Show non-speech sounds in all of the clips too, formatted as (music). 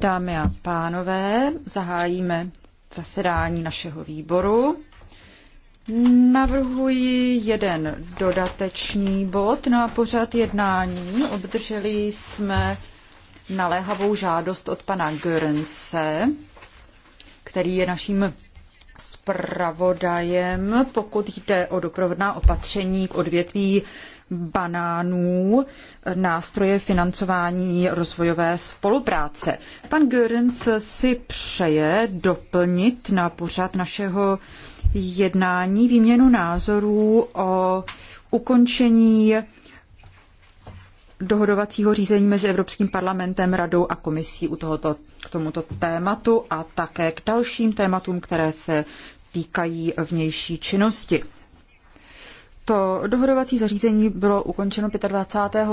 Dámy a pánové, zahájíme zasedání našeho výboru. Navrhuji jeden dodatečný bod na pořad jednání. Obdrželi jsme naléhavou žádost od pana Görnse, který je naším zpravodajem, pokud jde o doprovodná opatření k odvětví banánů nástroje financování rozvojové spolupráce. Pan Görens si přeje doplnit na pořad našeho jednání výměnu názorů o ukončení dohodovacího řízení mezi Evropským parlamentem, radou a komisí u tohoto, k tomuto tématu a také k dalším tématům, které se týkají vnější činnosti. To dohodovací zařízení bylo ukončeno 25.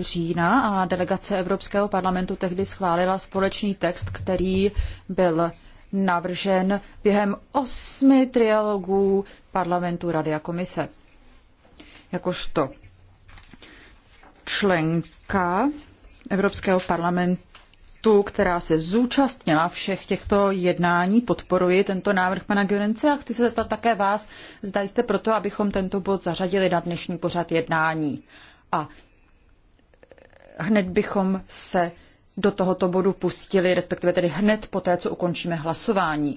října a delegace Evropského parlamentu tehdy schválila společný text, který byl navržen během osmi trialogů parlamentu, rady a komise. Jakožto členka Evropského parlamentu tu, která se zúčastnila všech těchto jednání, podporuji tento návrh pana Görence a chci se zeptat také vás, zda jste proto, abychom tento bod zařadili na dnešní pořad jednání. A hned bychom se do tohoto bodu pustili, respektive tedy hned po té, co ukončíme hlasování.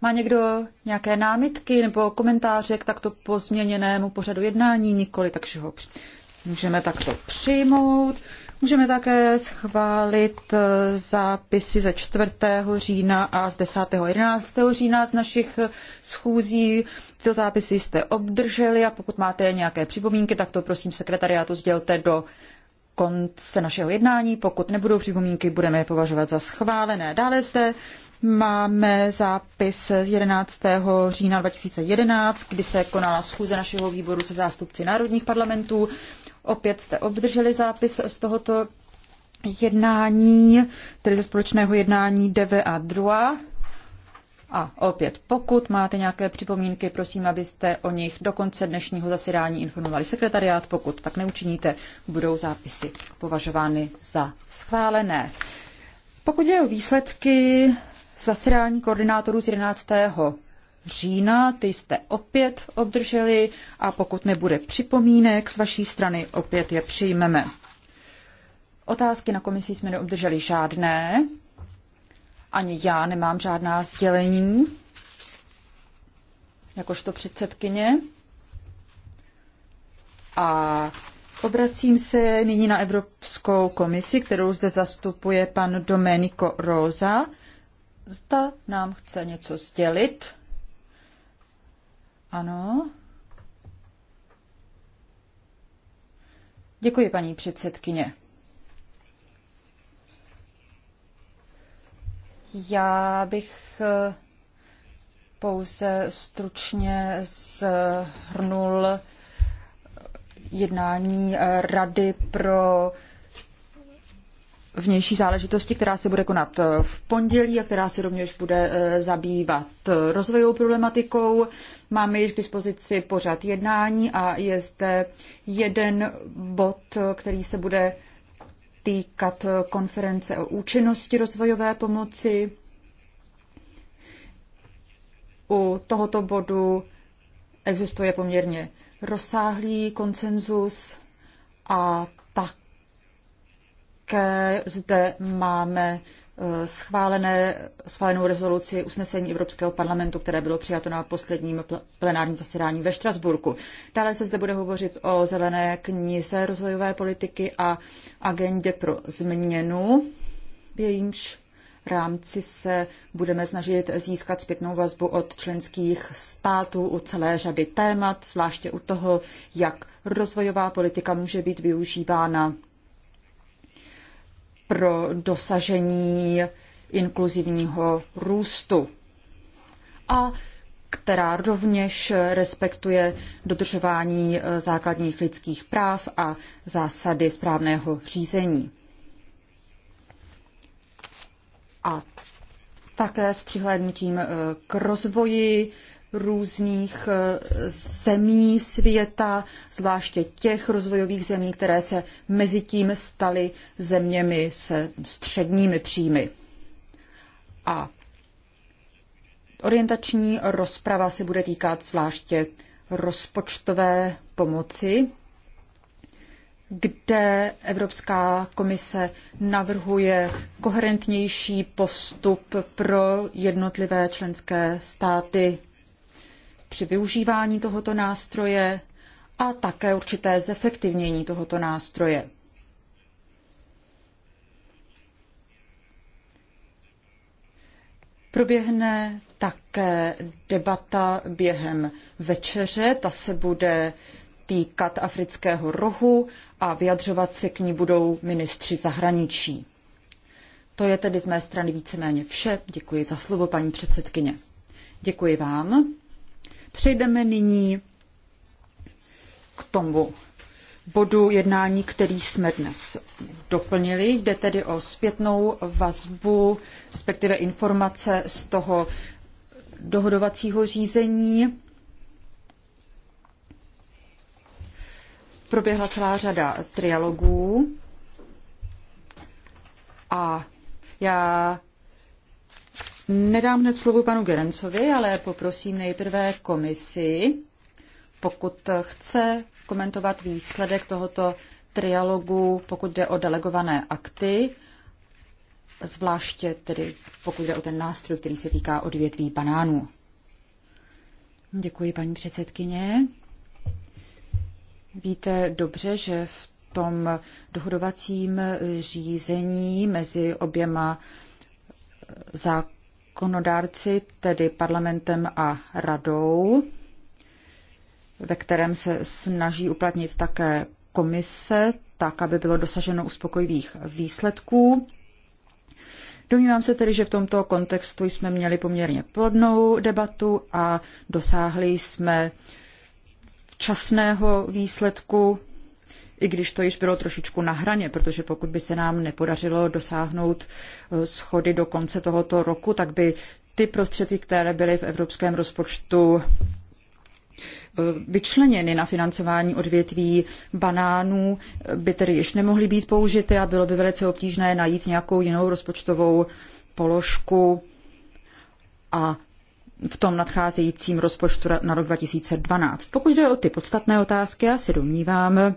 Má někdo nějaké námitky nebo komentáře k takto pozměněnému pořadu jednání? Nikoli, takže ho můžeme takto přijmout. Můžeme také schválit eh, zápisy ze 4. října a z 10. a 11. října z našich eh, schůzí. Tyto zápisy jste obdrželi a pokud máte nějaké připomínky, tak to prosím sekretariátu sdělte do konce našeho jednání. Pokud nebudou připomínky, budeme je považovat za schválené. Dále zde máme zápis z 11. října 2011, kdy se konala schůze našeho výboru se zástupci národních parlamentů. Opět jste obdrželi zápis z tohoto jednání, tedy ze společného jednání DV a DRUA. A opět, pokud máte nějaké připomínky, prosím, abyste o nich do konce dnešního zasedání informovali sekretariát. Pokud tak neučiníte, budou zápisy považovány za schválené. Pokud je o výsledky zasedání koordinátorů z 11 října, ty jste opět obdrželi a pokud nebude připomínek z vaší strany, opět je přijmeme. Otázky na komisi jsme neobdrželi žádné, ani já nemám žádná sdělení, jakožto předsedkyně. A obracím se nyní na Evropskou komisi, kterou zde zastupuje pan Domenico Rosa. Zda nám chce něco sdělit. Ano. Děkuji, paní předsedkyně. Já bych eh, pouze stručně zhrnul eh, jednání eh, Rady pro vnější záležitosti, která se bude konat eh, v pondělí a která se rovněž bude eh, zabývat eh, rozvojovou problematikou. Máme již k dispozici pořad jednání a je zde jeden bod, který se bude týkat konference o účinnosti rozvojové pomoci. U tohoto bodu existuje poměrně rozsáhlý konsenzus a tak také zde máme eh, schválené, schválenou rezoluci usnesení Evropského parlamentu, které bylo přijato na posledním plenárním zasedání ve Štrasburku. Dále se zde bude hovořit o zelené knize rozvojové politiky a agendě pro změnu, v jejímž rámci se budeme snažit získat zpětnou vazbu od členských států u celé řady témat, zvláště u toho, jak rozvojová politika může být využívána pro dosažení inkluzivního růstu a která rovněž respektuje dodržování eh, základních lidských práv a zásady správného řízení. A také s přihlédnutím eh, k rozvoji různých eh, zemí světa, zvláště těch rozvojových zemí, které se mezi tím staly zeměmi se středními příjmy. A orientační rozprava se bude týkat zvláště rozpočtové pomoci, kde Evropská komise navrhuje koherentnější postup pro jednotlivé členské státy při využívání tohoto nástroje a také určité zefektivnění tohoto nástroje. Proběhne také debata během večeře, ta se bude týkat afrického rohu a vyjadřovat se k ní budou ministři zahraničí. To je tedy z mé strany víceméně vše. Děkuji za slovo, paní předsedkyně. Děkuji vám. Přejdeme nyní k tomu bodu jednání, který jsme dnes doplnili. Jde tedy o zpětnou vazbu, respektive informace z toho dohodovacího řízení. Proběhla celá řada trialogů a já Nedám hned slovo panu Gerencovi, ale poprosím nejprve komisi, pokud chce komentovat výsledek tohoto trialogu, pokud jde o delegované akty, zvláště tedy pokud jde o ten nástroj, který se týká odvětví banánů. Děkuji, paní předsedkyně. Víte dobře, že v tom dohodovacím řízení mezi oběma zákony zákonodárci, tedy parlamentem a radou, ve kterém se snaží uplatnit také komise, tak, aby bylo dosaženo uspokojivých výsledků. Domnívám se tedy, že v tomto kontextu jsme měli poměrně plodnou debatu a dosáhli jsme včasného výsledku i když to již bylo trošičku na hraně, protože pokud by se nám nepodařilo dosáhnout eh, schody do konce tohoto roku, tak by ty prostředky, které byly v evropském rozpočtu eh, vyčleněny na financování odvětví banánů, eh, by tedy již nemohly být použity a bylo by velice obtížné najít nějakou jinou rozpočtovou položku a v tom nadcházejícím rozpočtu na rok 2012. Pokud jde o ty podstatné otázky, já se domnívám,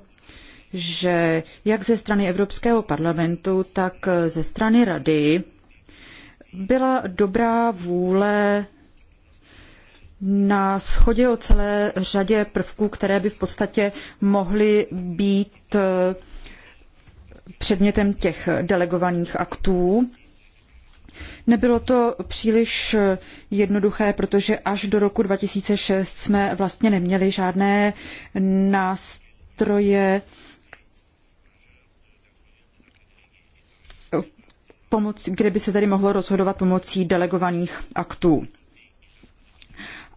že jak ze strany Evropského parlamentu, tak ze strany Rady byla dobrá vůle na shodě o celé řadě prvků, které by v podstatě mohly být eh, předmětem těch delegovaných aktů. Nebylo to příliš jednoduché, protože až do roku 2006 jsme vlastně neměli žádné nástroje, pomoc, kde by se tedy mohlo rozhodovat pomocí delegovaných aktů.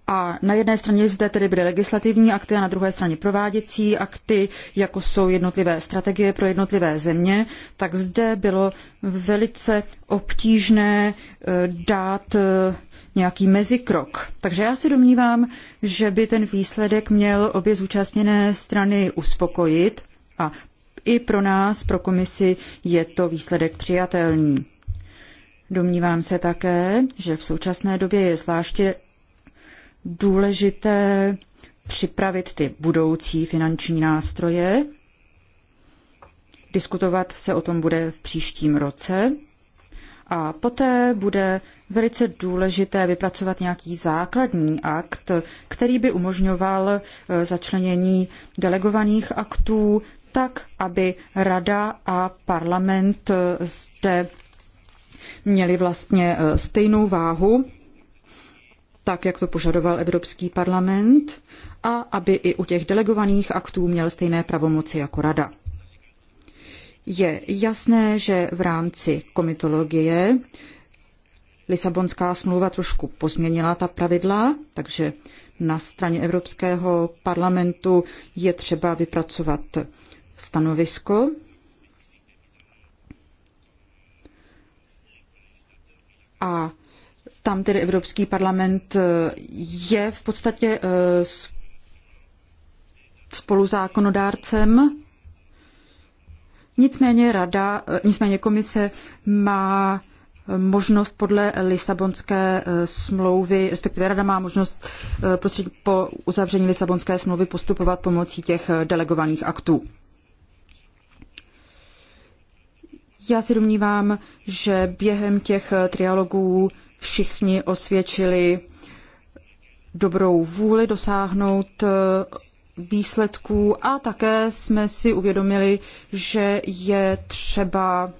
A na jedné straně zde tedy byly legislativní akty a na druhé straně prováděcí akty, jako jsou jednotlivé strategie pro jednotlivé země, tak zde bylo velice obtížné eh, dát eh, nějaký mezikrok. Takže já se domnívám, že by ten výsledek měl obě zúčastněné strany uspokojit a i pro nás, pro komisi, je to výsledek přijatelný. Domnívám se také, že v současné době je zvláště důležité připravit ty budoucí finanční nástroje. Diskutovat se o tom bude v příštím roce. A poté bude velice důležité vypracovat nějaký základní akt, který by umožňoval eh, začlenění delegovaných aktů tak aby rada a parlament zde měli vlastně e, stejnou váhu, tak jak to požadoval Evropský parlament, a aby i u těch delegovaných aktů měl stejné pravomoci jako rada. Je jasné, že v rámci komitologie Lisabonská smlouva trošku pozměnila ta pravidla, takže na straně Evropského parlamentu je třeba vypracovat stanovisko. A tam tedy Evropský parlament eh, je v podstatě eh, spoluzákonodárcem. Nicméně rada, eh, nicméně komise má možnost podle Lisabonské smlouvy, respektive Rada má možnost prostě po uzavření Lisabonské smlouvy postupovat pomocí těch delegovaných aktů. Já se domnívám, že během těch trialogů všichni osvědčili dobrou vůli dosáhnout eh, výsledků a také jsme si uvědomili, že je třeba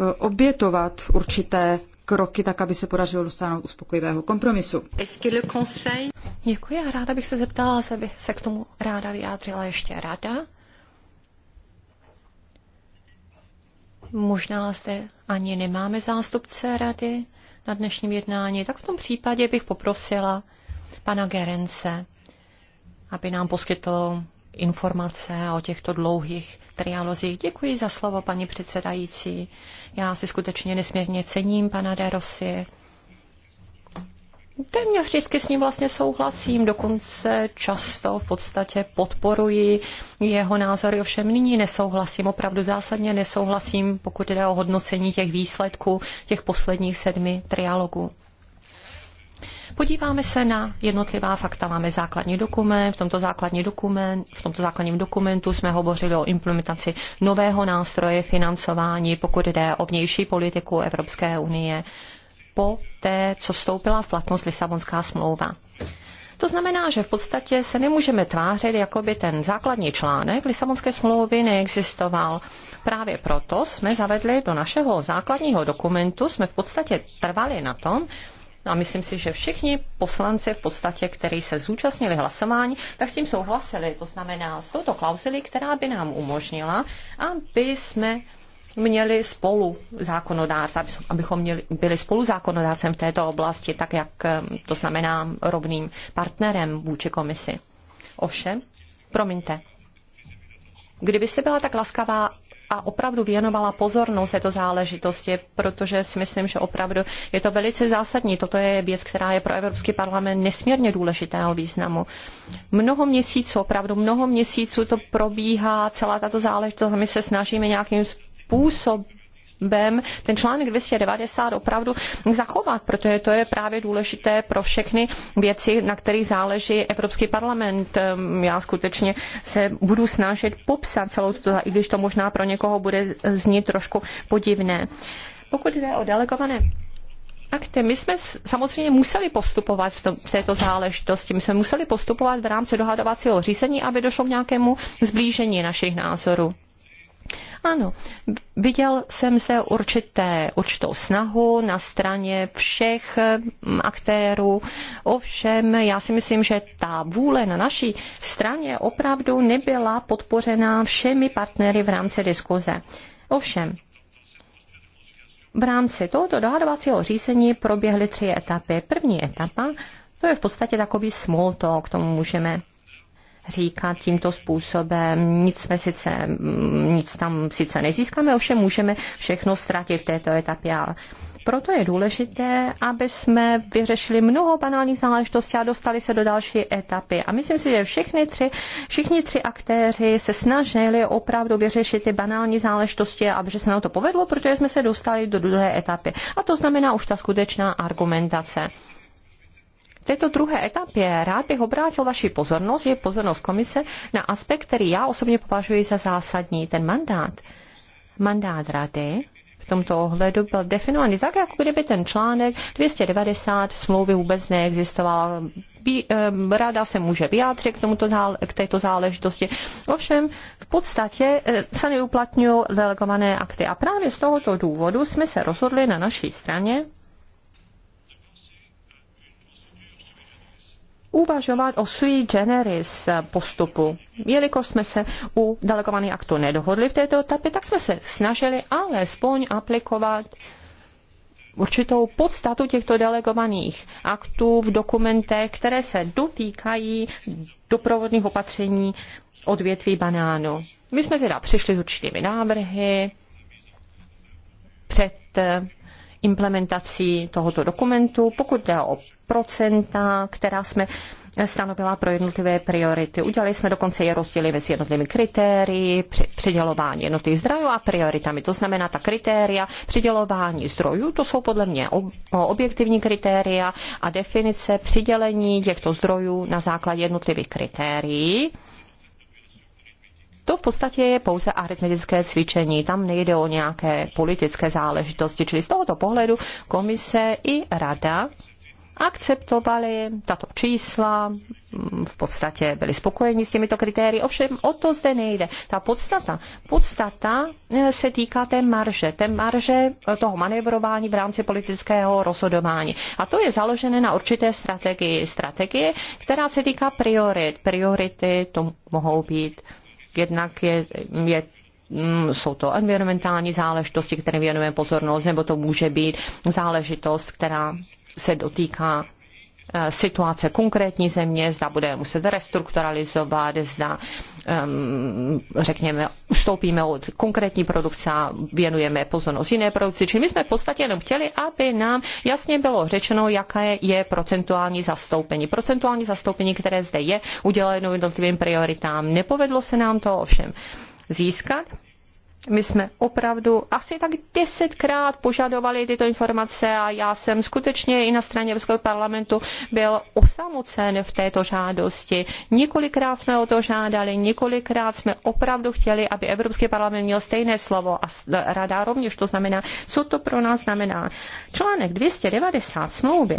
eh, obětovat určité kroky, tak aby se podařilo dosáhnout uspokojivého kompromisu. Děkuji a ráda bych se zeptala, zda by se k tomu ráda vyjádřila ještě rada. Možná zde ani nemáme zástupce rady na dnešním jednání, tak v tom případě bych poprosila pana Gerence, aby nám poskytl informace o těchto dlouhých trialozích. Děkuji za slovo, paní předsedající. Já si skutečně nesmírně cením pana Derosy téměř vždycky s ním vlastně souhlasím, dokonce často v podstatě podporuji jeho názory, ovšem nyní nesouhlasím, opravdu zásadně nesouhlasím, pokud jde o hodnocení těch výsledků těch posledních sedmi trialogů. Podíváme se na jednotlivá fakta. Máme základní dokument, v tomto, základní dokument, v tomto základním dokumentu jsme hovořili o implementaci nového nástroje financování, pokud jde o vnější politiku Evropské unie po té, co vstoupila v platnost Lisabonská smlouva. To znamená, že v podstatě se nemůžeme tvářit, jako by ten základní článek Lisabonské smlouvy neexistoval. Právě proto jsme zavedli do našeho základního dokumentu, jsme v podstatě trvali na tom, a myslím si, že všichni poslanci v podstatě, kteří se zúčastnili hlasování, tak s tím souhlasili. To znamená s touto klauzuli, která by nám umožnila, aby jsme měli spolu zákonodárce, abychom měli, byli spolu zákonodárcem v této oblasti, tak jak eh, to znamená rovným partnerem vůči komisi. Ovšem, promiňte, kdybyste byla tak laskavá a opravdu věnovala pozornost této záležitosti, protože si myslím, že opravdu je to velice zásadní. Toto je věc, která je pro Evropský parlament nesmírně důležitého významu. Mnoho měsíců, opravdu mnoho měsíců to probíhá, celá tato záležitost, my se snažíme nějakým způsobem způsobem ten článek 290 opravdu zachovat, protože to je právě důležité pro všechny věci, na kterých záleží Evropský parlament. Ehm, já skutečně se budu snažit popsat celou tuto, i když to možná pro někoho bude znít trošku podivné. Pokud jde o delegované akty. My jsme samozřejmě museli postupovat v, v této záležitosti. My jsme museli postupovat v rámci dohadovacího řízení, aby došlo k nějakému zblížení našich názorů. Ano, viděl jsem zde určité, určitou snahu na straně všech mm, aktérů. Ovšem, já si myslím, že ta vůle na naší straně opravdu nebyla podpořena všemi partnery v rámci diskuze. Ovšem, v rámci tohoto dohadovacího řízení proběhly tři etapy. První etapa, to je v podstatě takový small talk, k tomu můžeme říkat tímto způsobem, nic jsme sice, nic tam sice nezískáme, ovšem můžeme všechno ztratit v této etapě. Ale proto je důležité, aby jsme vyřešili mnoho banálních záležitostí a dostali se do další etapy. A myslím si, že všechny tři, všichni tři aktéři se snažili opravdu vyřešit ty banální záležitosti aby se nám to povedlo, protože jsme se dostali do druhé etapy. A to znamená už ta skutečná argumentace. V této druhé etapě rád bych obrátil vaši pozornost, je pozornost komise, na aspekt, který já osobně považuji za zásadní, ten mandát. Mandát rady v tomto ohledu byl definován tak, jako kdyby ten článek 290 smlouvy vůbec neexistoval. Ehm, rada se může vyjádřit k, tomuto zále, k této záležitosti. Ovšem, v podstatě eh, se neuplatňují delegované akty. A právě z tohoto důvodu jsme se rozhodli na naší straně uvažovat o sui generis postupu. Jelikož jsme se u delegovaných aktu nedohodli v této etapě, tak jsme se snažili alespoň aplikovat určitou podstatu těchto delegovaných aktů v dokumentech, které se dotýkají doprovodných opatření odvětví banánu. My jsme teda přišli s určitými návrhy před implementací tohoto dokumentu, pokud jde o procenta, která jsme stanovila pro jednotlivé priority. Udělali jsme dokonce je rozdíly mezi jednotlivými kritérii, přidělování jednotlivých zdrojů a prioritami. To znamená ta kritéria přidělování zdrojů, to jsou podle mě objektivní kritéria a definice přidělení těchto zdrojů na základě jednotlivých kritérií to v podstatě je pouze aritmetické cvičení, tam nejde o nějaké politické záležitosti, čili z tohoto pohledu komise i rada akceptovali tato čísla, v podstatě byli spokojeni s těmito kritérii, ovšem o to zde nejde. Ta podstata, podstata eh, se týká té marže, té marže eh, toho manevrování v rámci politického rozhodování. A to je založené na určité strategii, strategie, která se týká priorit. Priority to mohou být Jednak je, je mm, jsou to environmentální záležitosti, které věnujeme pozornost, nebo to může být záležitost, která se dotýká Eh, situace konkrétní země, zda bude muset restrukturalizovat, zda řekněme, ustoupíme od konkrétní produkce a věnujeme pozornost jiné produkci. Čili my jsme v podstatě jenom chtěli, aby nám jasně bylo řečeno, jaké je procentuální zastoupení. Procentuální zastoupení, které zde je, uděleno jednotlivým prioritám. Nepovedlo se nám to ovšem získat. My jsme opravdu asi tak desetkrát požadovali tyto informace a já jsem skutečně i na straně Evropského parlamentu byl osamocen v této žádosti. Několikrát jsme o to žádali, několikrát jsme opravdu chtěli, aby Evropský parlament měl stejné slovo a rada rovněž to znamená, co to pro nás znamená. Článek 290 smlouvy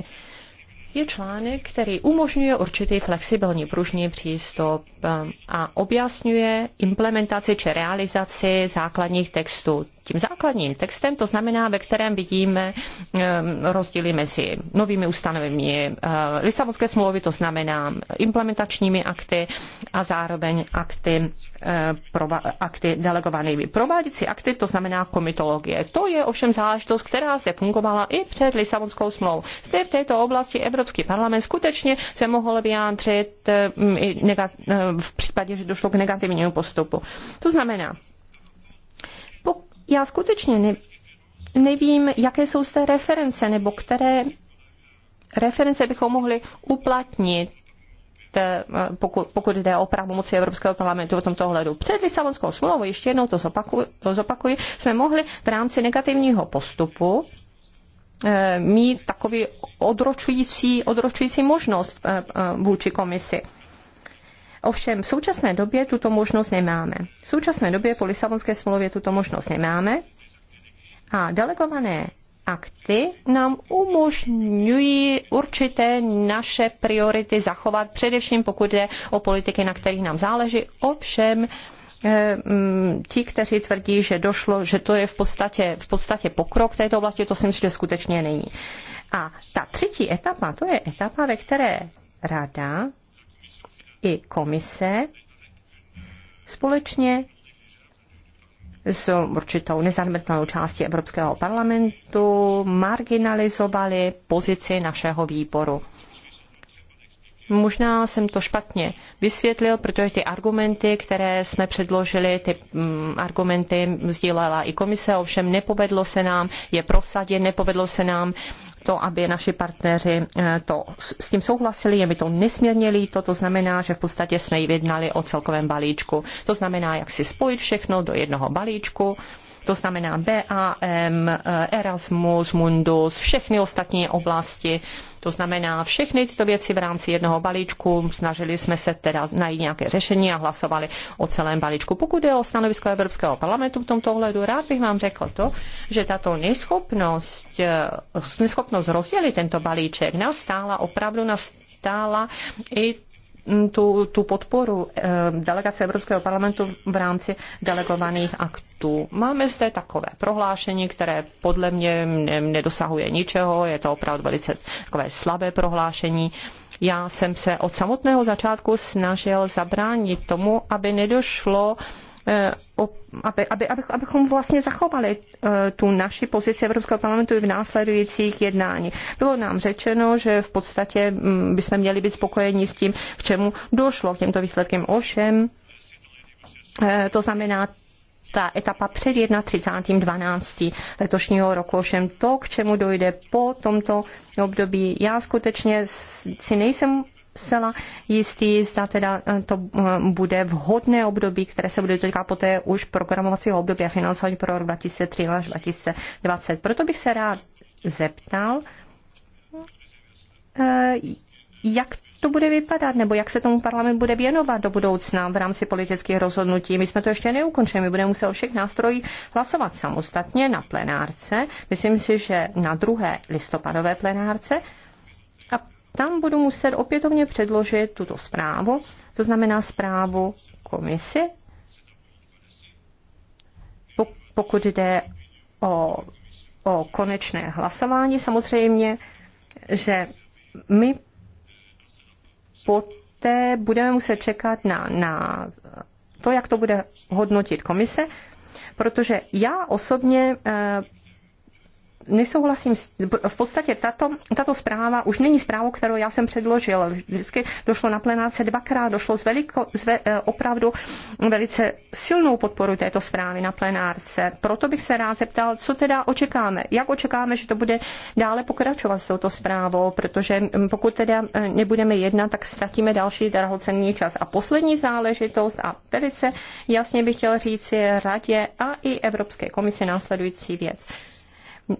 je článek, který umožňuje určitý flexibilní pružný přístup um, a objasňuje implementaci či realizaci základních textů tím základním textem, to znamená, ve kterém vidíme ehm, rozdíly mezi novými ustanoveními eh, Lisabonské smlouvy, to znamená implementačními akty a zároveň akty, eh, akty delegovanými. Prováděcí akty, to znamená komitologie. To je ovšem záležitost, která zde fungovala i před Lisabonskou smlouvou. Zde v této oblasti Evropský parlament skutečně se mohl vyjádřit eh, v případě, že došlo k negativnímu postupu. To znamená, já skutečně ne, nevím, jaké jsou té reference nebo které reference bychom mohli uplatnit eh, pokud, pokud jde o pravomoci Evropského parlamentu v tomto ohledu. Před Lisabonskou smlouvou, ještě jednou to zopakuji, to zopakuji, jsme mohli v rámci negativního postupu eh, mít takový odročující, odročující možnost eh, vůči komisi. Ovšem v současné době tuto možnost nemáme. V současné době po Lisabonské smlouvě tuto možnost nemáme a delegované akty nám umožňují určité naše priority zachovat, především pokud jde o politiky, na kterých nám záleží. Ovšem eh, mm, ti, kteří tvrdí, že došlo, že to je v podstatě, v podstatě pokrok této oblasti, to si myslím, že skutečně není. A ta třetí etapa, to je etapa, ve které rada i komise společně s určitou nezanedbatelnou částí Evropského parlamentu marginalizovali pozici našeho výboru. Možná jsem to špatně vysvětlil, protože ty argumenty, které jsme předložili, ty mm, argumenty sdílela i komise, ovšem nepovedlo se nám je prosadit, nepovedlo se nám to, aby naši partneři eh, to s tím souhlasili. Je mi to nesmírně líto, to znamená, že v podstatě jsme jednali o celkovém balíčku. To znamená, jak si spojit všechno do jednoho balíčku to znamená BAM, Erasmus, Mundus, všechny ostatní oblasti, to znamená všechny tyto věci v rámci jednoho balíčku. Snažili jsme se teda najít nějaké řešení a hlasovali o celém balíčku. Pokud je o stanovisko Evropského parlamentu v tomto ohledu, rád bych vám řekl to, že tato neschopnost, eh, neschopnost rozdělit tento balíček nastála opravdu na stála i Mm, tu, tu podporu eh, delegace Evropského parlamentu v rámci delegovaných aktů. Máme zde takové prohlášení, které podle mě nedosahuje ničeho, je to opravdu velice takové slabé prohlášení. Já jsem se od samotného začátku snažil zabránit tomu, aby nedošlo Eh, aby, aby, abychom vlastně zachovali eh, tu naši pozici Evropského parlamentu i v následujících jednání. Bylo nám řečeno, že v podstatě mm, bychom měli být spokojeni s tím, k čemu došlo k těmto výsledkem. Ovšem, eh, to znamená, ta etapa před 31.12. letošního roku. Ovšem to, k čemu dojde po tomto období, já skutečně si nejsem zcela jistý, zda teda eh, to eh, bude vhodné období, které se bude dotýkat poté už programovacího období a financování pro rok 2013 až 2020. Proto bych se rád zeptal, eh, jak to bude vypadat, nebo jak se tomu parlament bude věnovat do budoucna v rámci politických rozhodnutí. My jsme to ještě neukončili, my budeme muset o všech nástrojích hlasovat samostatně na plenárce. Myslím si, že na druhé listopadové plenárce tam budu muset opětovně předložit tuto zprávu, to znamená zprávu komisi, pokud jde o, o konečné hlasování. Samozřejmě, že my poté budeme muset čekat na, na to, jak to bude hodnotit komise, protože já osobně eh, nesouhlasím, s, v podstatě tato, tato zpráva už není zprávou, kterou já jsem předložil. Vždycky došlo na plenáce dvakrát, došlo s, veliko, s ve, eh, opravdu velice silnou podporu této zprávy na plenárce. Proto bych se rád zeptal, co teda očekáme. Jak očekáme, že to bude dále pokračovat s touto zprávou, protože pokud teda eh, nebudeme jednat, tak ztratíme další drahocenný čas. A poslední záležitost a velice jasně bych chtěl říci radě a i Evropské komise následující věc.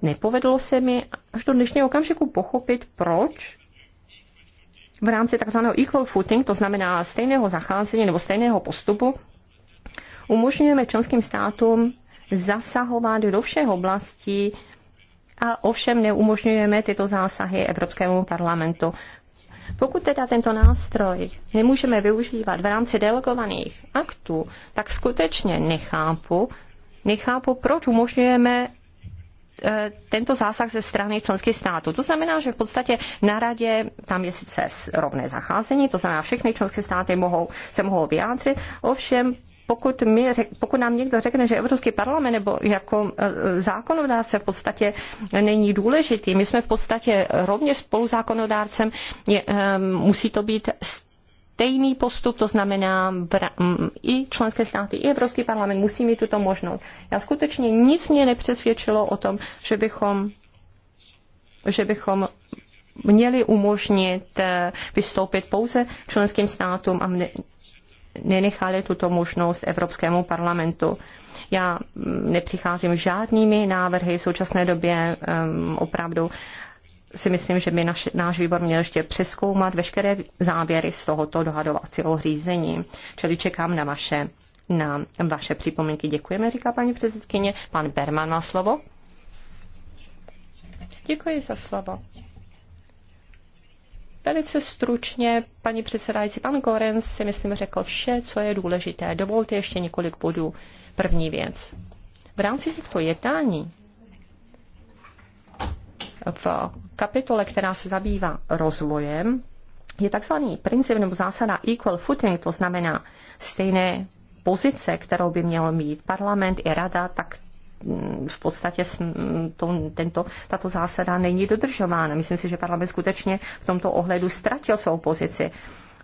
Nepovedlo se mi až do dnešního okamžiku pochopit, proč v rámci takzvaného equal footing, to znamená stejného zacházení nebo stejného postupu, umožňujeme členským státům zasahovat do všech oblastí a ovšem neumožňujeme tyto zásahy Evropskému parlamentu. Pokud teda tento nástroj nemůžeme využívat v rámci delegovaných aktů, tak skutečně nechápu, nechápu, proč umožňujeme E, tento zásah ze strany členských států. To znamená, že v podstatě na radě tam je sice rovné zacházení, to znamená, všechny členské státy mohou, se mohou vyjádřit, ovšem pokud, my, pokud nám někdo řekne, že Evropský parlament nebo jako e, zákonodárce v podstatě není důležitý, my jsme v podstatě rovně spoluzákonodárcem, je, e, musí to být stejný postup, to znamená i členské státy, i Evropský parlament musí mít tuto možnost. Já skutečně nic mě nepřesvědčilo o tom, že bychom, že bychom měli umožnit eh, vystoupit pouze členským státům a nenechali tuto možnost Evropskému parlamentu. Já nepřicházím žádnými návrhy v současné době um, opravdu si myslím, že by naš, náš výbor měl ještě přeskoumat veškeré závěry z tohoto dohadovacího řízení. Čili čekám na vaše, na vaše připomínky. Děkujeme, říká paní předsedkyně. Pan Berman má slovo. Děkuji za slovo. Velice stručně, paní předsedající, pan Gorenc si myslím řekl vše, co je důležité. Dovolte ještě několik bodů. První věc. V rámci těchto jednání v kapitole, která se zabývá rozvojem, je takzvaný princip nebo zásada equal footing, to znamená stejné pozice, kterou by měl mít parlament i rada, tak mm, v podstatě mm, to, tento, tato zásada není dodržována. Myslím si, že parlament skutečně v tomto ohledu ztratil svou pozici.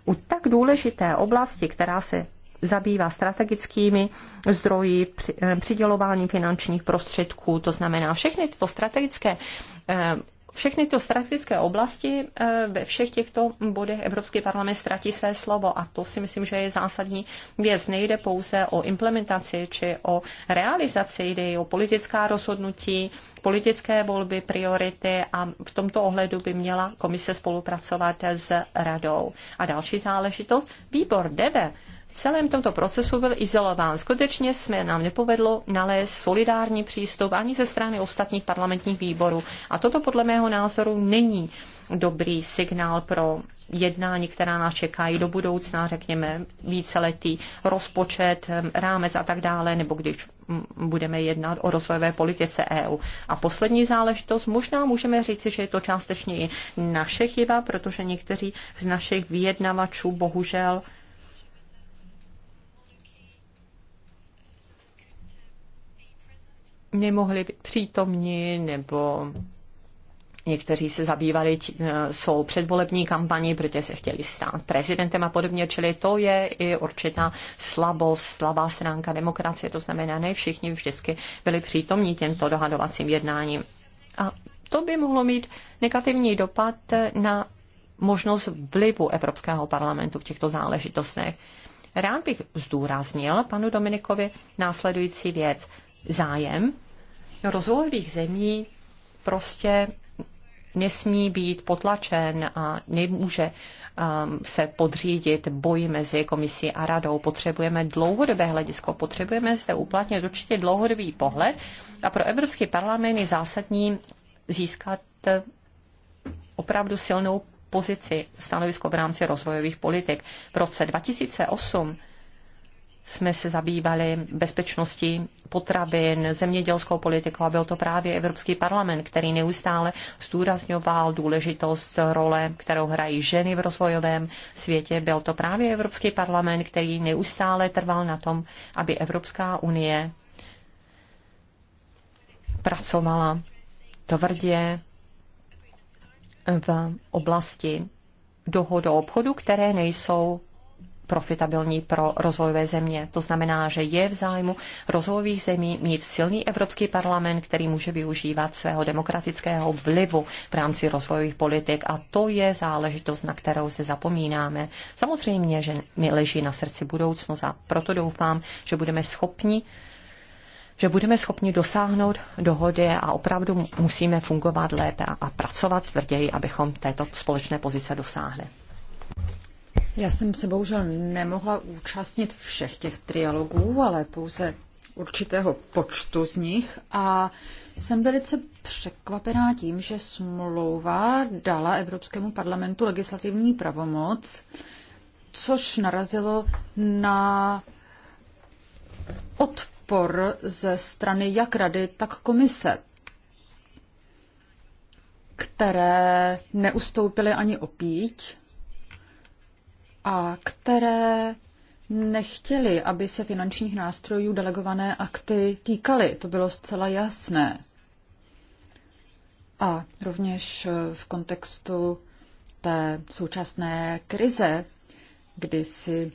U tak důležité oblasti, která se zabývá strategickými zdroji, eh, přidělováním finančních prostředků, to znamená všechny tyto strategické eh, všechny to strategické oblasti eh, ve všech těchto bodech Evropský parlament ztratí své slovo a to si myslím, že je zásadní věc. Nejde pouze o implementaci či o realizaci, jde i o politická rozhodnutí, politické volby, priority a v tomto ohledu by měla komise spolupracovat s radou. A další záležitost, výbor DEBE v celém tomto procesu byl izolován. Skutečně jsme nám nepovedlo nalézt solidární přístup ani ze strany ostatních parlamentních výborů. A toto podle mého názoru není dobrý signál pro jednání, která nás čekají do budoucna, řekněme víceletý rozpočet, rámec a tak dále, nebo když budeme jednat o rozvojové politice EU. A poslední záležitost, možná můžeme říci, že je to částečně i naše chyba, protože někteří z našich vyjednavačů bohužel nemohli být přítomní, nebo Někteří se zabývali eh, svou předvolební kampaní, protože se chtěli stát prezidentem a podobně, čili to je i určitá slabost, slabá stránka demokracie, to znamená, ne všichni vždycky byli přítomní těmto dohadovacím jednáním. A to by mohlo mít negativní dopad na možnost vlivu Evropského parlamentu v těchto záležitostech. Rád bych zdůraznil panu Dominikovi následující věc zájem no, rozvojových zemí prostě nesmí být potlačen a nemůže um, se podřídit boji mezi komisí a radou. Potřebujeme dlouhodobé hledisko, potřebujeme zde uplatnit určitě dlouhodobý pohled a pro Evropský parlament je zásadní získat eh, opravdu silnou pozici stanovisko v rámci rozvojových politik. V roce 2008 jsme se zabývali bezpečností potravin, zemědělskou politikou a byl to právě Evropský parlament, který neustále zdůrazňoval důležitost role, kterou hrají ženy v rozvojovém světě. Byl to právě Evropský parlament, který neustále trval na tom, aby Evropská unie pracovala tvrdě v oblasti dohod o obchodu, které nejsou profitabilní pro rozvojové země. To znamená, že je v zájmu rozvojových zemí mít silný Evropský parlament, který může využívat svého demokratického vlivu v rámci rozvojových politik a to je záležitost, na kterou zde zapomínáme. Samozřejmě, že mi leží na srdci budoucnost a proto doufám, že budeme schopni že budeme schopni dosáhnout dohody a opravdu musíme fungovat lépe a pracovat tvrději, abychom této společné pozice dosáhli. Já jsem se bohužel nemohla účastnit všech těch trialogů, ale pouze určitého počtu z nich a jsem velice překvapená tím, že smlouva dala Evropskému parlamentu legislativní pravomoc, což narazilo na odpor ze strany jak rady, tak komise, které neustoupily ani opíť a které nechtěli, aby se finančních nástrojů delegované akty týkaly. To bylo zcela jasné. A rovněž v kontextu té současné krize, kdy si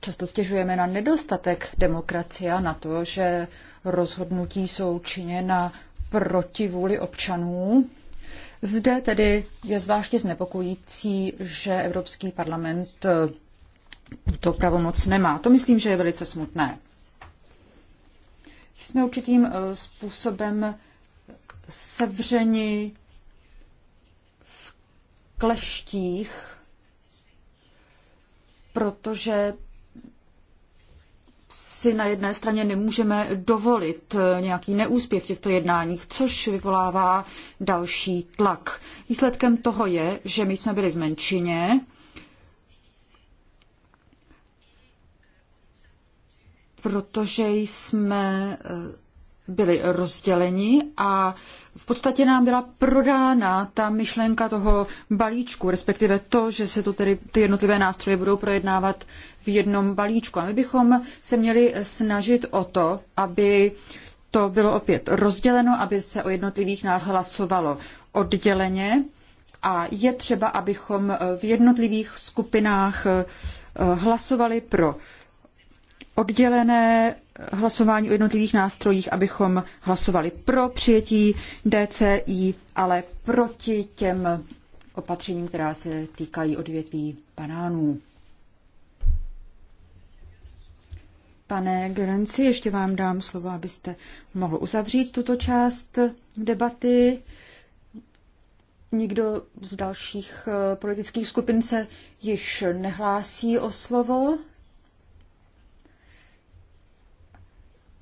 často stěžujeme na nedostatek demokracie a na to, že rozhodnutí jsou činěna proti vůli občanů, zde tedy je zvláště znepokojící, že Evropský parlament eh, tuto pravomoc nemá. To myslím, že je velice smutné. Jsme určitým eh, způsobem sevřeni v kleštích, protože si na jedné straně nemůžeme dovolit eh, nějaký neúspěch v těchto jednáních, což vyvolává další tlak. Výsledkem toho je, že my jsme byli v menšině, protože jsme eh, byli rozděleni a v podstatě nám byla prodána ta myšlenka toho balíčku, respektive to, že se to tedy ty jednotlivé nástroje budou projednávat v jednom balíčku. A my bychom se měli snažit o to, aby to bylo opět rozděleno, aby se o jednotlivých hlasovalo odděleně a je třeba, abychom v jednotlivých skupinách eh, hlasovali pro oddělené hlasování o jednotlivých nástrojích, abychom hlasovali pro přijetí DCI, ale proti těm opatřením, která se týkají odvětví banánů. Pane Gerenci, ještě vám dám slovo, abyste mohl uzavřít tuto část debaty. Nikdo z dalších eh, politických skupin se již nehlásí o slovo.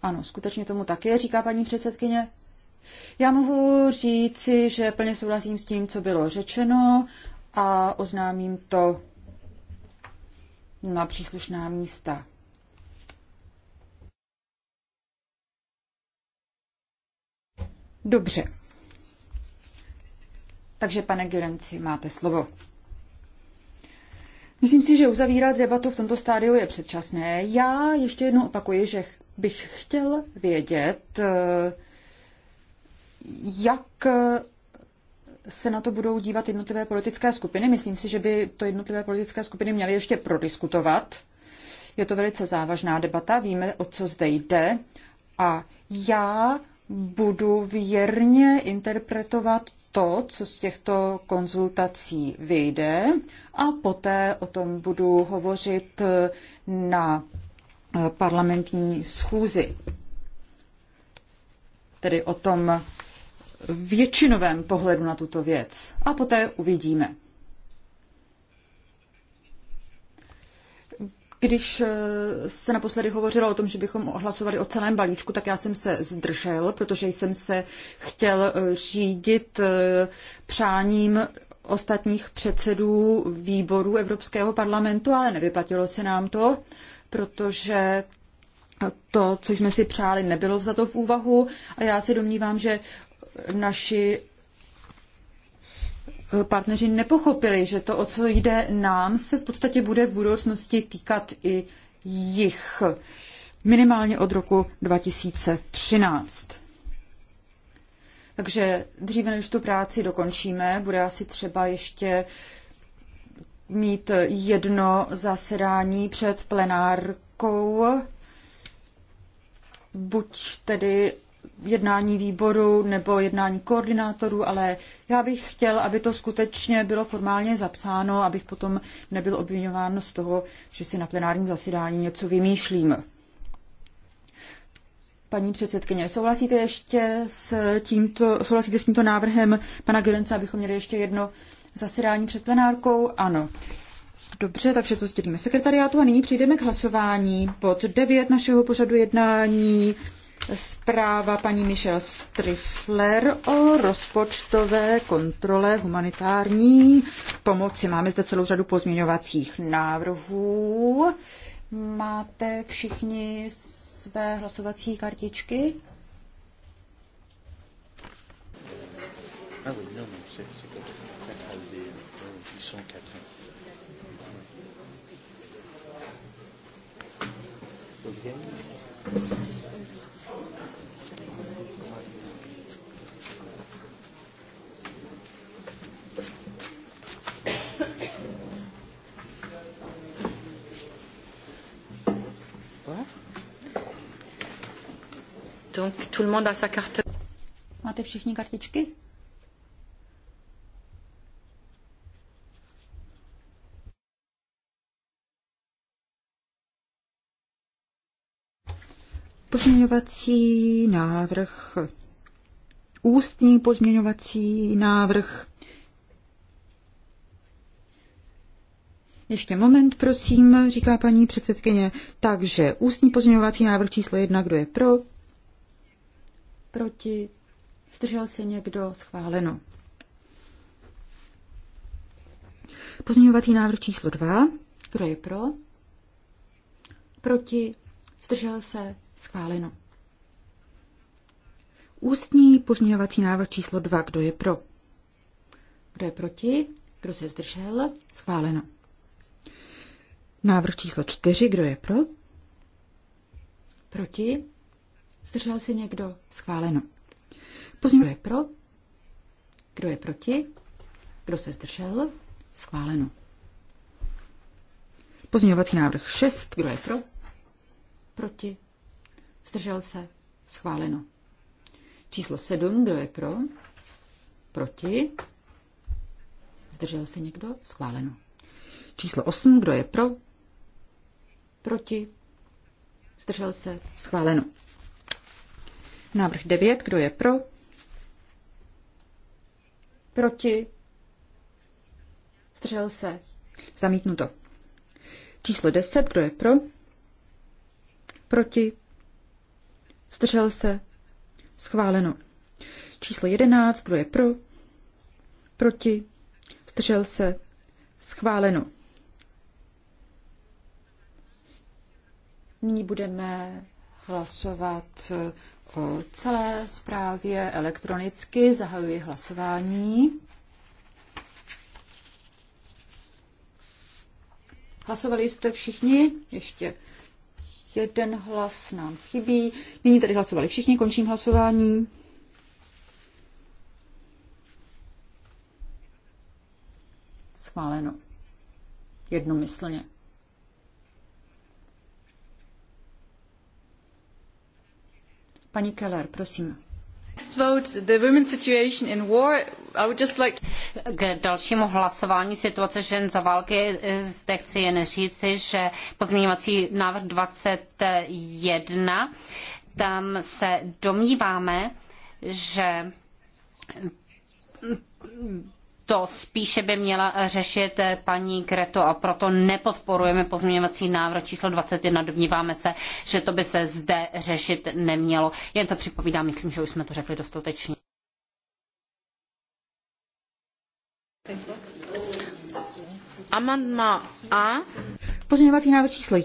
Ano, skutečně tomu tak je, říká paní předsedkyně. Já mohu říci, že plně souhlasím s tím, co bylo řečeno a oznámím to na příslušná místa. Dobře. Takže, pane Gerenci, máte slovo. Myslím si, že uzavírat debatu v tomto stádiu je předčasné. Já ještě jednou opakuji, že bych chtěl vědět, eh, jak eh, se na to budou dívat jednotlivé politické skupiny. Myslím si, že by to jednotlivé politické skupiny měly ještě prodiskutovat. Je to velice závažná debata, víme, o co zde jde. A já budu věrně interpretovat to, co z těchto konzultací vyjde a poté o tom budu hovořit eh, na parlamentní schůzi. Tedy o tom většinovém pohledu na tuto věc. A poté uvidíme. Když eh, se naposledy hovořilo o tom, že bychom hlasovali o celém balíčku, tak já jsem se zdržel, protože jsem se chtěl eh, řídit eh, přáním ostatních předsedů výborů Evropského parlamentu, ale nevyplatilo se nám to protože to, co jsme si přáli, nebylo vzato v úvahu a já se domnívám, že naši partneři nepochopili, že to, o co jde nám, se v podstatě bude v budoucnosti týkat i jich. Minimálně od roku 2013. Takže dříve, než tu práci dokončíme, bude asi třeba ještě uh, mít jedno zasedání před plenárkou, buď tedy jednání výboru nebo jednání koordinátorů, ale já bych chtěl, aby to skutečně bylo formálně zapsáno, abych potom nebyl obvinován z toho, že si na plenárním zasedání něco vymýšlím. Paní předsedkyně, souhlasíte ještě s tímto, souhlasíte s tímto návrhem pana Gerenca, abychom měli ještě jedno zasedání před plenárkou? Ano. Dobře, takže to sdělíme sekretariátu a nyní přejdeme k hlasování. Pod 9 našeho pořadu jednání zpráva paní Michelle Strifler o rozpočtové kontrole humanitární pomoci. Máme zde celou řadu pozměňovacích návrhů. Máte všichni své hlasovací kartičky? Oh, no. no. Donc, tout le monde a sa carte. Máte všichni kartičky? Pozměňovací návrh, ústní pozměňovací návrh. Ještě moment, prosím, říká paní předsedkyně. Takže ústní pozměňovací návrh číslo jedna, kdo je pro? Proti? Zdržel se někdo? Schváleno. Pozměňovací návrh číslo dva. Kdo je pro? Proti? Zdržel se? Schváleno. Ústní pozměňovací návrh číslo 2. Kdo je pro? Kdo je proti? Kdo se zdržel? Schváleno. Návrh číslo 4. Kdo je pro? Proti? Zdržel se někdo? Schváleno. Pozměňovací je pro? Kdo je proti? Kdo se zdržel? Schváleno. Pozměňovací návrh 6. Kdo je pro? Proti? Zdržel se? Schváleno. Číslo 7. Kdo je pro? Proti? Zdržel se někdo? Schváleno. Číslo 8. Kdo je pro? Proti? Zdržel se? Schváleno. Návrh 9. Kdo je pro? Proti? Zdržel se? Zamítnuto. Číslo 10. Kdo je pro? Proti? zdržel se, schváleno. Číslo 11, kdo je pro, proti, zdržel se, schváleno. Nyní budeme hlasovat eh, o celé zprávě elektronicky. Zahajuji hlasování. Hlasovali jste všichni? Ještě Jeden hlas nám chybí. Nyní tady hlasovali všichni, končím hlasování. Schváleno. Jednomyslně. Paní Keller, prosím. K dalšímu hlasování situace žen za války eh, zde chci jen říci, že pozměňovací návrh 21, tam se domníváme, že to spíše by měla řešit paní Kreto a proto nepodporujeme pozměňovací návrh číslo 21. Domníváme se, že to by se zde řešit nemělo. Jen to připomínám, myslím, že už jsme to řekli dostatečně. Amandma A. Pozměňovací návrh číslo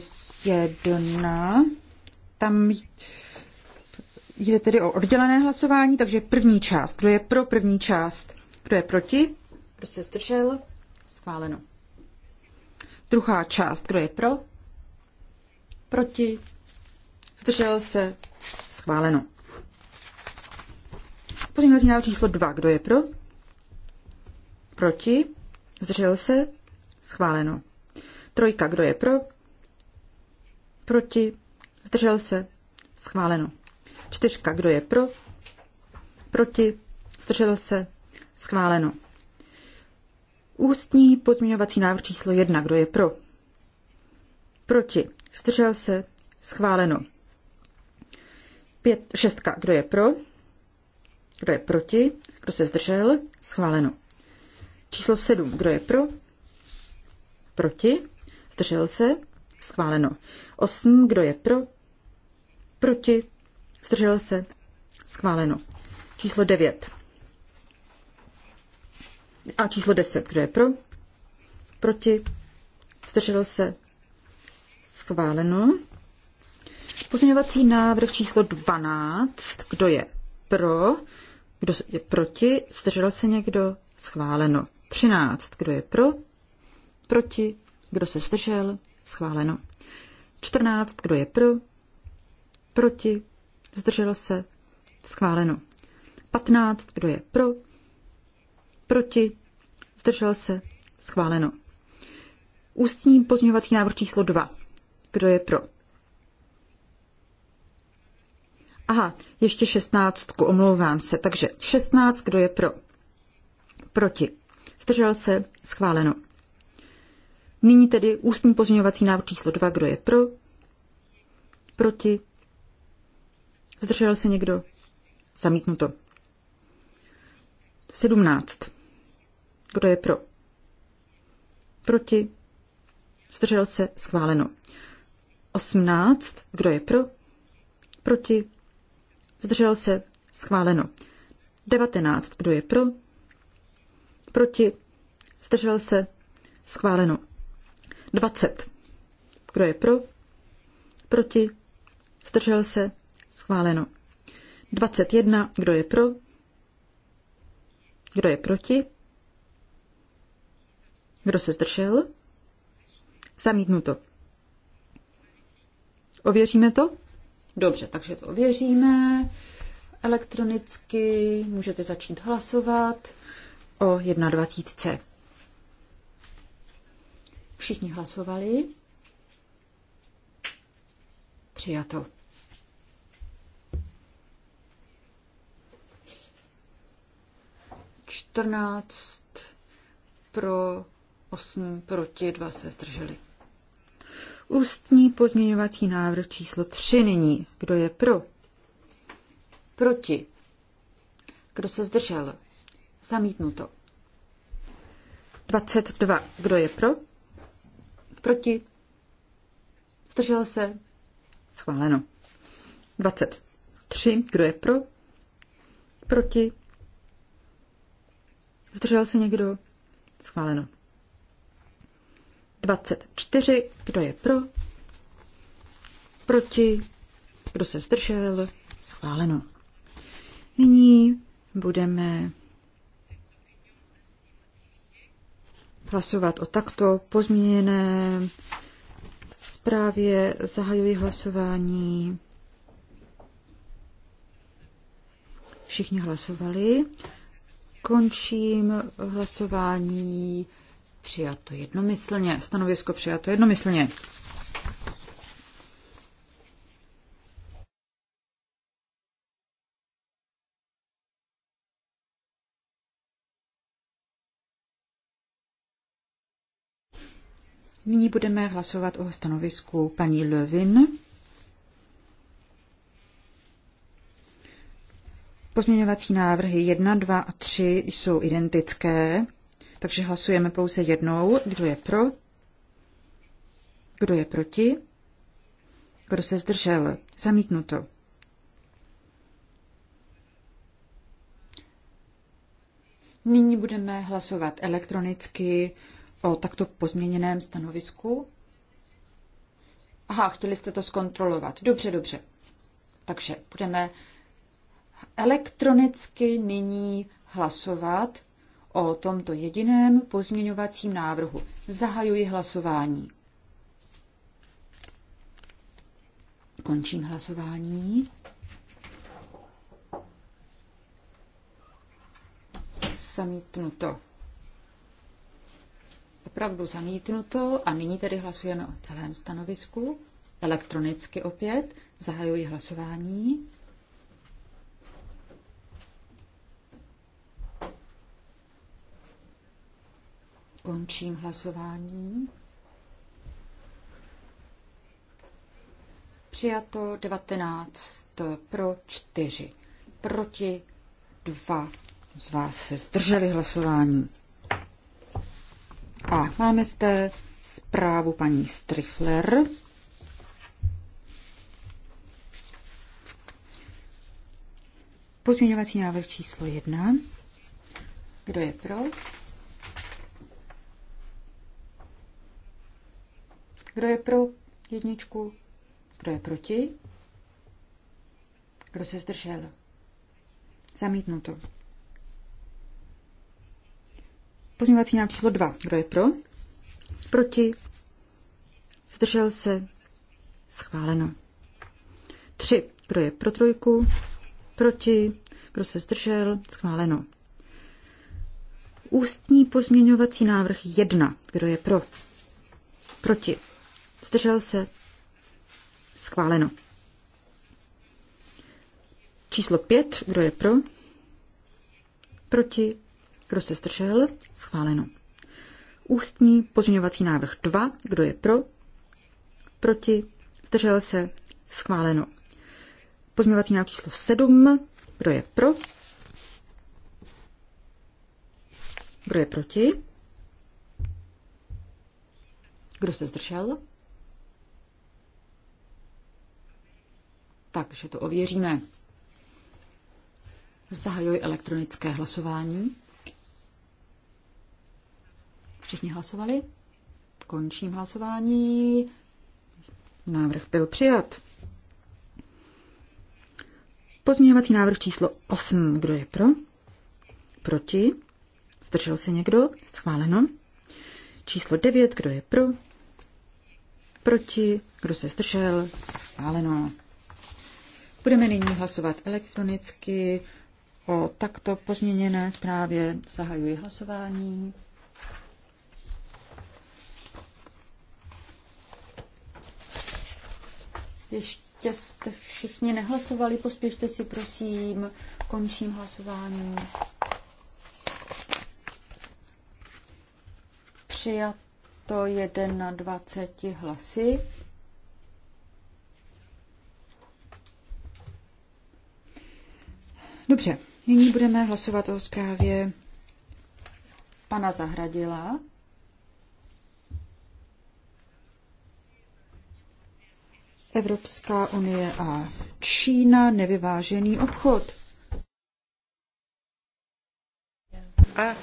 1. Tam jde tedy o oddělené hlasování, takže první část. Kdo je pro první část? Kdo je proti? Kdo prostě se zdržel? Schváleno. Druhá část. Kdo je pro? Proti? Zdržel se? Schváleno. Pozměňovací návrh číslo 2. Kdo je pro? Proti? Zdržel se? Schváleno. Trojka. Kdo je pro? Proti? Zdržel se? Schváleno. Čtyřka. Kdo je pro? Proti? Zdržel se? Schváleno. Ústní pozměňovací návrh číslo 1. Kdo je pro? Proti. Zdržel se. Schváleno. Pět, šestka. Kdo je pro? Kdo je proti? Kdo se zdržel? Schváleno. Číslo 7. Kdo je pro? Proti? Zdržel se? Schváleno. Osm, Kdo je pro? Proti? Zdržel se? Schváleno. Číslo 9. A číslo 10, kdo je pro? Proti? Zdržel se? Schváleno. Pozměňovací návrh číslo 12, kdo je pro? Kdo je proti? Zdržel se někdo? Schváleno. 13, kdo je pro? Proti? Kdo se zdržel? Schváleno. 14, kdo je pro? Proti? Zdržel se? Schváleno. 15, kdo je pro? proti, zdržel se, schváleno. Ústní pozměňovací návrh číslo 2. Kdo je pro? Aha, ještě šestnáctku, omlouvám se. Takže šestnáct, kdo je pro? Proti. Zdržel se, schváleno. Nyní tedy ústní pozměňovací návrh číslo 2, kdo je pro? Proti. Zdržel se někdo? Zamítnuto. 17. Kdo je pro? Proti? Zdržel se? Schváleno. 18. Kdo je pro? Proti? Zdržel se? Schváleno. 19. Kdo je pro? Proti? Zdržel se? Schváleno. 20. Kdo je pro? Proti? Zdržel se? Schváleno. 21. Kdo je pro? Kdo je proti? Kdo se zdržel? Zamítnuto. Ověříme to? Dobře, takže to ověříme elektronicky. Můžete začít hlasovat o 21. Všichni hlasovali. Přijato. Čtrnáct pro 8 proti, 2 se zdrželi. Ústní pozměňovací návrh číslo 3 nyní. Kdo je pro? Proti. Kdo se zdržel? Zamítnuto. 22. Kdo je pro? Proti. Zdržel se? Schváleno. 23. Kdo je pro? Proti. Zdržel se někdo? Schváleno. 24. Kdo je pro? Proti? Kdo se zdržel? Schváleno. Nyní budeme hlasovat o takto pozměněné zprávě. Zahajuji hlasování. Všichni hlasovali. Končím hlasování. Přijato jednomyslně. Stanovisko přijato jednomyslně. Nyní budeme hlasovat o stanovisku paní Levin. Pozměňovací návrhy 1, 2 a 3 jsou identické. Takže hlasujeme pouze jednou, kdo je pro, kdo je proti, kdo se zdržel, zamítnuto. Nyní budeme hlasovat elektronicky o takto pozměněném stanovisku. Aha, chtěli jste to zkontrolovat. Dobře, dobře. Takže budeme elektronicky nyní hlasovat o tomto jediném pozměňovacím návrhu. Zahajuji hlasování. Končím hlasování. Zamítnuto. Opravdu zamítnuto a nyní tedy hlasujeme o celém stanovisku. Elektronicky opět zahajuji hlasování. Končím hlasování. Přijato 19 pro 4, proti 2. Z vás se zdrželi hlasování. A máme zde zprávu paní Strifler. Pozměňovací návrh číslo 1. Kdo je pro? Kdo je pro jedničku? Kdo je proti? Kdo se zdržel? Zamítnuto. Pozměňovací návrh číslo 2. Kdo je pro? Proti? Zdržel se? Schváleno. 3. Kdo je pro trojku? Proti? Kdo se zdržel? Schváleno. Ústní pozměňovací návrh 1. Kdo je pro? Proti? zdržel se, schváleno. Číslo 5, kdo je pro, proti, kdo se zdržel, schváleno. Ústní pozměňovací návrh 2, kdo je pro, proti, zdržel se, schváleno. Pozměňovací návrh číslo 7, kdo je pro, kdo je proti? Kdo se zdržel? Takže to ověříme. Zahajuji elektronické hlasování. Všichni hlasovali? Končím hlasování. Návrh byl přijat. Pozměňovací návrh číslo 8. Kdo je pro? Proti? Zdržel se někdo? Schváleno. Číslo 9. Kdo je pro? Proti? Kdo se zdržel? Schváleno. Budeme nyní hlasovat elektronicky o takto pozměněné zprávě. Zahajuji hlasování. Ještě jste všichni nehlasovali, pospěšte si prosím, končím hlasování. Přijato 1 na 20 hlasy. Dobře, nyní budeme hlasovat o zprávě pana Zahradila. Evropská unie a Čína nevyvážený obchod. A,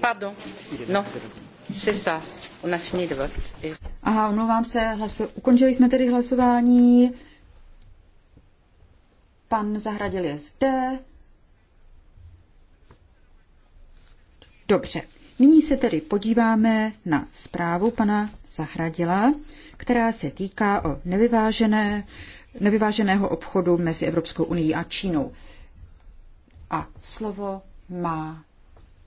pardon, no, Aha, omlouvám se, hlaso- ukončili jsme tedy hlasování. Pan Zahradil je zde. Dobře, nyní se tedy podíváme na zprávu pana Zahradila, která se týká o nevyvážené, nevyváženého obchodu mezi Evropskou unii a Čínou. A slovo má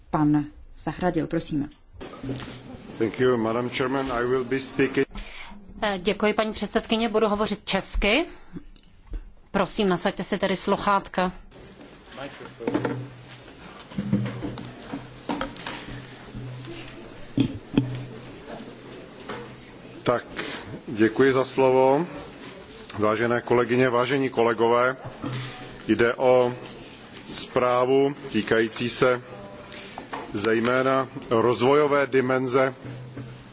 pan Zahradil, prosím. Thank you, Madam Chairman. I will be speaking. Eh, děkuji, paní předsedkyně, budu hovořit česky. Prosím, nasaďte si tedy sluchátka. Microphone. Tak, děkuji za slovo. Vážené kolegyně, vážení kolegové, jde o zprávu týkající se zejména rozvojové dimenze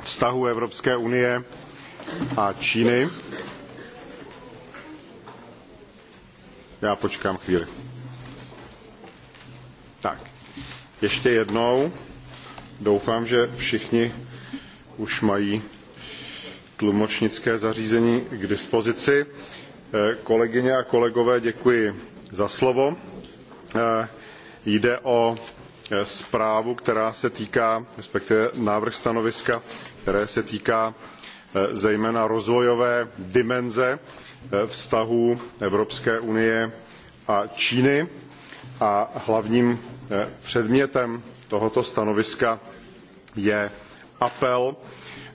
vztahu Evropské unie a Číny. Já počkám chvíli. Tak, ještě jednou. Doufám, že všichni už mají tlumočnické zařízení k dispozici. Eh, kolegyně a kolegové, děkuji za slovo. Eh, jde o eh, zprávu, která se týká, respektive návrh stanoviska, které se týká zejména rozvojové dimenze vztahů Evropské unie a Číny. A hlavním předmětem tohoto stanoviska je apel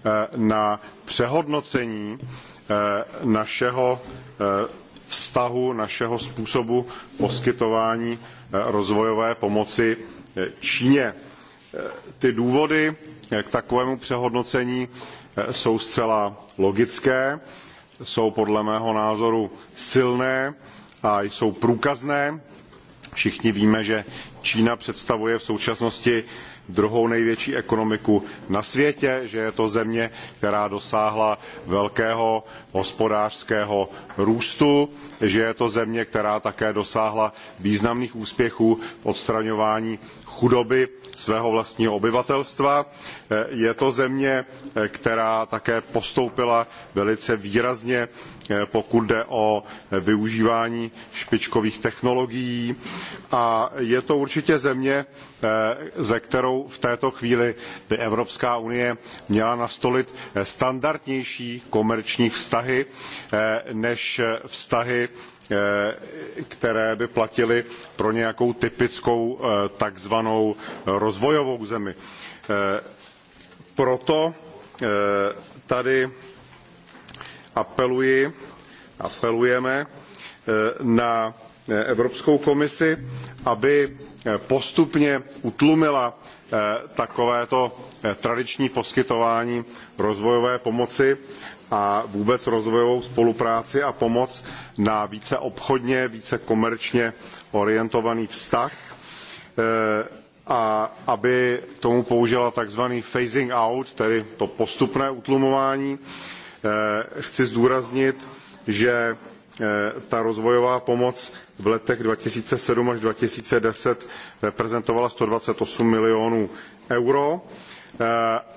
Eh, na přehodnocení eh, našeho eh, vztahu, našeho způsobu poskytování rozvojové pomoci Číně. Ty důvody k takovému přehodnocení jsou zcela logické, jsou podle mého názoru silné a jsou průkazné. Všichni víme, že Čína představuje v současnosti druhou největší ekonomiku na světě, že je to země, která dosáhla velkého hospodářského růstu, že je to země, která také dosáhla významných úspěchů v odstraňování chudoby svého vlastního obyvatelstva. Je to země, která také postoupila velice výrazně Vlastně, pokud jde o využívání špičkových technologií a je to určitě země, eh, ze kterou v této chvíli by Evropská unie měla nastolit standardnější komerční vztahy eh, než vztahy eh, které by platily pro nějakou typickou takzvanou rozvojovou zemi. Proto tady apeluji, apelujeme eh, na eh, Evropskou komisi, aby eh, postupně utlumila takovéto tradiční poskytování rozvojové pomoci a vůbec rozvojovou spolupráci a pomoc na více obchodně, více komerčně orientovaný vztah a aby k tomu použila takzvaný phasing out, tedy to postupné utlumování, Eh, chci zdůraznit, že eh, ta rozvojová pomoc v letech 2007 až 2010 reprezentovala 128 milionů euro eh,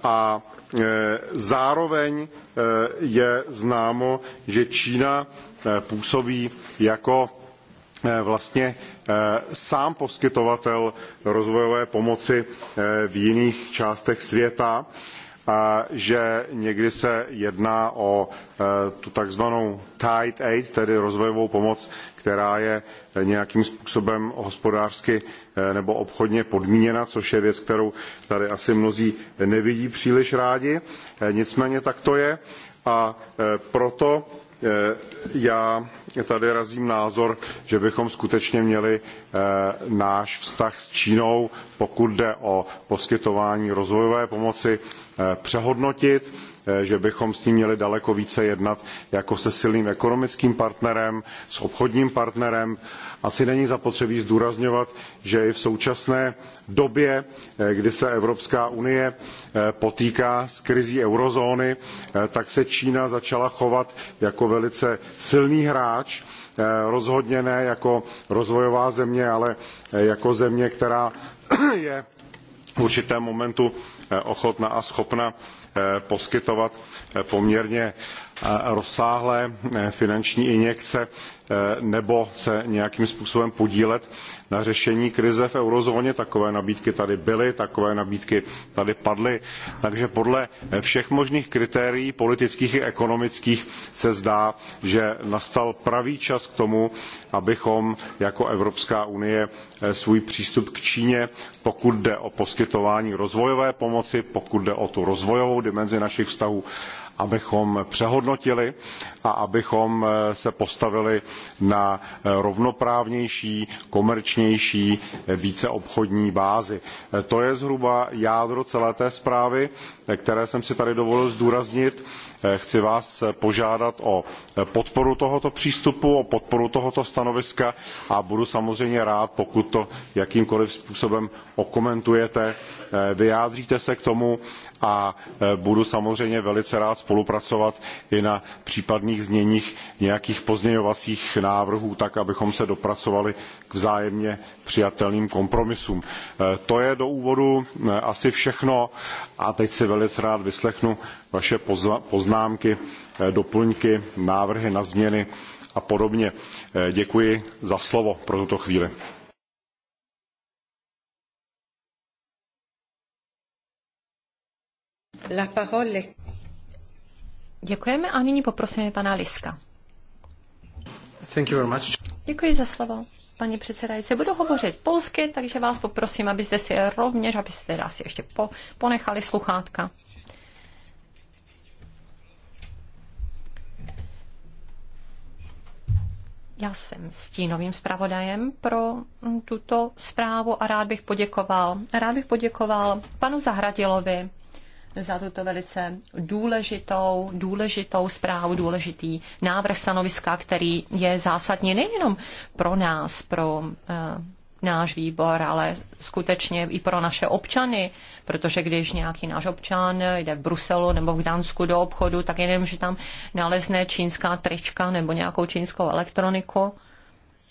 a zároveň je známo, že Čína působí jako vlastně sám poskytovatel rozvojové pomoci v jiných částech světa že někdy se jedná o e, tu takzvanou tight aid, tedy rozvojovou pomoc, která je nějakým způsobem hospodářsky e, nebo obchodně podmíněna, což je věc, kterou tady asi mnozí nevidí příliš rádi. E, nicméně tak to je a proto Eh, já tady razím názor, že bychom skutečně měli eh, náš vztah s Čínou, pokud jde o poskytování rozvojové pomoci, eh, přehodnotit že bychom s ní měli daleko více jednat jako se silným ekonomickým partnerem, s obchodním partnerem asi není zapotřebí zdůrazňovat, že i v současné době, eh, kdy se Evropská unie eh, potýká s krizí eurozóny, eh, tak se Čína začala chovat jako velice silný hráč, rozhodně ne jako rozvojová země, ale jako země, která (clears throat) je v určitém momentu ochotna a schopna poskytovat poměrně Eh, rozsáhlé eh, finanční injekce eh, nebo se nějakým způsobem podílet na řešení krize v eurozóně. Takové nabídky tady byly, takové nabídky tady padly. Takže podle všech možných kritérií politických i ekonomických se zdá, že nastal pravý čas k tomu, abychom jako Evropská unie svůj přístup k Číně, pokud jde o poskytování rozvojové pomoci, pokud jde o tu rozvojovou dimenzi našich vztahů, abychom přehodnotili a abychom eh, se postavili na eh, rovnoprávnější, komerčnější, eh, více obchodní bázi. To je zhruba jádro celé té zprávy, které jsem si tady dovolil zdůraznit chci vás požádat o podporu tohoto přístupu o podporu tohoto stanoviska a budu samozřejmě rád pokud to jakýmkoliv způsobem okomentujete vyjádříte se k tomu a e, budu samozřejmě velice rád spolupracovat i na případných zněních nějakých pozměňovacích návrhů, tak abychom se dopracovali k vzájemně přijatelným kompromisům. E, to je do úvodu e, asi všechno a teď si velice rád vyslechnu vaše poznámky, doplňky, návrhy na změny a podobně. Děkuji za slovo pro tuto chvíli. La parole est... Děkujeme a nyní poprosíme pana Liska. Thank you very much. Děkuji za slovo. Paní předsedající, budu hovořit polsky, takže vás poprosím, abyste si rovněž, abyste teda si ještě po, ponechali sluchátka. Já jsem stínovým zpravodajem pro tuto zprávu a rád bych poděkoval. Rád bych poděkoval panu Zahradilovi za tuto velice důležitou, důležitou zprávu, důležitý návrh stanoviska, který je zásadní nejenom pro nás, pro uh, náš výbor, ale skutečně i pro naše občany, protože když nějaký náš občan jde v Bruselu nebo v Dánsku do obchodu, tak jenom, že tam nalezne čínská trička nebo nějakou čínskou elektroniku,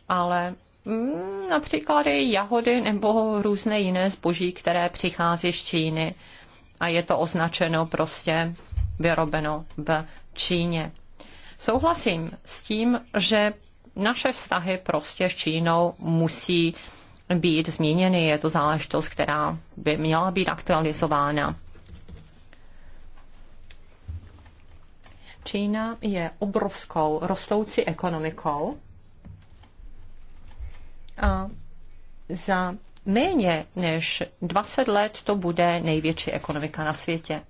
ale mm, například i jahody nebo různé jiné zboží, které přichází z Číny a je to označeno prostě vyrobeno v Číně. Souhlasím s tím, že naše vztahy prostě s Čínou musí být změněny. Je to záležitost, která by měla být aktualizována. Čína je obrovskou rostoucí ekonomikou a za méně než 20 let to bude největší ekonomika na světě.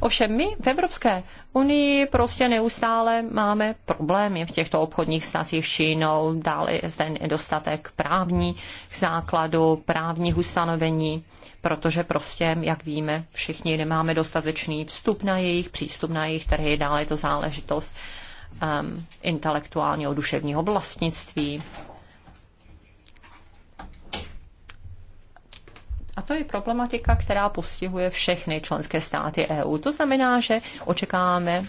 Ovšem my v Evropské unii prostě neustále máme problémy v těchto obchodních stazích s Čínou, dále je zde nedostatek právních základů, právních ustanovení, protože prostě, jak víme, všichni nemáme dostatečný vstup na jejich, přístup na jejich trhy, dále je to záležitost um, intelektuálního duševního vlastnictví, A to je problematika, která postihuje všechny členské státy EU. To znamená, že očekáváme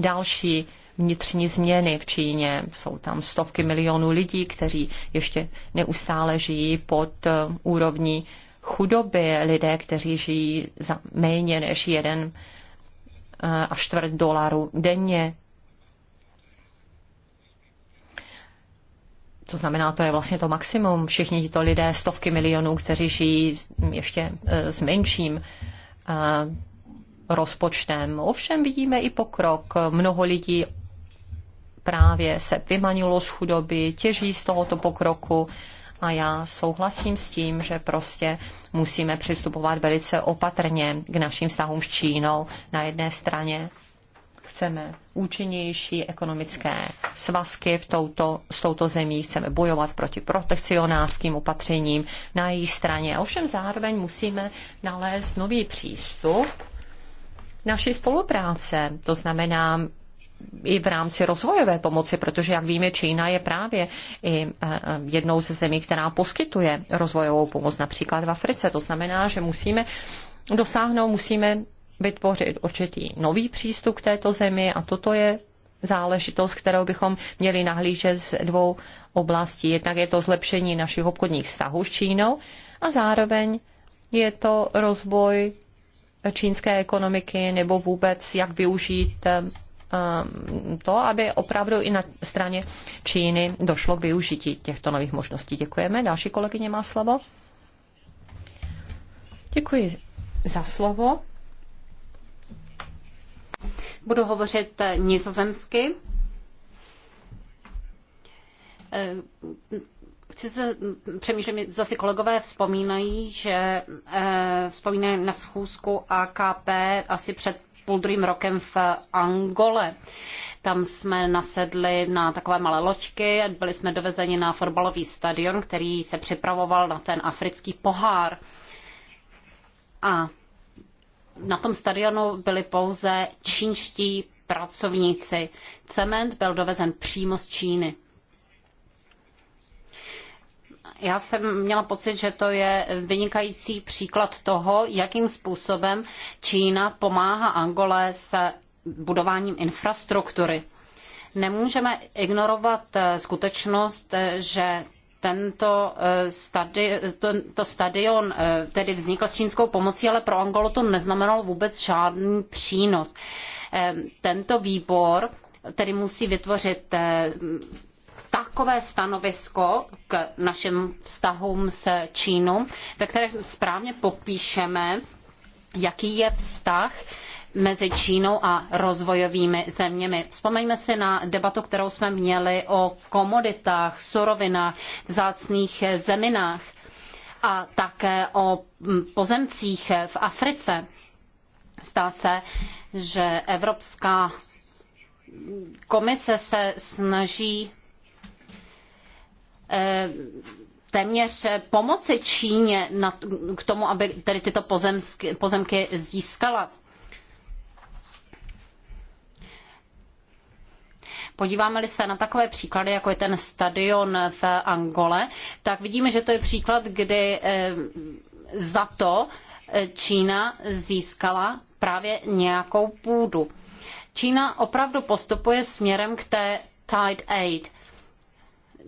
další vnitřní změny v Číně. Jsou tam stovky milionů lidí, kteří ještě neustále žijí pod eh, úrovní chudoby. Lidé, kteří žijí za méně než jeden eh, a čtvrt dolaru denně. To znamená, to je vlastně to maximum. Všichni to lidé, stovky milionů, kteří žijí ještě e, s menším e, rozpočtem. Ovšem vidíme i pokrok. Mnoho lidí právě se vymanilo z chudoby, těží z tohoto pokroku a já souhlasím s tím, že prostě musíme přistupovat velice opatrně k našim vztahům s Čínou na jedné straně Chceme účinnější ekonomické svazky v touto, s touto zemí, chceme bojovat proti protekcionářským opatřením na její straně. Ovšem zároveň musíme nalézt nový přístup naší spolupráce, to znamená i v rámci rozvojové pomoci, protože, jak víme, Čína je právě i e, jednou ze zemí, která poskytuje rozvojovou pomoc například v Africe. To znamená, že musíme dosáhnout, musíme vytvořit určitý nový přístup k této zemi a toto je záležitost, kterou bychom měli nahlížet z dvou oblastí. Jednak je to zlepšení našich obchodních vztahů s Čínou a zároveň je to rozvoj čínské ekonomiky nebo vůbec jak využít um, to, aby opravdu i na straně Číny došlo k využití těchto nových možností. Děkujeme. Další kolegyně má slovo. Děkuji za slovo. Budu hovořit nizozemsky. Eh, chci se, přemýšlet, zase kolegové vzpomínají, že eh, vzpomínají na schůzku AKP asi před půl druhým rokem v Angole. Tam jsme nasedli na takové malé loďky, byli jsme dovezeni na fotbalový stadion, který se připravoval na ten africký pohár. A na tom stadionu byli pouze čínští pracovníci. Cement byl dovezen přímo z Číny. Já jsem měla pocit, že to je vynikající příklad toho, jakým způsobem Čína pomáhá Angole se budováním infrastruktury. Nemůžeme ignorovat skutečnost, že tento eh, stadi, to, stadion eh, tedy vznikl s čínskou pomocí, ale pro Angolu to neznamenalo vůbec žádný přínos. Eh, tento výbor tedy musí vytvořit takové stanovisko k našim vztahům s Čínou, ve kterém správně popíšeme, jaký je vztah mezi Čínou a rozvojovými zeměmi. Vzpomeňme si na debatu, kterou jsme měli o komoditách, surovinách, vzácných zeminách a také o pozemcích v Africe. Zdá se, že Evropská komise se snaží eh, téměř pomoci Číně k tomu, aby tedy tyto pozemky získala. Podíváme-li se na takové příklady, jako je ten stadion v Angole, tak vidíme, že to je příklad, kdy eh, za to eh, Čína získala právě nějakou půdu. Čína opravdu postupuje směrem k té tide aid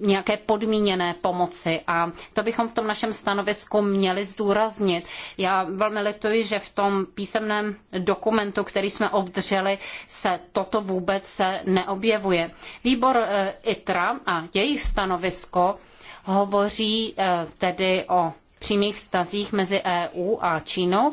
nějaké podmíněné pomoci a to bychom v tom našem stanovisku měli zdůraznit. Já velmi lituji, že v tom písemném dokumentu, který jsme obdrželi, se toto vůbec se neobjevuje. Výbor eh, ITRA a jejich stanovisko hovoří eh, tedy o přímých vztazích mezi EU a Čínou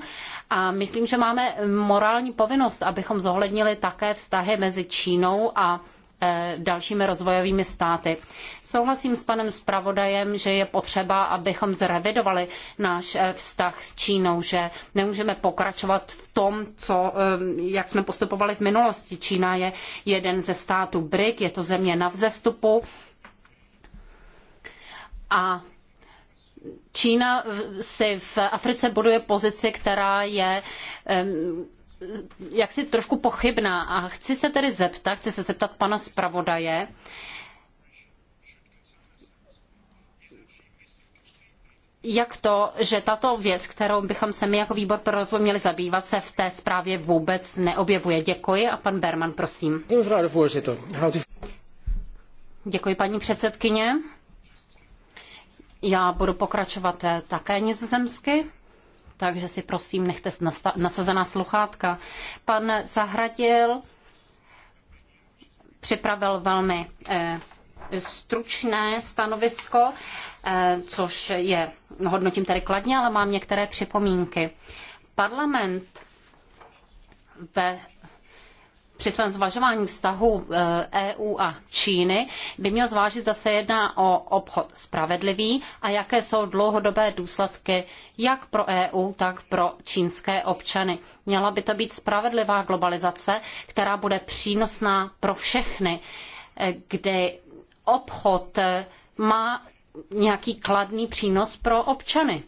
a myslím, že máme morální povinnost, abychom zohlednili také vztahy mezi Čínou a Eh, dalšími rozvojovými státy. Souhlasím s panem zpravodajem, že je potřeba, abychom zrevidovali náš eh, vztah s Čínou, že nemůžeme pokračovat v tom, co, eh, jak jsme postupovali v minulosti. Čína je jeden ze států BRIC, je to země na vzestupu a Čína si v Africe buduje pozici, která je jaksi trošku pochybná a chci se tedy zeptat, chci se zeptat pana zpravodaje, jak to, že tato věc, kterou bychom se my jako výbor pro rozvoj měli zabývat, se v té zprávě vůbec neobjevuje. Děkuji a pan Berman, prosím. Děkuji, paní předsedkyně. Já budu pokračovat také nizozemsky takže si prosím nechte nasazená sluchátka. Pan Zahradil připravil velmi eh, stručné stanovisko, eh, což je, hodnotím tedy kladně, ale mám některé připomínky. Parlament ve při svém zvažování vztahu EU eh, e a Číny by měl zvážit, zda se jedná o obchod spravedlivý a jaké jsou dlouhodobé důsledky jak pro EU, tak pro čínské občany. Měla by to být spravedlivá globalizace, která bude přínosná pro všechny, eh, kdy obchod eh, má nějaký kladný přínos pro občany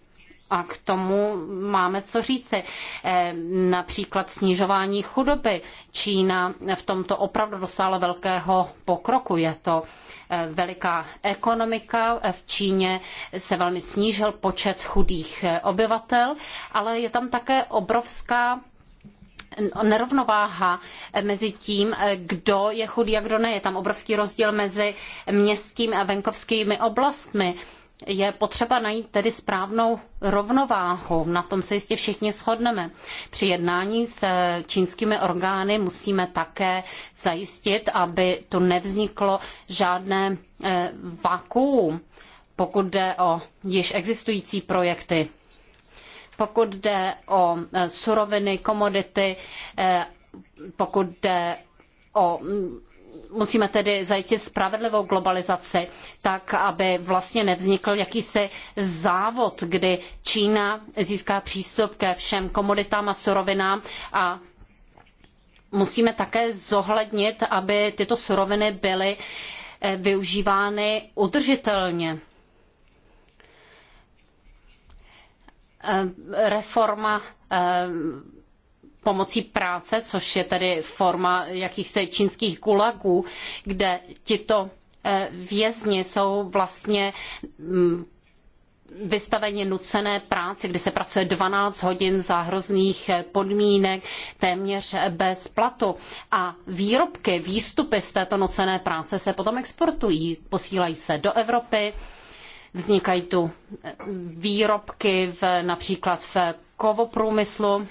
a k tomu máme co říci. Eh, například snižování chudoby. Čína v tomto opravdu dosáhla velkého pokroku. Je to eh, veliká ekonomika. V Číně se velmi snížil počet chudých eh, obyvatel, ale je tam také obrovská nerovnováha mezi tím, kdo je chudý a kdo ne. Je tam obrovský rozdíl mezi městskými a venkovskými oblastmi je potřeba najít tedy správnou rovnováhu. Na tom se jistě všichni shodneme. Při jednání s čínskými orgány musíme také zajistit, aby tu nevzniklo žádné eh, vakuum, pokud jde o již existující projekty. Pokud jde o eh, suroviny, komodity, eh, pokud jde o mm, musíme tedy zajistit spravedlivou globalizaci, tak aby vlastně nevznikl jakýsi závod, kdy Čína získá přístup ke všem komoditám a surovinám a musíme také zohlednit, aby tyto suroviny byly eh, využívány udržitelně. Eh, reforma eh, pomocí práce, což je tedy forma jakýchsi čínských gulagů, kde tito eh, vězni jsou vlastně mm, vystaveni nucené práci, kdy se pracuje 12 hodin za hrozných eh, podmínek, téměř eh, bez platu. A výrobky, výstupy z této nucené práce se potom exportují, posílají se do Evropy, vznikají tu výrobky v, například v kovoprůmyslu,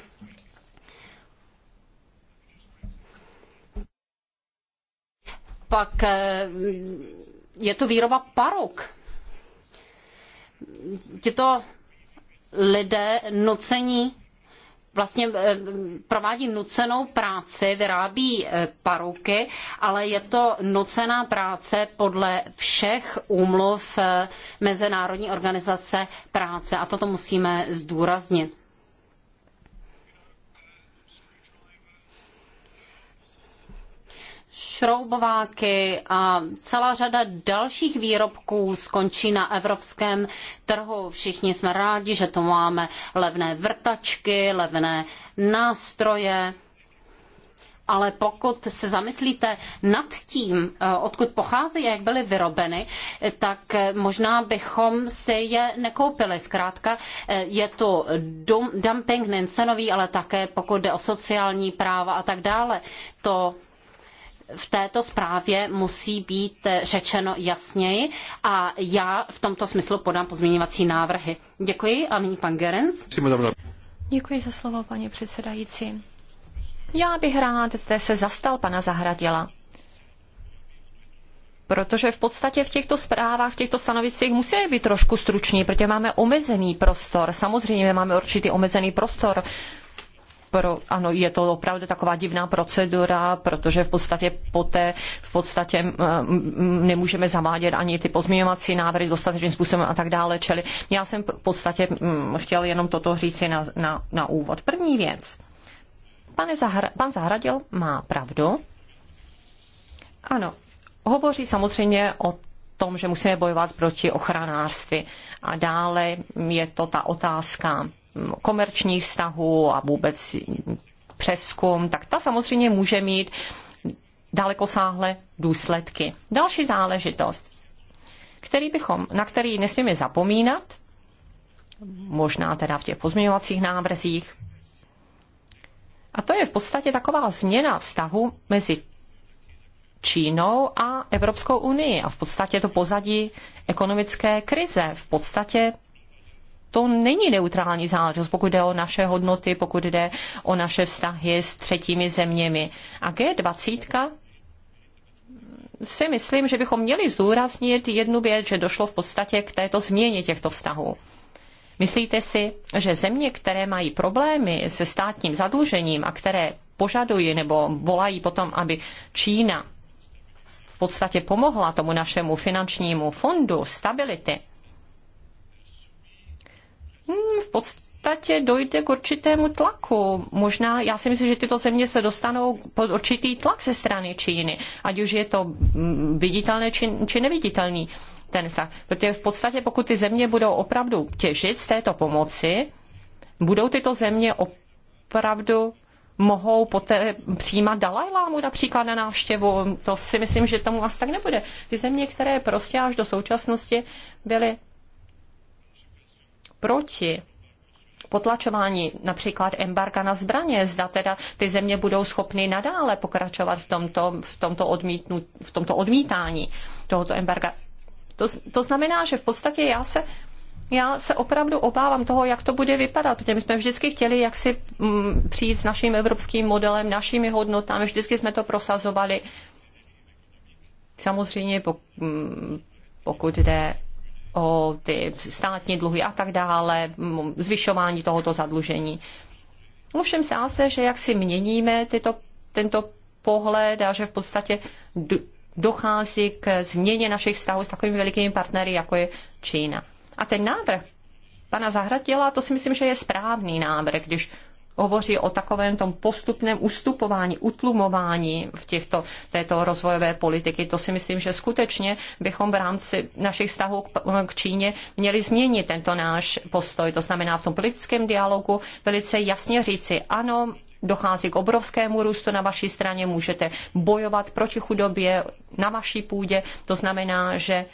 pak eh, je to výroba paruk. Tito lidé nucení vlastně eh, provádí nucenou práci, vyrábí eh, paruky, ale je to nucená práce podle všech úmluv Mezinárodní organizace práce a toto musíme zdůraznit. šroubováky a celá řada dalších výrobků skončí na evropském trhu. Všichni jsme rádi, že to máme levné vrtačky, levné nástroje. Ale pokud se zamyslíte nad tím, eh, odkud pocházejí, jak byly vyrobeny, eh, tak eh, možná bychom si je nekoupili. Zkrátka je to dumping nejen cenový, ale také pokud jde o sociální práva a tak dále. To v této zprávě musí být eh, řečeno jasněji a já v tomto smyslu podám pozměňovací návrhy. Děkuji a nyní pan Gerens. Děkuji za slovo, paní předsedající. Já bych rád zde se zastal pana Zahradila protože v podstatě v těchto zprávách, v těchto stanovicích musíme být trošku struční, protože máme omezený prostor. Samozřejmě máme určitý omezený prostor pro, ano, je to opravdu taková divná procedura, protože v podstatě poté v podstatě nemůžeme zavádět ani ty pozměňovací návrhy dostatečným způsobem a tak dále. Čili já jsem v podstatě chtěl jenom toto říci na, na, na úvod. První věc. Pane Zahra, pan Zahradil má pravdu. Ano, hovoří samozřejmě o tom, že musíme bojovat proti ochranářství. A dále je to ta otázka komerčních vztahů a vůbec přeskum, tak ta samozřejmě může mít dalekosáhlé důsledky. Další záležitost, který bychom, na který nesmíme zapomínat, možná teda v těch pozměňovacích návrzích, a to je v podstatě taková změna vztahu mezi Čínou a Evropskou unii a v podstatě to pozadí ekonomické krize. V podstatě to není neutrální záležitost, pokud jde o naše hodnoty, pokud jde o naše vztahy s třetími zeměmi. A G20 si myslím, že bychom měli zdůraznit jednu věc, že došlo v podstatě k této změně těchto vztahů. Myslíte si, že země, které mají problémy se státním zadlužením a které požadují nebo volají potom, aby Čína v podstatě pomohla tomu našemu finančnímu fondu stability, Hmm, v podstatě dojde k určitému tlaku. Možná, já si myslím, že tyto země se dostanou pod určitý tlak ze strany Číny, ať už je to mm, viditelné či, či neviditelný ten vztah. Protože v podstatě, pokud ty země budou opravdu těžit z této pomoci, budou tyto země opravdu mohou poté přijímat Dalajlámu například na návštěvu. To si myslím, že tomu asi tak nebude. Ty země, které prostě až do současnosti byly proti potlačování například embarga na zbraně, zda teda ty země budou schopny nadále pokračovat v tomto, v tomto, odmítnu, v tomto odmítání tohoto embarga. To, to znamená, že v podstatě já se já se opravdu obávám toho, jak to bude vypadat, protože my jsme vždycky chtěli jak si mm, přijít s naším evropským modelem, našimi hodnotami, vždycky jsme to prosazovali. Samozřejmě, mm, pokud jde o ty státní dluhy a tak dále, zvyšování tohoto zadlužení. Ovšem zdá se, že jak si měníme tyto, tento pohled a že v podstatě dochází k změně našich vztahů s takovými velikými partnery, jako je Čína. A ten návrh pana Zahradila, to si myslím, že je správný návrh, když hovoří o takovém tom postupném ustupování, utlumování v těchto, této rozvojové politiky. To si myslím, že skutečně bychom v rámci našich vztahů k Číně měli změnit tento náš postoj. To znamená v tom politickém dialogu velice jasně říci, ano, dochází k obrovskému růstu na vaší straně, můžete bojovat proti chudobě na vaší půdě, to znamená, že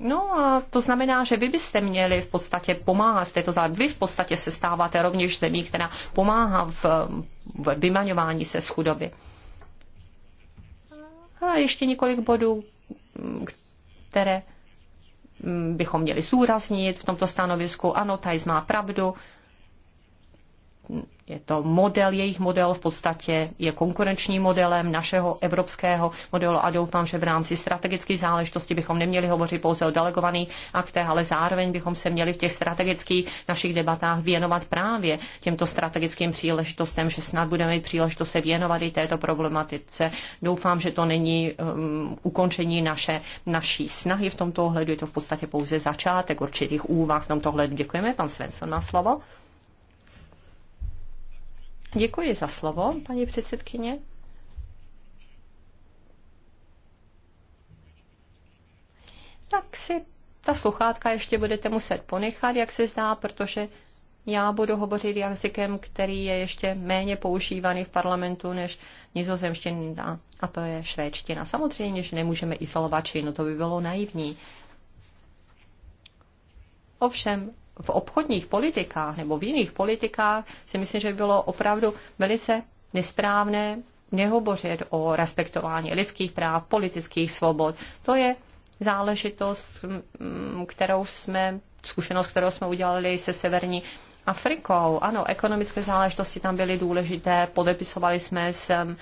No a to znamená, že vy byste měli v podstatě pomáhat v této zále. Vy v podstatě se stáváte rovněž zemí, která pomáhá v, v vymaňování se z chudoby. A ještě několik bodů, které bychom měli zúraznit v tomto stanovisku. Ano, Tajs má pravdu je to model, jejich model v podstatě je konkurenčním modelem našeho evropského modelu a doufám, že v rámci strategických záležitostí bychom neměli hovořit pouze o delegovaných aktech, ale zároveň bychom se měli v těch strategických našich debatách věnovat právě těmto strategickým příležitostem, že snad budeme mít příležitost se věnovat i této problematice. Doufám, že to není um, ukončení naše, naší snahy v tomto ohledu, je to v podstatě pouze začátek určitých úvah v tomto ohledu. Děkujeme, pan Svensson na slovo. Děkuji za slovo, paní předsedkyně. Tak si ta sluchátka ještě budete muset ponechat, jak se zdá, protože já budu hovořit jazykem, který je ještě méně používaný v parlamentu než nizozemština, a to je švédština. Samozřejmě, že nemůžeme izolovat no, to by bylo naivní. Ovšem, v obchodních politikách nebo v jiných politikách si myslím, že by bylo opravdu velice nesprávné nehovořit o respektování lidských práv, politických svobod. To je záležitost, mm, kterou jsme, zkušenost, kterou jsme udělali se Severní Afrikou. Ano, ekonomické záležitosti tam byly důležité, podepisovali jsme s,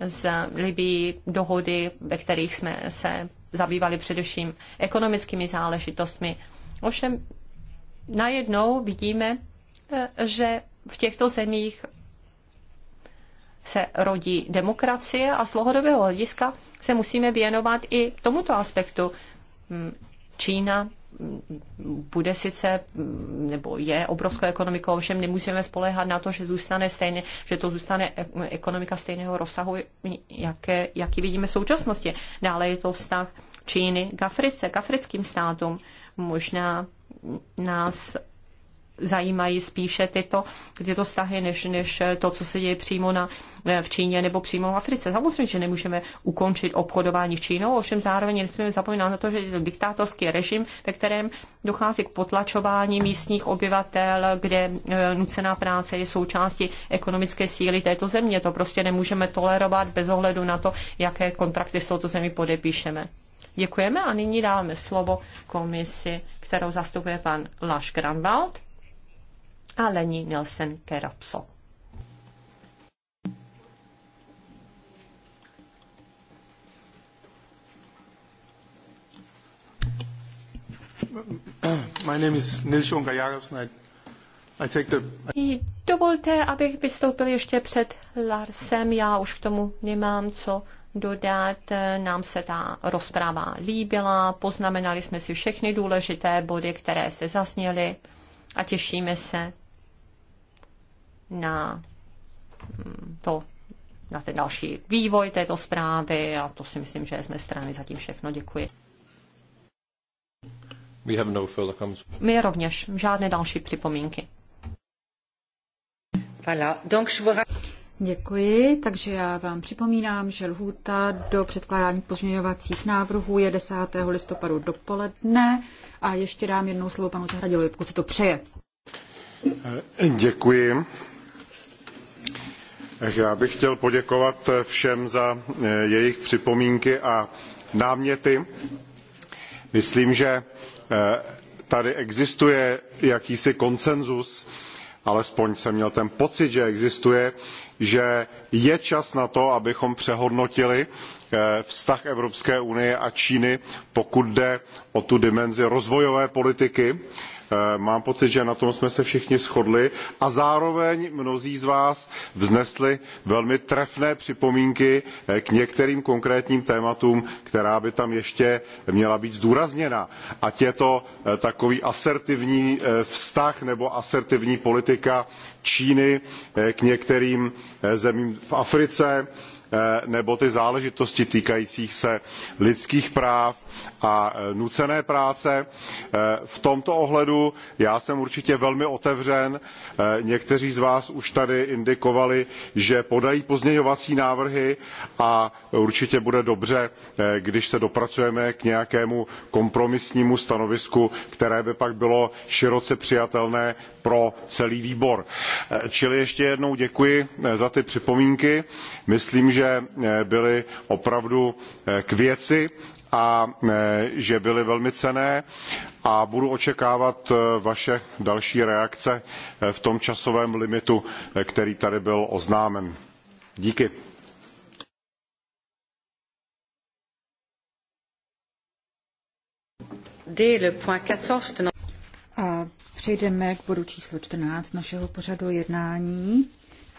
s Libí dohody, ve kterých jsme se zabývali především ekonomickými záležitostmi. Ovšem najednou vidíme, eh, že v těchto zemích se rodí demokracie a z dlouhodobého hlediska se musíme věnovat i tomuto aspektu. Hmm, Čína hmm, bude sice, hmm, nebo je obrovskou ekonomikou, ovšem nemusíme spolehat na to, že zůstane stejně, že to zůstane e, ekonomika stejného rozsahu, jaké, jaký vidíme v současnosti. Dále je to vztah Číny k Africe, k africkým státům. Možná nás zajímají spíše tyto, tyto vztahy, než, než to, co se děje přímo na, eh, v Číně nebo přímo v Africe. Samozřejmě, že nemůžeme ukončit obchodování s Čínou, ovšem zároveň nesmíme zapomínat na to, že je to diktátorský režim, ve kterém dochází k potlačování místních obyvatel, kde eh, nucená práce je součástí ekonomické síly této země. To prostě nemůžeme tolerovat bez ohledu na to, jaké kontrakty s touto zemí podepíšeme. Děkujeme a nyní dáme slovo komisi, kterou zastupuje pan Lars Granwald a Lení Nilsen Kerapso. My name is Nils Unger Jacobsen. I, I take the... Dovolte, abych vystoupil ještě před Larsem. Já už k tomu nemám co dodat. Nám se ta rozpráva líbila, poznamenali jsme si všechny důležité body, které jste zazněli, a těšíme se na mm, to, na ten další vývoj této zprávy a to si myslím, že je z mé strany zatím všechno. Děkuji. We have no further comments. My rovněž žádné další připomínky. Voilà. Donc, je vous... Děkuji, takže já vám připomínám, že lhůta do předkládání pozměňovacích návrhů je 10. listopadu dopoledne a ještě dám jednou slovo panu Zahradilovi, pokud si to přeje. Děkuji. Já bych chtěl poděkovat všem za eh, jejich připomínky a náměty. Myslím, že eh, tady existuje jakýsi konsenzus alespoň jsem měl ten pocit, že existuje, že je čas na to, abychom přehodnotili eh, vztah Evropské unie a Číny, pokud jde o tu dimenzi rozvojové politiky. Eh, mám pocit, že na tom jsme se všichni shodli a zároveň mnozí z vás vznesli velmi trefné připomínky eh, k některým konkrétním tématům, která by tam ještě měla být zdůrazněna. Ať je to eh, takový asertivní vztah nebo asertivní politika Číny k některým zemím v Africe, Eh, nebo ty záležitosti týkající se lidských práv a eh, nucené práce. Eh, v tomto ohledu já jsem určitě velmi otevřen. Někteří z vás už tady indikovali, že podají pozměňovací návrhy a určitě bude dobře, když se dopracujeme k nějakému kompromisnímu stanovisku, které by pak bylo široce přijatelné pro celý výbor. Čili ještě jednou děkuji za ty připomínky. Myslím, že že eh, byly opravdu eh, k věci a eh, že byly velmi cenné a budu očekávat vaše další reakce v tom časovém limitu, který tady byl oznámen. Díky. A přejdeme k bodu číslo 14 našeho pořadu jednání.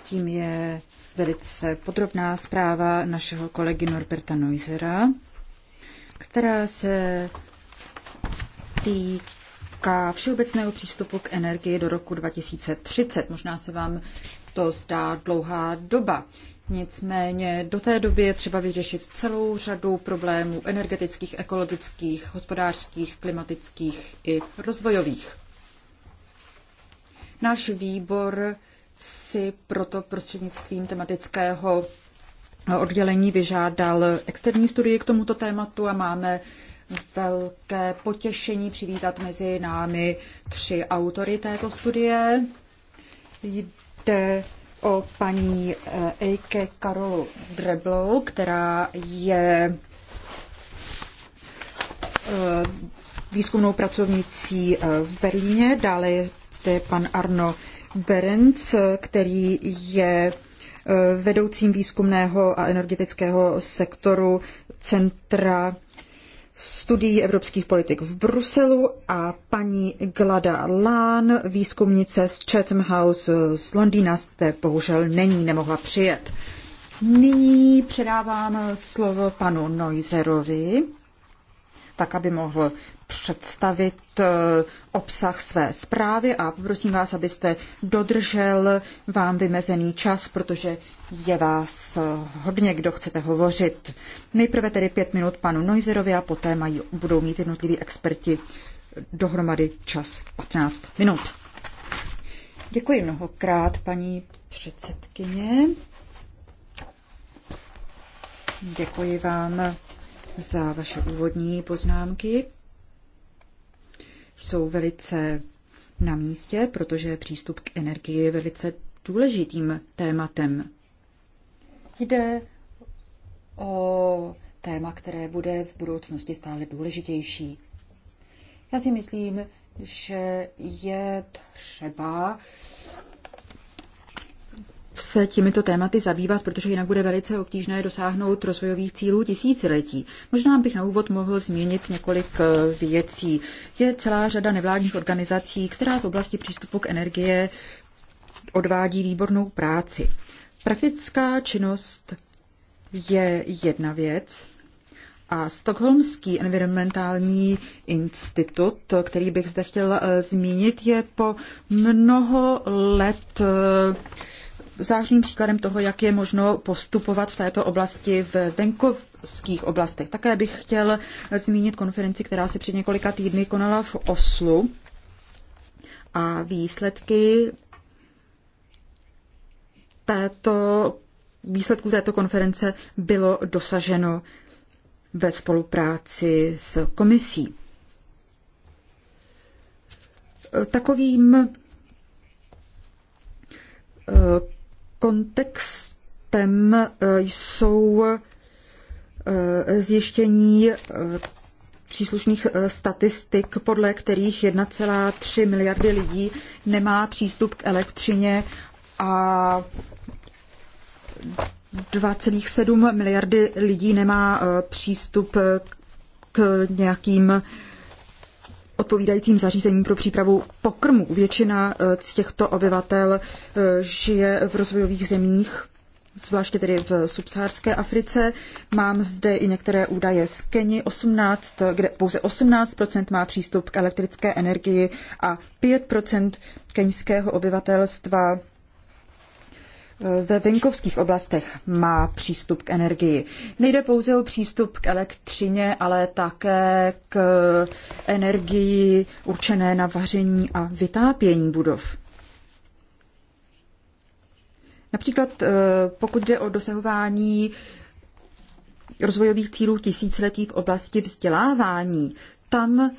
Tím je velice podrobná zpráva našeho kolegy Norberta Neusera, která se týká všeobecného přístupu k energii do roku 2030. Možná se vám to zdá dlouhá doba. Nicméně do té doby je třeba vyřešit celou řadu problémů energetických, ekologických, hospodářských, klimatických i rozvojových. Náš výbor si proto prostřednictvím tematického oddělení vyžádal externí studii k tomuto tématu a máme velké potěšení přivítat mezi námi tři autory této studie. Jde o paní eh, Eike Karolu Dreblou, která je eh, výzkumnou pracovnicí eh, v Berlíně. Dále je zde pan Arno Berenc, který je eh, vedoucím výzkumného a energetického sektoru Centra studií evropských politik v Bruselu a paní Glada Lán, výzkumnice z Chatham House z Londýna, zde bohužel není, nemohla přijet. Nyní předávám slovo panu Neuserovi, tak aby mohl představit eh, obsah své zprávy a poprosím vás, abyste dodržel vám vymezený čas, protože je vás eh, hodně, kdo chcete hovořit. Nejprve tedy pět minut panu Noizerovi a poté mají, budou mít jednotliví experti dohromady čas 15 minut. Děkuji mnohokrát, paní předsedkyně. Děkuji vám za vaše úvodní poznámky jsou velice na místě, protože přístup k energii je velice důležitým tématem. Jde o téma, které bude v budoucnosti stále důležitější. Já si myslím, že je třeba se těmito tématy zabývat, protože jinak bude velice obtížné dosáhnout rozvojových cílů tisíciletí. Možná bych na úvod mohl změnit několik eh, věcí. Je celá řada nevládních organizací, která v oblasti přístupu k energie odvádí výbornou práci. Praktická činnost je jedna věc, a Stockholmský environmentální institut, který bych zde chtěla eh, zmínit, je po mnoho let eh, zářným příkladem toho, jak je možno postupovat v této oblasti v venkovských oblastech. Také bych chtěl zmínit konferenci, která se před několika týdny konala v Oslu a výsledky této, výsledku této konference bylo dosaženo ve spolupráci s komisí. Takovým eh, kontextem eh, jsou eh, zjištění eh, příslušných statistik, podle kterých 1,3 miliardy lidí nemá přístup k elektřině a 2,7 miliardy lidí nemá přístup k nějakým odpovídajícím zařízením pro přípravu pokrmu. Většina eh, z těchto obyvatel eh, žije v rozvojových zemích, zvláště tedy v subsaharské Africe. Mám zde i některé údaje z Keni, 18, eh, kde pouze 18% má přístup k elektrické energii a 5% keňského obyvatelstva ve venkovských oblastech má přístup k energii. Nejde pouze o přístup k elektřině, ale také k energii určené na vaření a vytápění budov. Například eh, pokud jde o dosahování rozvojových cílů tisíciletí v oblasti vzdělávání, tam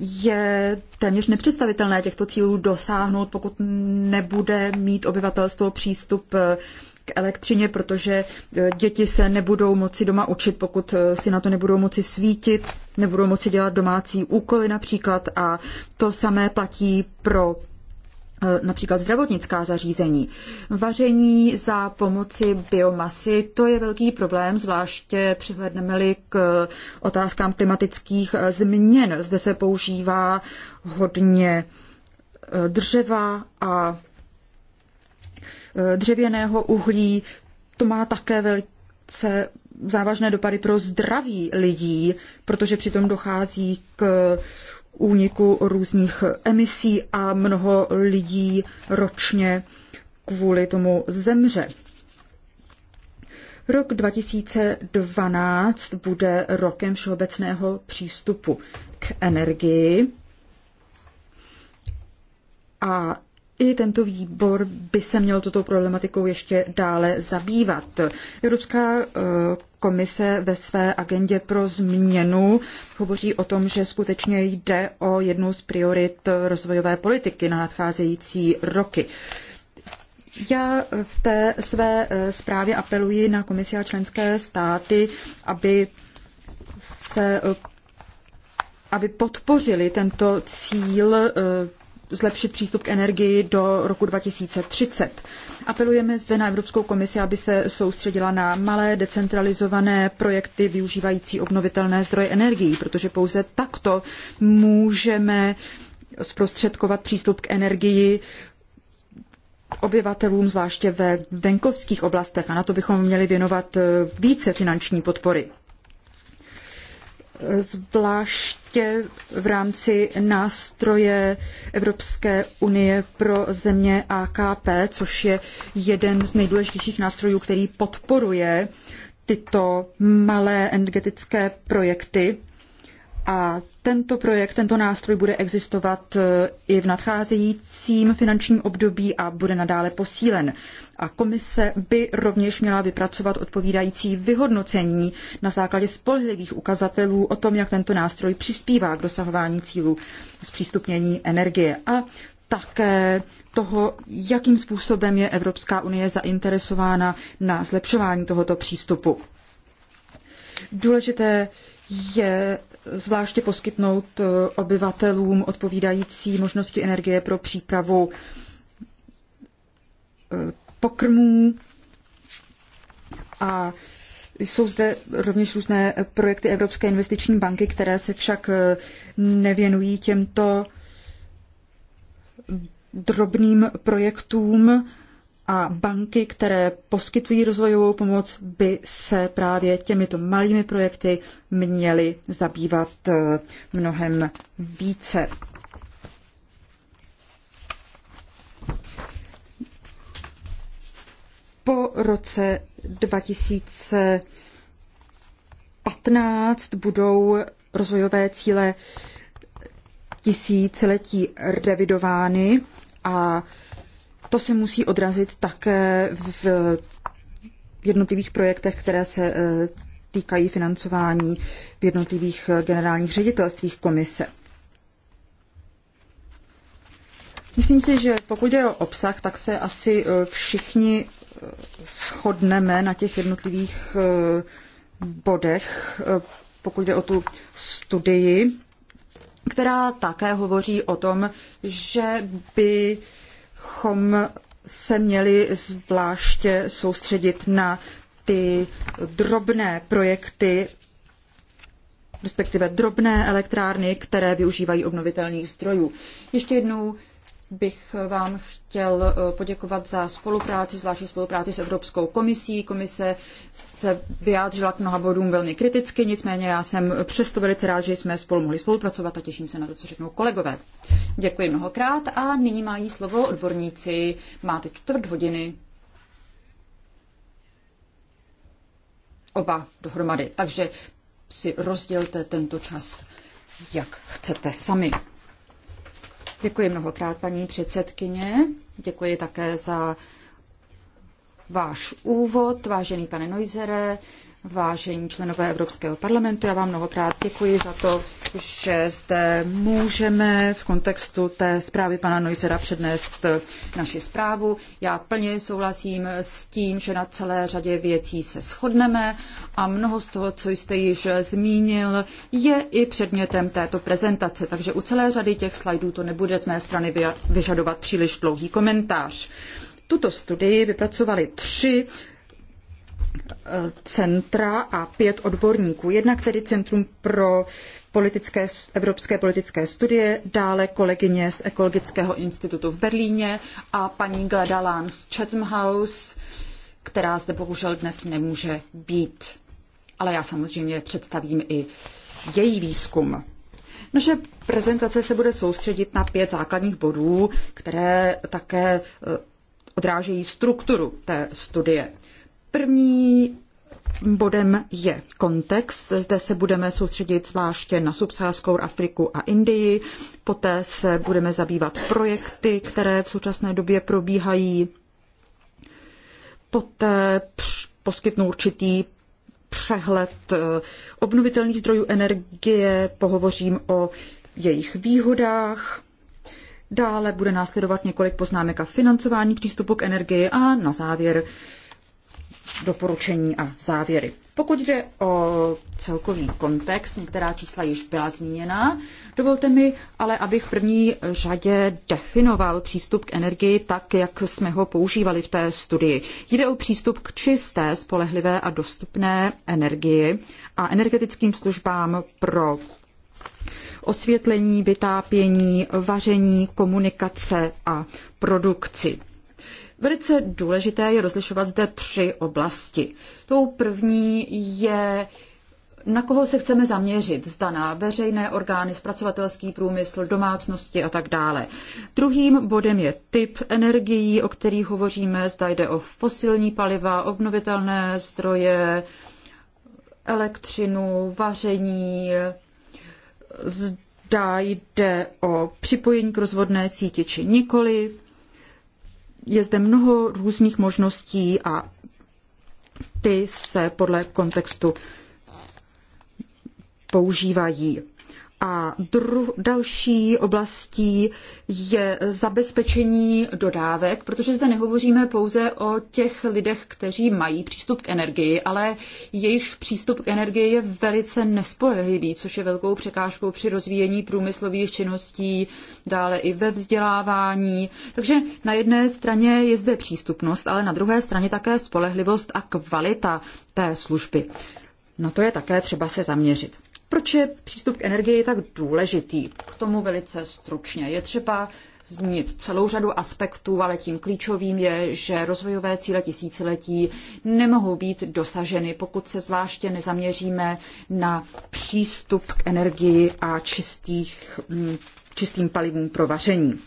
je téměř nepředstavitelné těchto cílů dosáhnout, pokud nebude mít obyvatelstvo přístup eh, k elektřině, protože eh, děti se nebudou moci doma učit, pokud eh, si na to nebudou moci svítit, nebudou moci dělat domácí úkoly například a to samé platí pro Eh, například zdravotnická zařízení. Vaření za pomoci biomasy, to je velký problém, zvláště přihledneme-li k eh, otázkám klimatických eh, změn. Zde se používá hodně dřeva a dřevěného uhlí. To má také velice závažné dopady pro zdraví lidí, protože přitom dochází k úniku různých emisí a mnoho lidí ročně kvůli tomu zemře. Rok 2012 bude rokem všeobecného přístupu k energii a i tento výbor by se měl toto problematikou ještě dále zabývat. Evropská eh, komise ve své agendě pro změnu hovoří o tom, že skutečně jde o jednu z priorit rozvojové politiky na nadcházející roky. Já v té své eh, zprávě apeluji na komisi a členské státy, aby se eh, aby podpořili tento cíl zlepšit přístup k energii do roku 2030. Apelujeme zde na Evropskou komisi, aby se soustředila na malé decentralizované projekty využívající obnovitelné zdroje energií, protože pouze takto můžeme zprostředkovat přístup k energii obyvatelům, zvláště ve venkovských oblastech a na to bychom měli věnovat eh, více finanční podpory zvláště v rámci nástroje Evropské unie pro země AKP, což je jeden z nejdůležitějších nástrojů, který podporuje tyto malé energetické projekty. A tento projekt, tento nástroj bude existovat e, i v nadcházejícím finančním období a bude nadále posílen. A komise by rovněž měla vypracovat odpovídající vyhodnocení na základě spolehlivých ukazatelů o tom, jak tento nástroj přispívá k dosahování cílů zpřístupnění energie. A také toho, jakým způsobem je Evropská unie zainteresována na zlepšování tohoto přístupu. Důležité je zvláště poskytnout eh, obyvatelům odpovídající možnosti energie pro přípravu eh, pokrmů a jsou zde rovněž různé projekty Evropské investiční banky, které se však eh, nevěnují těmto drobným projektům a banky, které poskytují rozvojovou pomoc, by se právě těmito malými projekty měly zabývat eh, mnohem více. Po roce 2015 budou rozvojové cíle tisíciletí revidovány a to se musí odrazit také v jednotlivých projektech, které se e, týkají financování v jednotlivých e, generálních ředitelstvích komise. Myslím si, že pokud je o obsah, tak se asi e, všichni shodneme na těch jednotlivých bodech, pokud jde o tu studii, která také hovoří o tom, že by bychom se měli zvláště soustředit na ty drobné projekty, respektive drobné elektrárny, které využívají obnovitelných zdrojů. Ještě jednou bych vám chtěl eh, poděkovat za spolupráci, zvláštní spolupráci s Evropskou komisí. Komise se vyjádřila k mnoha bodům velmi kriticky, nicméně já jsem přesto velice rád, že jsme spolu mohli spolupracovat a těším se na to, co řeknou kolegové. Děkuji mnohokrát a nyní mají slovo odborníci. Máte čtvrt hodiny. Oba dohromady, takže si rozdělte tento čas, jak chcete sami. Děkuji mnohokrát, paní předsedkyně. Děkuji také za váš úvod, vážený pane Noizere. Vážení členové Evropského parlamentu, já vám mnohokrát děkuji za to, že zde můžeme v kontextu té zprávy pana Neusera přednést naši zprávu. Já plně souhlasím s tím, že na celé řadě věcí se shodneme a mnoho z toho, co jste již zmínil, je i předmětem této prezentace, takže u celé řady těch slajdů to nebude z mé strany vyžadovat příliš dlouhý komentář. Tuto studii vypracovali tři centra a pět odborníků. Jednak tedy Centrum pro politické, evropské politické studie, dále kolegyně z Ekologického institutu v Berlíně a paní Gleda Lán z Chatham House, která zde bohužel dnes nemůže být. Ale já samozřejmě představím i její výzkum. Naše prezentace se bude soustředit na pět základních bodů, které také eh, odrážejí strukturu té studie. První bodem je kontext. Zde se budeme soustředit zvláště na subsaharskou Afriku a Indii. Poté se budeme zabývat projekty, které v současné době probíhají. Poté poskytnu určitý přehled eh, obnovitelných zdrojů energie, pohovořím o jejich výhodách. Dále bude následovat několik poznámek a financování přístupu k energii a na závěr doporučení a závěry. Pokud jde o celkový kontext, některá čísla již byla zmíněna, dovolte mi ale, abych v první řadě definoval přístup k energii tak, jak jsme ho používali v té studii. Jde o přístup k čisté, spolehlivé a dostupné energii a energetickým službám pro osvětlení, vytápění, vaření, komunikace a produkci. Velice důležité je rozlišovat zde tři oblasti. Tou první je na koho se chceme zaměřit, zda na veřejné orgány, zpracovatelský průmysl, domácnosti a tak dále. Druhým bodem je typ energií, o kterých hovoříme, zda jde o fosilní paliva, obnovitelné zdroje, elektřinu, vaření, zda jde o připojení k rozvodné síti či nikoli je zde mnoho různých možností a ty se podle kontextu používají. A dru, další oblastí je zabezpečení dodávek, protože zde nehovoříme pouze o těch lidech, kteří mají přístup k energii, ale jejich přístup k energii je velice nespolehlivý, což je velkou překážkou při rozvíjení průmyslových činností, dále i ve vzdělávání. Takže na jedné straně je zde přístupnost, ale na druhé straně také spolehlivost a kvalita té služby. Na to je také třeba se zaměřit. Proč je přístup k energii tak důležitý? K tomu velice stručně. Je třeba zmínit celou řadu aspektů, ale tím klíčovým je, že rozvojové cíle tisíciletí nemohou být dosaženy, pokud se zvláště nezaměříme na přístup k energii a čistých, mm, čistým palivům pro vaření.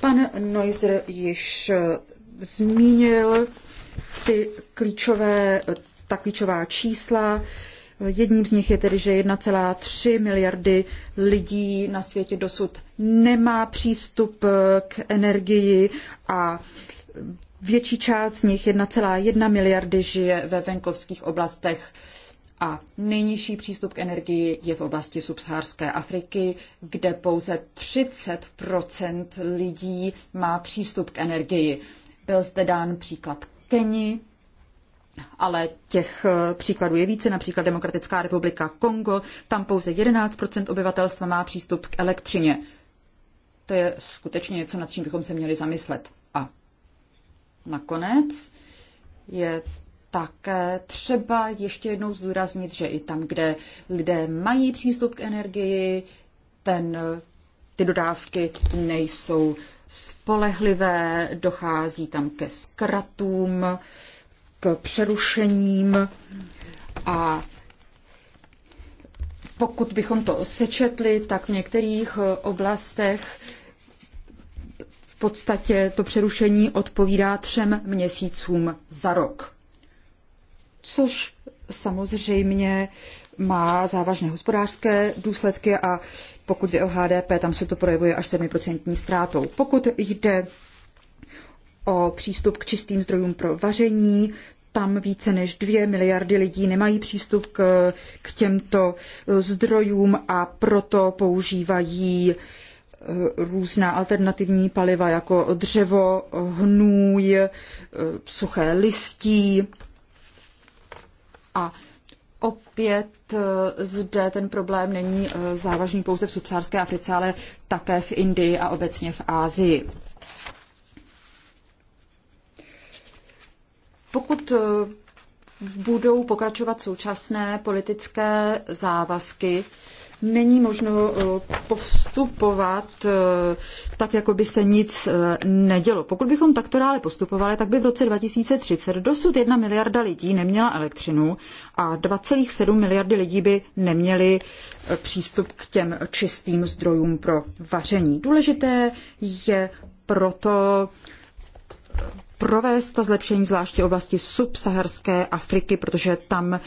Pan Neuser již eh, zmínil ty klíčové, ta klíčová čísla. Jedním z nich je tedy, že 1,3 miliardy lidí na světě dosud nemá přístup k energii a větší část z nich, 1,1 miliardy, žije ve venkovských oblastech a nejnižší přístup k energii je v oblasti subsaharské Afriky, kde pouze 30 lidí má přístup k energii. Byl zde dán příklad Keni, ale těch eh, příkladů je více, například Demokratická republika Kongo, tam pouze 11% obyvatelstva má přístup k elektřině. To je skutečně něco, nad čím bychom se měli zamyslet. A nakonec je také třeba ještě jednou zdůraznit, že i tam, kde lidé mají přístup k energii, ten, ty dodávky nejsou spolehlivé, dochází tam ke zkratům, k přerušením a pokud bychom to sečetli, tak v některých oblastech v podstatě to přerušení odpovídá třem měsícům za rok. Což samozřejmě má závažné hospodářské důsledky a pokud jde o HDP, tam se to projevuje až 7% ztrátou. Pokud jde o přístup k čistým zdrojům pro vaření. Tam více než dvě miliardy lidí nemají přístup k, k těmto eh, zdrojům a proto používají eh, různá alternativní paliva jako dřevo, hnůj, eh, suché listí. A opět zde ten problém není závažný pouze v subsárské Africe, ale také v Indii a obecně v Ázii. Pokud e, budou pokračovat současné politické závazky, není možno e, postupovat e, tak, jako by se nic nedělo. Pokud bychom takto dále postupovali, tak by v roce 2030 dosud jedna miliarda lidí neměla elektřinu a 2,7 miliardy lidí by neměli přístup k těm čistým zdrojům pro vaření. Důležité je proto provést ta zlepšení, zvláště v oblasti subsaharské Afriky, protože tam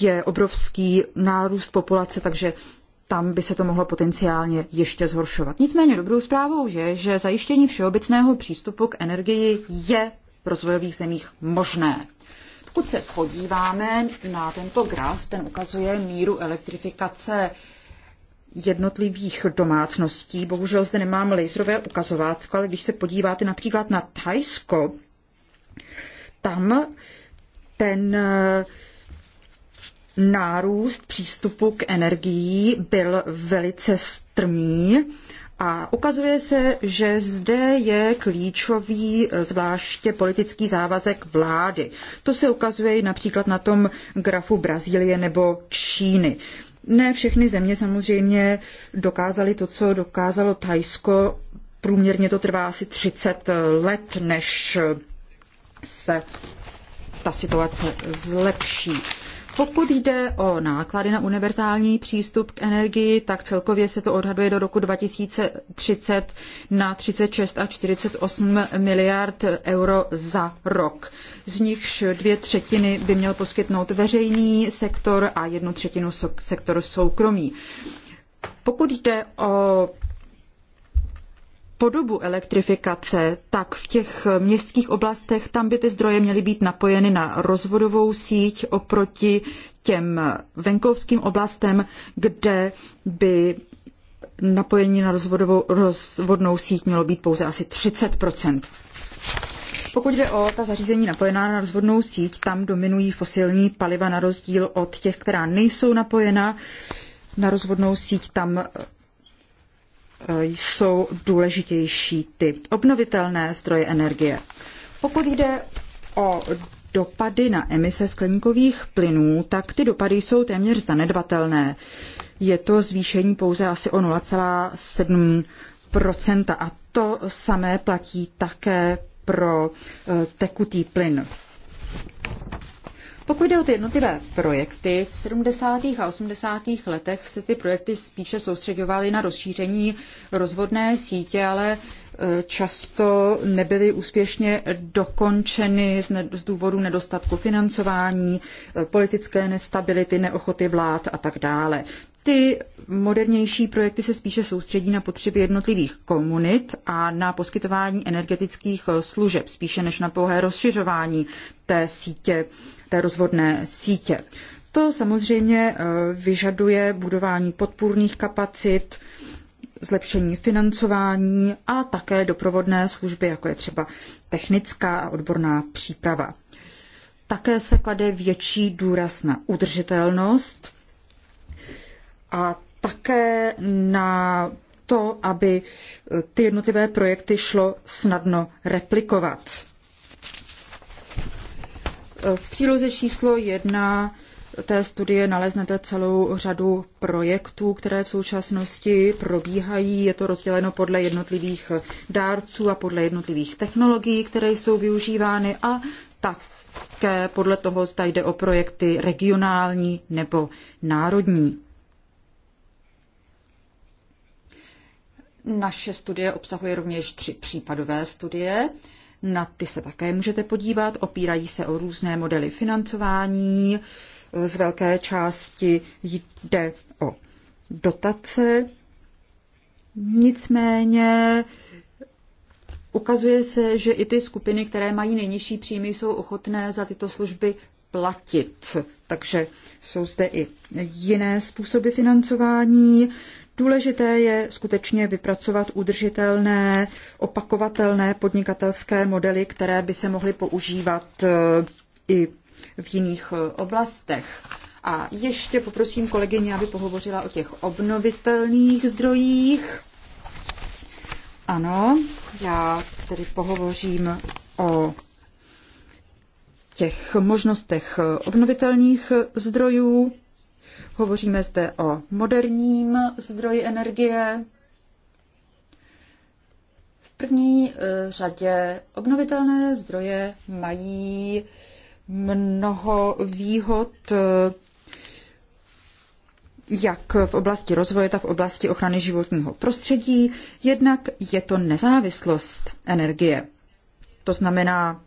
je obrovský nárůst populace, takže tam by se to mohlo potenciálně ještě zhoršovat. Nicméně dobrou zprávou je, že zajištění všeobecného přístupu k energii je v rozvojových zemích možné. Pokud se podíváme na tento graf, ten ukazuje míru elektrifikace jednotlivých domácností. Bohužel zde nemám laserové ukazovátko, ale když se podíváte například na Thajsko, tam ten eh, nárůst přístupu k energii byl velice strmý a ukazuje se, že zde je klíčový eh, zvláště politický závazek vlády. To se ukazuje například na tom grafu Brazílie nebo Číny. Ne všechny země samozřejmě dokázaly to, co dokázalo Tajsko. Průměrně to trvá asi 30 let, než se ta situace zlepší. Pokud jde o náklady na univerzální přístup k energii, tak celkově se to odhaduje do roku 2030 na 36 a 48 miliard euro za rok z nichž dvě třetiny by měl poskytnout veřejný sektor a jednu třetinu sektor soukromý. Pokud jde o podobu elektrifikace, tak v těch městských oblastech tam by ty zdroje měly být napojeny na rozvodovou síť oproti těm venkovským oblastem, kde by napojení na rozvodovou, rozvodnou síť mělo být pouze asi 30 pokud jde o ta zařízení napojená na rozvodnou síť, tam dominují fosilní paliva na rozdíl od těch, která nejsou napojena na rozvodnou síť, tam eh, jsou důležitější ty obnovitelné zdroje energie. Pokud jde o dopady na emise skleníkových plynů, tak ty dopady jsou téměř zanedbatelné. Je to zvýšení pouze asi o 0,7 a to samé platí také pro eh, tekutý plyn. Pokud jde o ty jednotlivé projekty, v 70. a 80. letech se ty projekty spíše soustředovaly na rozšíření rozvodné sítě, ale eh, často nebyly úspěšně dokončeny z důvodu nedostatku financování, eh, politické nestability, neochoty vlád a tak dále ty modernější projekty se spíše soustředí na potřeby jednotlivých komunit a na poskytování energetických eh, služeb, spíše než na pouhé rozšiřování té sítě, té rozvodné sítě. To samozřejmě eh, vyžaduje budování podpůrných kapacit, zlepšení financování a také doprovodné služby, jako je třeba technická a odborná příprava. Také se klade větší důraz na udržitelnost a také na to, aby eh, ty jednotlivé projekty šlo snadno replikovat. Eh, v příloze číslo jedna eh, té studie naleznete celou řadu projektů, které v současnosti probíhají. Je to rozděleno podle jednotlivých dárců a podle jednotlivých technologií, které jsou využívány a také podle toho, zda jde o projekty regionální nebo národní. Naše studie obsahuje rovněž tři případové studie. Na ty se také můžete podívat. Opírají se o různé modely financování. Z velké části jde o dotace. Nicméně ukazuje se, že i ty skupiny, které mají nejnižší příjmy, jsou ochotné za tyto služby platit. Takže jsou zde i jiné způsoby financování. Důležité je skutečně vypracovat udržitelné, opakovatelné podnikatelské modely, které by se mohly používat e, i v jiných e, oblastech. A ještě poprosím kolegyně, aby pohovořila o těch obnovitelných zdrojích. Ano, já tedy pohovořím o těch možnostech e, obnovitelných zdrojů. Hovoříme zde o moderním zdroji energie. V první eh, řadě obnovitelné zdroje mají mnoho výhod eh, jak v oblasti rozvoje, tak v oblasti ochrany životního prostředí. Jednak je to nezávislost energie. To znamená,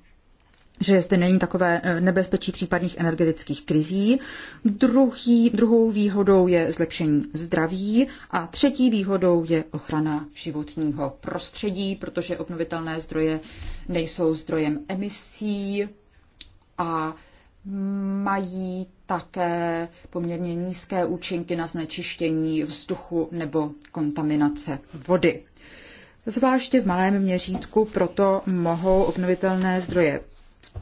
že zde není takové eh, nebezpečí případných energetických krizí. Druhý, druhou výhodou je zlepšení zdraví a třetí výhodou je ochrana životního prostředí, protože obnovitelné zdroje nejsou zdrojem emisí a mají také poměrně nízké účinky na znečištění vzduchu nebo kontaminace vody. Zvláště v malém měřítku proto mohou obnovitelné zdroje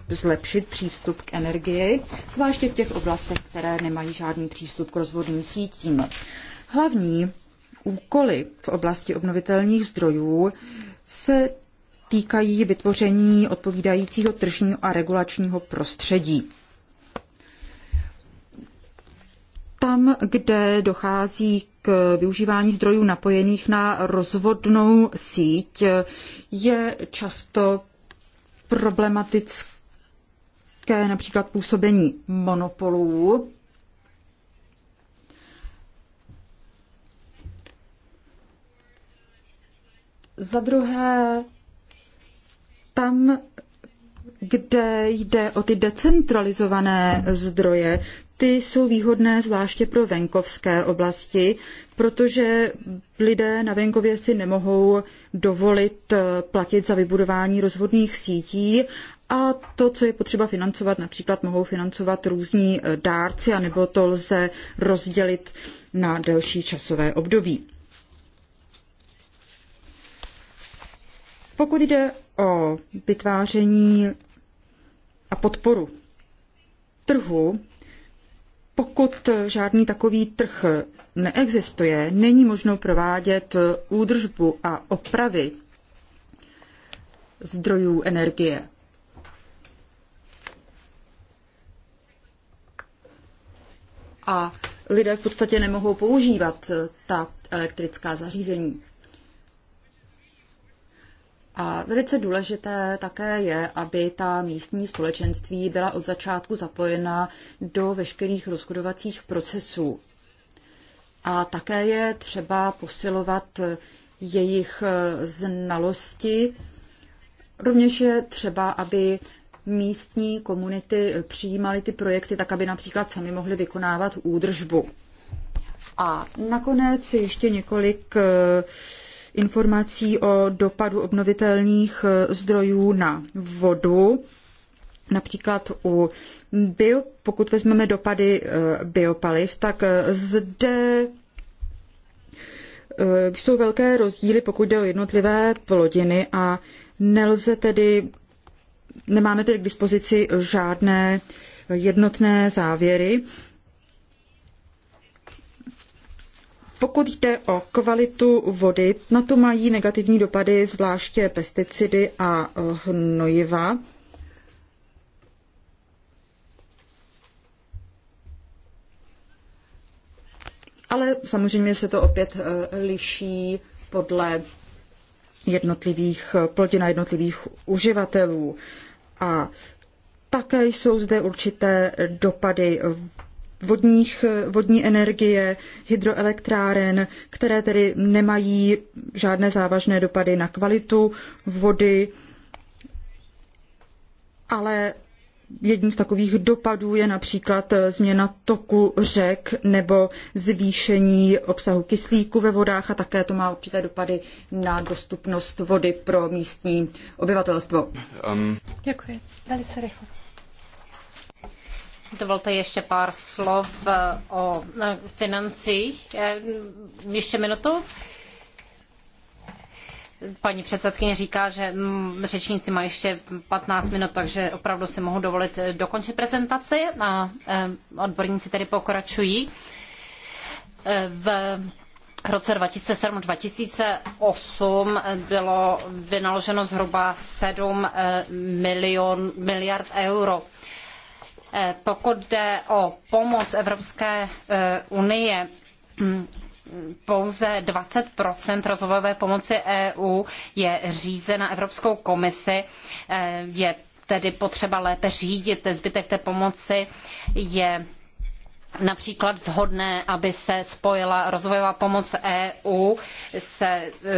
zlepšit přístup k energii, zvláště v těch oblastech, které nemají žádný přístup k rozvodným sítím. Hlavní úkoly v oblasti obnovitelných zdrojů se týkají vytvoření odpovídajícího tržního a regulačního prostředí. Tam, kde dochází k využívání zdrojů napojených na rozvodnou síť, je často problematické například působení monopolů. Za druhé, tam, kde jde o ty decentralizované zdroje, ty jsou výhodné zvláště pro venkovské oblasti, protože lidé na venkově si nemohou dovolit eh, platit za vybudování rozvodných sítí a to, co je potřeba financovat, například mohou financovat různí eh, dárci, anebo to lze rozdělit na delší časové období. Pokud jde o vytváření a podporu trhu pokud žádný takový trh neexistuje, není možno provádět údržbu a opravy zdrojů energie. A lidé v podstatě nemohou používat ta elektrická zařízení. A velice důležité také je, aby ta místní společenství byla od začátku zapojena do veškerých rozhodovacích procesů. A také je třeba posilovat jejich znalosti. Rovněž je třeba, aby místní komunity přijímaly ty projekty tak, aby například sami mohli vykonávat údržbu. A nakonec ještě několik eh, informací o dopadu obnovitelných eh, zdrojů na vodu, například u bio, pokud vezmeme dopady eh, biopaliv, tak eh, zde jsou velké rozdíly, pokud jde o jednotlivé plodiny a nelze tedy, nemáme tedy k dispozici žádné jednotné závěry. Pokud jde o kvalitu vody, na to mají negativní dopady zvláště pesticidy a eh, hnojiva. Ale samozřejmě se to opět eh, liší podle jednotlivých eh, plodin a jednotlivých uživatelů. A také jsou zde určité dopady vodních, vodní energie, hydroelektráren, které tedy nemají žádné závažné dopady na kvalitu vody, ale jedním z takových dopadů je například změna toku řek nebo zvýšení obsahu kyslíku ve vodách a také to má určité dopady na dostupnost vody pro místní obyvatelstvo. Um. Děkuji. Velice rychle. Dovolte ještě pár slov eh, o eh, financích. Eh, ještě minutu. Paní předsedkyně říká, že mm, řečníci mají ještě 15 minut, takže opravdu si mohu dovolit dokončit prezentaci a odborníci tedy pokračují. V roce 2007-2008 bylo vynaloženo zhruba 7 milion, miliard euro Eh, pokud jde o pomoc Evropské eh, unie, hm, pouze 20 rozvojové pomoci EU je řízena Evropskou komisi, eh, je tedy potřeba lépe řídit zbytek té pomoci, je například vhodné, aby se spojila rozvojová pomoc EU s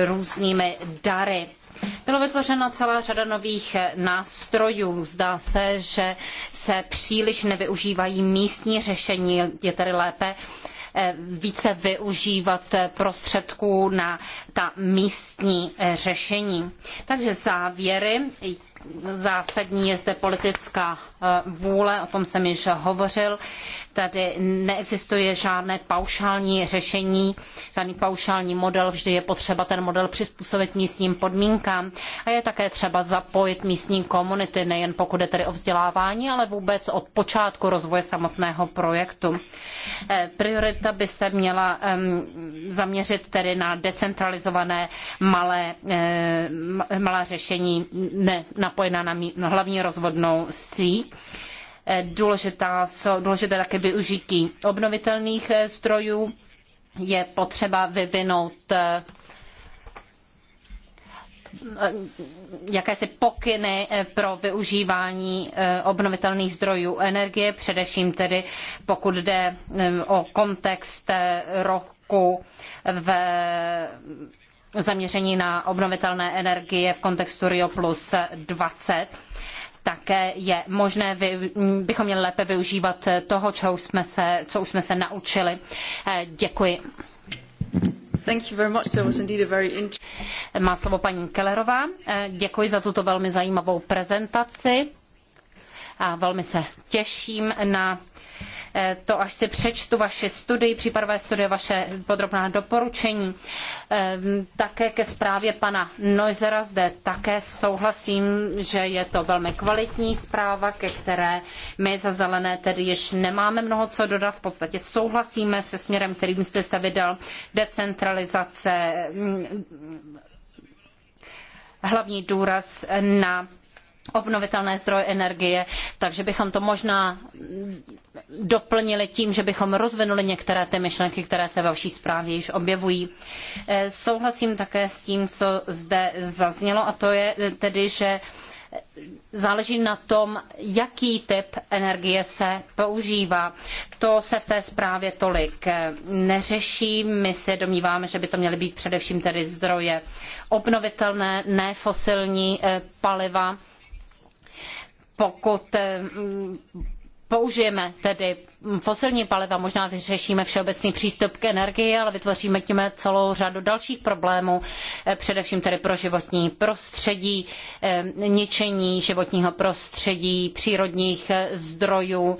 různými dary bylo vytvořeno celá řada nových eh, nástrojů. Zdá se, že se příliš nevyužívají místní řešení. Je tedy lépe eh, více využívat eh, prostředků na ta místní řešení. Takže závěry zásadní je zde politická e, vůle, o tom jsem již hovořil. Tady neexistuje žádné paušální řešení, žádný paušální model, vždy je potřeba ten model přizpůsobit místním podmínkám a je také třeba zapojit místní komunity, nejen pokud je tedy o vzdělávání, ale vůbec od počátku rozvoje samotného projektu. E, priorita by se měla zaměřit tedy na decentralizované malé, e, malá řešení, ne na napojena na, mí, na hlavní rozvodnou síť. Eh, důležitá, důležité také využití obnovitelných zdrojů. Eh, Je potřeba vyvinout eh, jakési pokyny pro využívání obnovitelných zdrojů energie, především tedy pokud jde o kontext roku v zaměření na obnovitelné energie v kontextu Rio plus 20 také je možné, bychom měli lépe využívat toho, čeho jsme se, co už jsme se naučili. Eh, děkuji. Thank you very much. That was indeed a very Má slovo paní Kellerová. Eh, děkuji za tuto velmi zajímavou prezentaci a velmi se těším na Eh, to, až si přečtu vaši studii, případové studie, vaše podrobná doporučení. Ehm, také ke zprávě pana Neusera zde také souhlasím, že je to velmi kvalitní zpráva, ke které my za zelené tedy již nemáme mnoho co dodat. V podstatě souhlasíme se směrem, kterým jste se vydal, decentralizace, mm, hlavní důraz na obnovitelné zdroje energie, takže bychom to možná doplnili tím, že bychom rozvinuli některé ty myšlenky, které se ve vaší zprávě již objevují. Eh, souhlasím také s tím, co zde zaznělo, a to je eh, tedy, že záleží na tom, jaký typ energie se používá. To se v té zprávě tolik eh, neřeší. My se domníváme, že by to měly být především tedy zdroje obnovitelné, nefosilní paliva pokud eh, mm, použijeme tedy fosilní paliva, možná vyřešíme všeobecný přístup k energii, ale vytvoříme tím celou řadu dalších problémů, eh, především tedy pro životní prostředí, eh, ničení životního prostředí, přírodních zdrojů,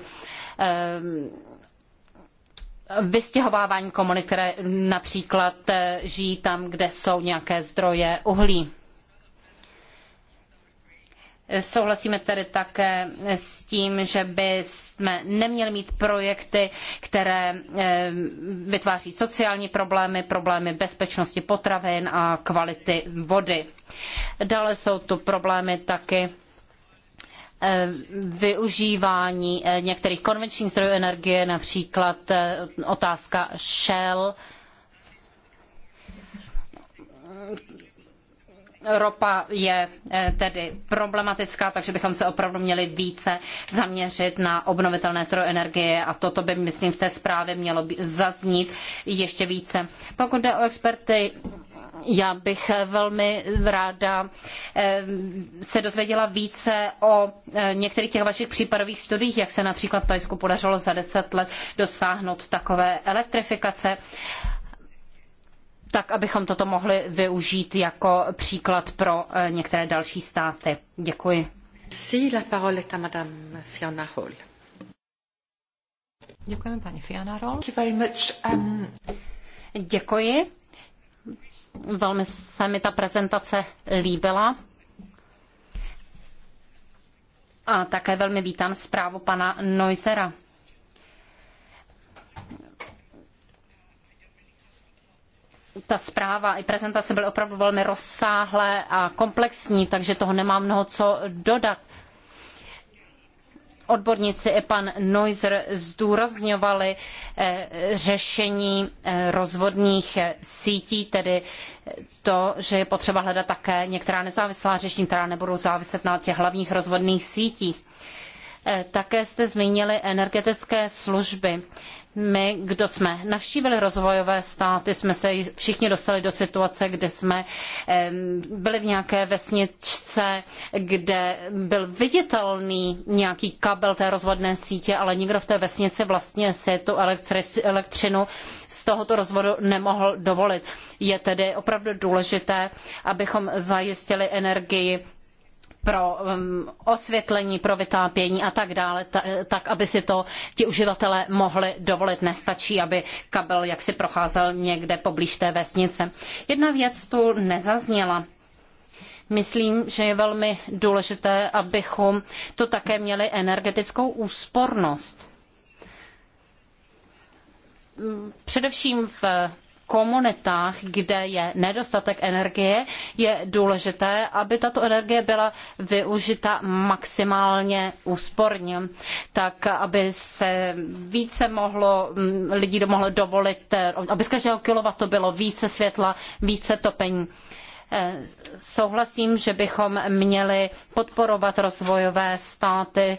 vystěhovávání komunit, které například žijí tam, kde jsou nějaké zdroje uhlí. Souhlasíme tedy také s tím, že bychom neměli mít projekty, které eh, vytváří sociální problémy, problémy bezpečnosti potravin a kvality vody. Dále jsou tu problémy taky eh, využívání eh, některých konvenčních zdrojů energie, například otázka Shell, ropa je eh, tedy problematická, takže bychom se opravdu měli více zaměřit na obnovitelné zdroje energie a toto by, myslím, v té zprávě mělo zaznít ještě více. Pokud jde o experty, já bych velmi ráda eh, se dozvěděla více o eh, některých těch vašich případových studiích, jak se například Tajsku podařilo za deset let dosáhnout takové elektrifikace tak abychom toto mohli využít jako příklad pro eh, některé další státy. Děkuji. Si la parole est à madame Fiona Hall. Děkujeme paní Fiona Hall. Um, Děkuji. Velmi se mi ta prezentace líbila. A také velmi vítám zprávu pana Neusera. ta zpráva i prezentace byly opravdu velmi rozsáhlé a komplexní, takže toho nemám mnoho co dodat. Odborníci i pan Neuser zdůrazňovali eh, řešení eh, rozvodných eh, sítí, tedy to, že je potřeba hledat také některá nezávislá řešení, která nebudou záviset na těch hlavních rozvodných sítích. Také jste zmínili energetické služby my, kdo jsme navštívili rozvojové státy, jsme se všichni dostali do situace, kdy jsme byli v nějaké vesničce, kde byl viditelný nějaký kabel té rozvodné sítě, ale nikdo v té vesnici vlastně si tu elektřinu z tohoto rozvodu nemohl dovolit. Je tedy opravdu důležité, abychom zajistili energii pro um, osvětlení, pro vytápění a tak dále, tak aby si to ti uživatelé mohli dovolit. Nestačí, aby kabel jaksi procházel někde poblíž té vesnice. Jedna věc tu nezazněla. Myslím, že je velmi důležité, abychom to také měli energetickou úspornost. Především v komunitách, kde je nedostatek energie, je důležité, aby tato energie byla využita maximálně úsporně, tak aby se více mohlo, mm, lidí mohlo dovolit, eh, aby z každého kilowattu bylo více světla, více topení eh, souhlasím, že bychom měli podporovat rozvojové státy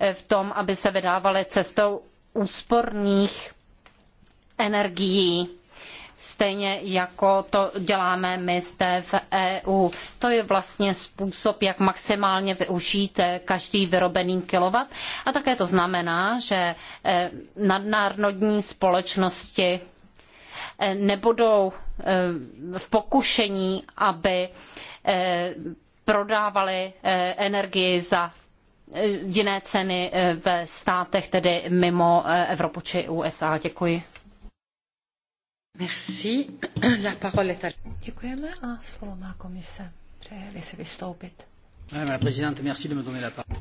eh, v tom, aby se vydávaly cestou úsporných energií stejně jako to děláme my zde v EU. To je vlastně způsob, jak maximálně využít eh, každý vyrobený kilowatt a také to znamená, že eh, nadnárodní společnosti eh, nebudou v pokušení, aby prodávali energii za jiné ceny ve státech, tedy mimo Evropu či USA. Děkuji. Děkujeme a slovo má komise. Přeje vystoupit.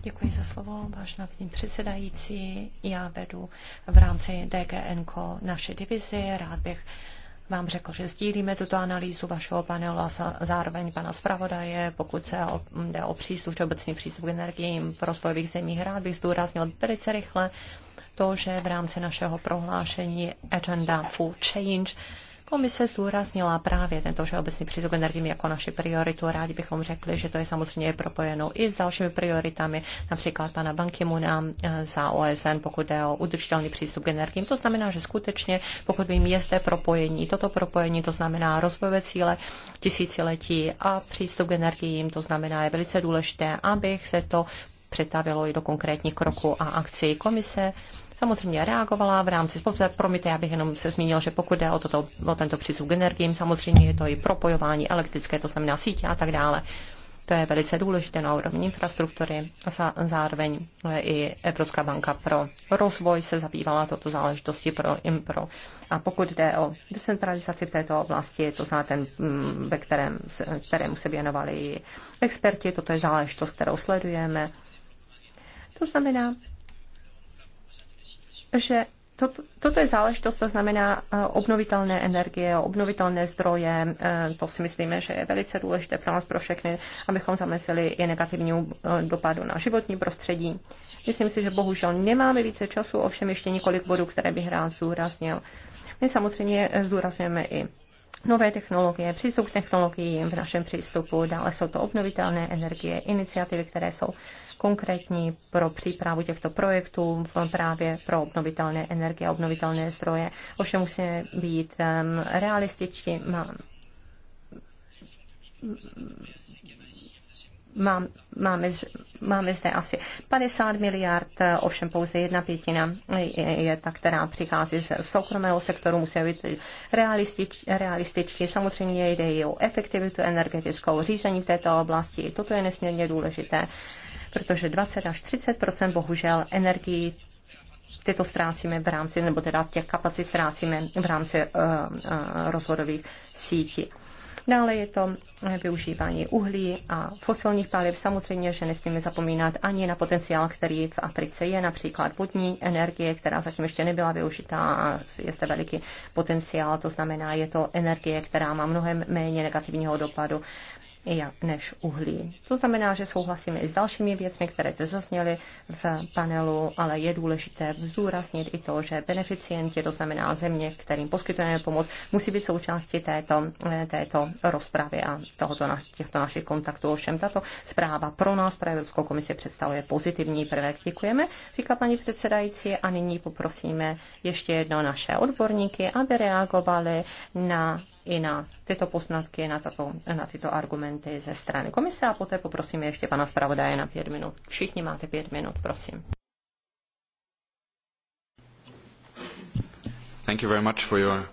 Děkuji za slovo, vážná paní předsedající. Já vedu v rámci DGNK naše divizi. Rád bych vám řekl, že sdílíme tuto analýzu vašeho panelu a zároveň pana zpravodaje, pokud se o, jde o přístup, obecný přístup k energiím v rozvojových zemích. Rád bych zdůraznil velice rychle to, že v rámci našeho prohlášení Agenda for Change Komise zdůraznila právě tento všeobecný přístup k energiím jako naši prioritu. Rádi bychom řekli, že to je samozřejmě propojeno i s dalšími prioritami, například pana munám, eh, za OSN, pokud je o udržitelný přístup k energiím. To znamená, že skutečně, pokud vím, je zde propojení, toto propojení, to znamená rozvojové cíle tisíciletí a přístup k energiím, to znamená, je velice důležité, abych se to přetavilo i do konkrétních kroků a akcí komise samozřejmě reagovala v rámci spolupráce. Promiňte, já bych jenom se zmínil, že pokud jde o, toto, o tento přístup k energiím, samozřejmě je to i propojování elektrické, to znamená sítě a tak dále. To je velice důležité na úrovni infrastruktury a zároveň i Evropská banka pro rozvoj se zabývala toto záležitosti pro impro. A pokud jde o decentralizaci v této oblasti, to zná ten, mm, ve kterém, kterému se věnovali experti, toto je záležitost, kterou sledujeme. To znamená, že Toto, toto je záležitost, to znamená eh, obnovitelné energie, obnovitelné zdroje. Eh, to si myslíme, že je velice důležité pro nás, pro všechny, abychom zamezili i negativnímu eh, dopadu na životní prostředí. Myslím si, že bohužel nemáme více času, ovšem ještě několik bodů, které bych rád zdůraznil. My samozřejmě zdůrazňujeme i nové technologie, přístup k technologiím v našem přístupu, dále jsou to obnovitelné energie, iniciativy, které jsou konkrétní pro přípravu těchto projektů právě pro obnovitelné energie a obnovitelné zdroje. Ovšem musíme být realističtí. Mám, mám, máme, máme zde asi 50 miliard, ovšem pouze jedna pětina je, je ta, která přichází z soukromého sektoru, musí být realistič, realističtí. Samozřejmě jde i o efektivitu energetickou řízení v této oblasti. Toto je nesmírně důležité protože 20 až 30 bohužel energii tyto ztrácíme v rámci, nebo teda těch kapacit ztrácíme v rámci uh, uh, rozvodových sítí. Dále je to využívání uhlí a fosilních paliv. Samozřejmě, že nesmíme zapomínat ani na potenciál, který v Africe je, například vodní energie, která zatím ještě nebyla využitá a je zde veliký potenciál. To znamená, je to energie, která má mnohem méně negativního dopadu než uhlí. To znamená, že souhlasíme i s dalšími věcmi, které zde zazněly v panelu, ale je důležité zdůraznit i to, že beneficienti, to znamená země, kterým poskytujeme pomoc, musí být součástí této, této rozpravy a tohoto, těchto našich kontaktů. Ovšem tato zpráva pro nás, pro Evropskou komisi, představuje pozitivní prvek. Děkujeme, říká paní předsedající, a nyní poprosíme ještě jedno naše odborníky, aby reagovali na i na tyto poznatky, na, tato, na tyto argumenty ze strany komise a poté poprosím ještě pana zpravodaje na pět minut. Všichni máte pět minut, prosím. Thank you very much for your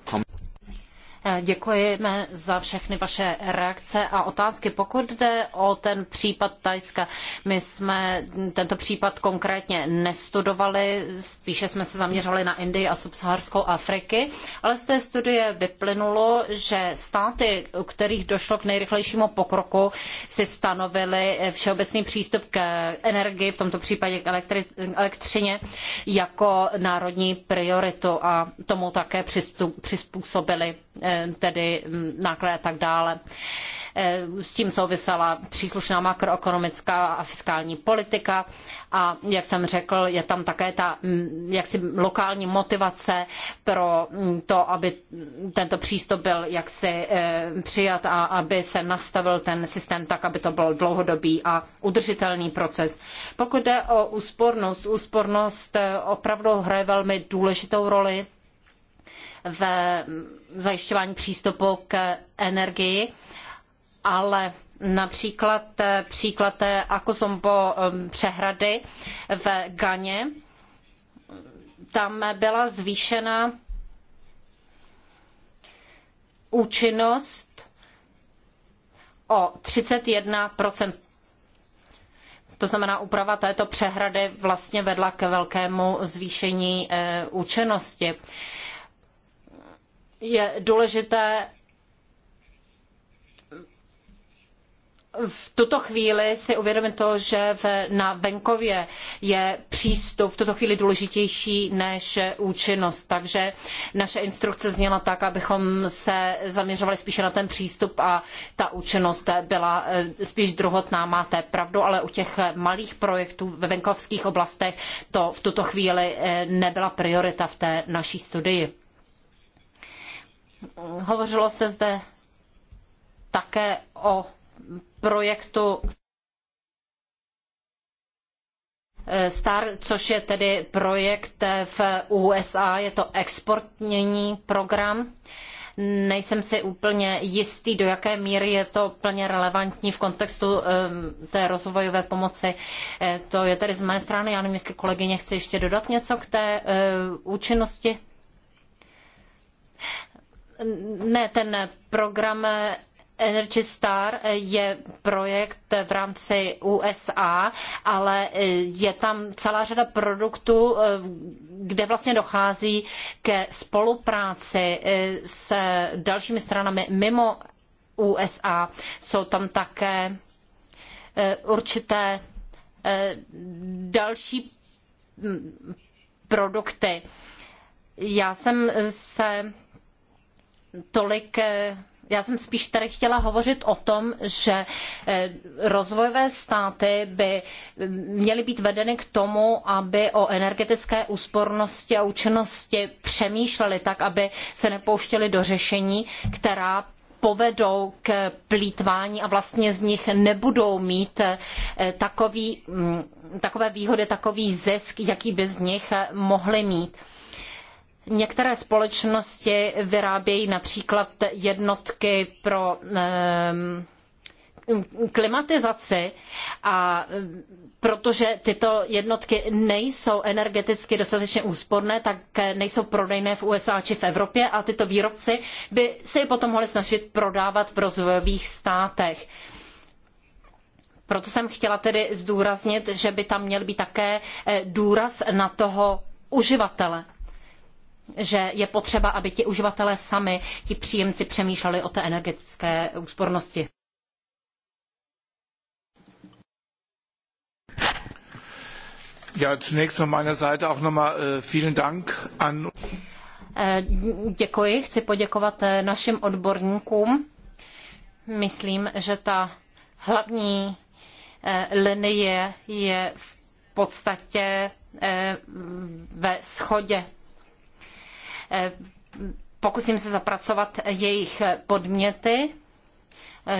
Děkujeme za všechny vaše reakce a otázky. Pokud jde o ten případ Tajska, my jsme tento případ konkrétně nestudovali, spíše jsme se zaměřovali na Indii a subsaharskou Afriky, ale z té studie vyplynulo, že státy, u kterých došlo k nejrychlejšímu pokroku, si stanovily všeobecný přístup k energii, v tomto případě k elektri- elektřině, jako národní prioritu a tomu také přizpůsobili eh, Eh, tedy mm, náklady a tak dále. Eh, s tím souvisela příslušná makroekonomická a fiskální politika a, jak jsem řekl, je tam také ta mm, jaksi lokální motivace pro mm, to, aby tento přístup byl jaksi eh, přijat a aby se nastavil ten systém tak, aby to byl dlouhodobý a udržitelný proces. Pokud jde o úspornost, úspornost opravdu hraje velmi důležitou roli v zajišťování přístupu k energii, ale například eh, příklad té eh, Akosombo eh, přehrady v Ganě, tam byla zvýšena účinnost o 31 To znamená, úprava této přehrady vlastně vedla k velkému zvýšení účinnosti je důležité v tuto chvíli si uvědomit to, že na venkově je přístup v tuto chvíli důležitější než účinnost. Takže naše instrukce zněla tak, abychom se zaměřovali spíše na ten přístup a ta účinnost byla eh, spíš druhotná. Máte pravdu, ale u těch malých projektů ve venkovských oblastech to v tuto chvíli eh, nebyla priorita v té naší studii. Hovořilo se zde také o projektu STAR, což je tedy projekt v USA, je to exportní program. Nejsem si úplně jistý, do jaké míry je to plně relevantní v kontextu té rozvojové pomoci. E, to je tedy z mé strany. Já nevím, jestli kolegyně chce ještě dodat něco k té e, účinnosti ne, ten program Energy Star je projekt v rámci USA, ale e, je tam celá řada produktů, e, kde vlastně dochází ke spolupráci e, s dalšími stranami mimo USA. Jsou tam také určité další produkty. Já jsem se tolik eh, já jsem spíš tady chtěla hovořit o tom, že eh, rozvojové státy by měly být vedeny k tomu, aby o energetické úspornosti a účinnosti přemýšleli tak, aby se nepouštěli do řešení, která povedou k plítvání a vlastně z nich nebudou mít eh, takový, takové výhody, takový zisk, jaký by z nich mohly mít Některé společnosti vyrábějí například jednotky pro ehm, klimatizaci a ehm, protože tyto jednotky nejsou energeticky dostatečně úsporné, tak eh, nejsou prodejné v USA či v Evropě a tyto výrobci by se je potom mohli snažit prodávat v rozvojových státech. Proto jsem chtěla tedy zdůraznit, že by tam měl být také eh, důraz na toho uživatele že je potřeba, aby ti uživatelé sami, ti příjemci přemýšleli o té energetické úspornosti. Ja, zunächst von meiner Seite auch nochmal äh, vielen Dank an. Äh, děkuji, chci poděkovat äh, našim odborníkům. Myslím, že ta hlavní eh, linie je v podstatě eh, ve schodě Eh, pokusím se zapracovat jejich podměty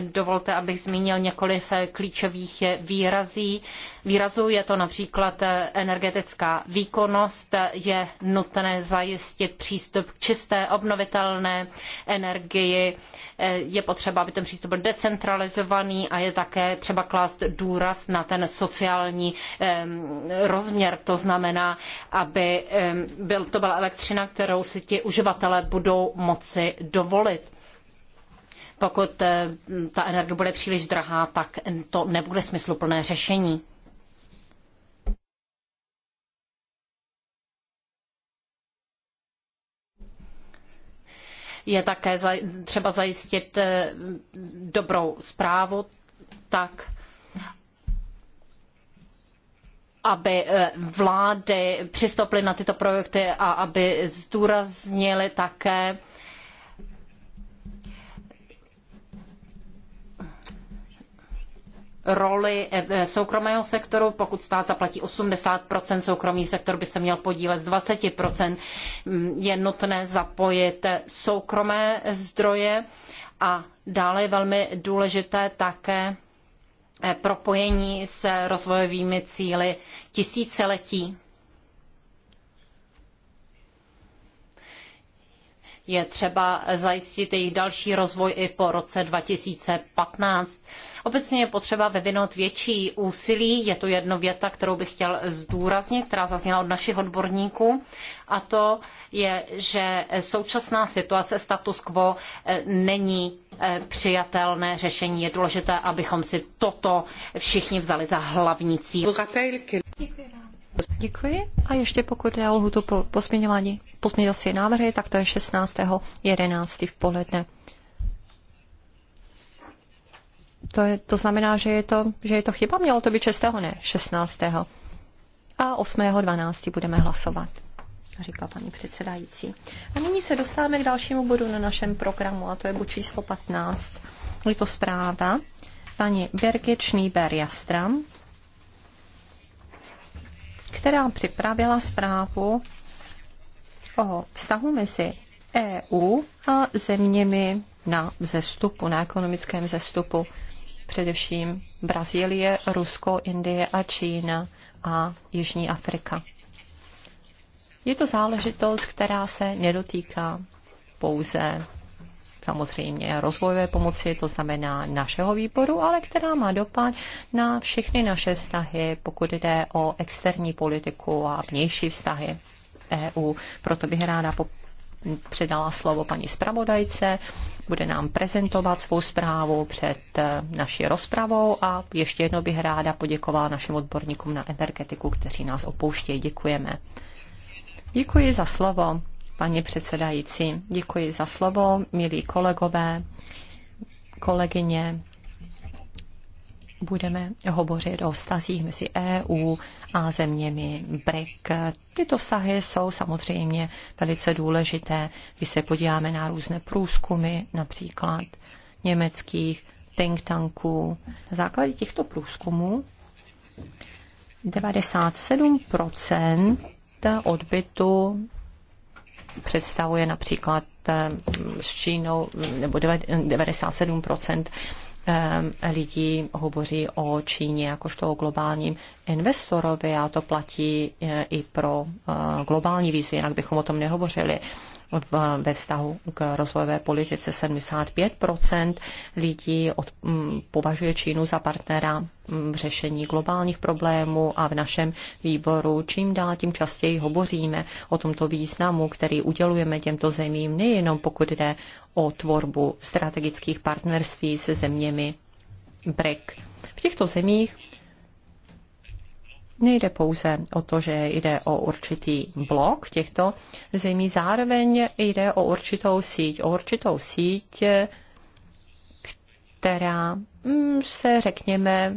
Dovolte, abych zmínil několik eh, klíčových eh, výrazí. výrazů. Je to například eh, energetická výkonnost, je nutné zajistit přístup k čisté obnovitelné energii, je potřeba, aby ten přístup byl decentralizovaný a je také třeba klást důraz na ten sociální ehm, rozměr. To znamená, aby ehm, to byla elektřina, kterou si ti uživatelé budou moci dovolit pokud eh, ta energie bude příliš drahá, tak to nebude smysluplné řešení. Je také třeba zajistit eh, dobrou zprávu, tak aby eh, vlády přistoupily na tyto projekty a aby zdůraznily také roli eh, eh, soukromého sektoru. Pokud stát zaplatí 80%, soukromý sektor by se měl podílet z 20%. Mm, je nutné zapojit soukromé zdroje a dále je velmi důležité také eh, propojení s rozvojovými cíly tisíciletí je třeba zajistit jejich další rozvoj i po roce 2015. Obecně je potřeba vyvinout větší úsilí, je to jedno věta, kterou bych chtěl zdůraznit, která zazněla od našich odborníků, a to je, že současná situace status quo eh, není eh, přijatelné řešení. Je důležité, abychom si toto všichni vzali za hlavní cíl. Děkuji. A ještě pokud je o lhutu po pozměňovací návrhy, tak to je 16.11. v poledne. To, je, to znamená, že je to, že je to chyba, mělo to být 6. ne, 16. A 8.12. budeme hlasovat, říká paní předsedající. A nyní se dostáváme k dalšímu bodu na našem programu, a to je bod číslo 15. Je to zpráva paní Birgit Schnieber-Jastram, která připravila zprávu o vztahu mezi EU a zeměmi na vzestupu, na ekonomickém vzestupu, především Brazílie, Rusko, Indie a Čína a Jižní Afrika. Je to záležitost, která se nedotýká pouze samozřejmě rozvojové pomoci, to znamená našeho výboru, ale která má dopad na všechny naše vztahy, pokud jde o externí politiku a vnější vztahy EU. Proto bych ráda po- předala slovo paní zpravodajce, bude nám prezentovat svou zprávu před eh, naší rozpravou a ještě jednou bych ráda poděkovala našim odborníkům na energetiku, kteří nás opouštějí. Děkujeme. Děkuji za slovo, paní předsedající. Děkuji za slovo, milí kolegové, kolegyně. Budeme hovořit o vztazích mezi EU a zeměmi BRIC. Tyto vztahy jsou samozřejmě velice důležité, když se podíváme na různé průzkumy, například německých think tanků. Na základě těchto průzkumů 97 odbytu představuje například eh, s Čínou, nebo 97 eh, lidí hovoří o Číně jakožto o globálním investorovi a to platí eh, i pro globální výzvy, jinak bychom o tom nehovořili ve vztahu k rozvojové politice 75 lidí od, m, mm, považuje Čínu za partnera mm, v řešení globálních problémů a v našem výboru čím dál tím častěji hovoříme o tomto významu, který udělujeme těmto zemím, nejenom pokud jde o tvorbu strategických partnerství se zeměmi BRIC. V těchto zemích nejde pouze o to, že jde o určitý blok těchto zemí, zároveň jde o určitou síť, o určitou síť, která mm, se, řekněme,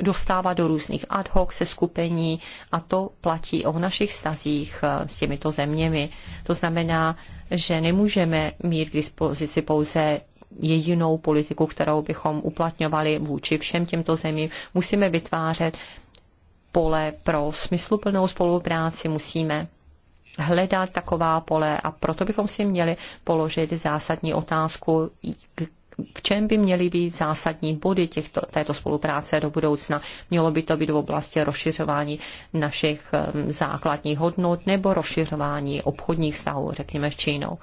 dostává do různých ad hoc se skupení a to platí o našich vztazích eh, s těmito zeměmi. To znamená, že nemůžeme mít k dispozici pouze jedinou politiku, kterou bychom uplatňovali vůči všem těmto zemím. Musíme vytvářet pole pro smysluplnou spolupráci, musíme hledat taková pole a proto bychom si měli položit zásadní otázku, v čem by měly být zásadní body těchto, této spolupráce do budoucna. Mělo by to být v oblasti rozšiřování našich um, základních hodnot nebo rozšiřování obchodních stavů, řekněme, s Čínou.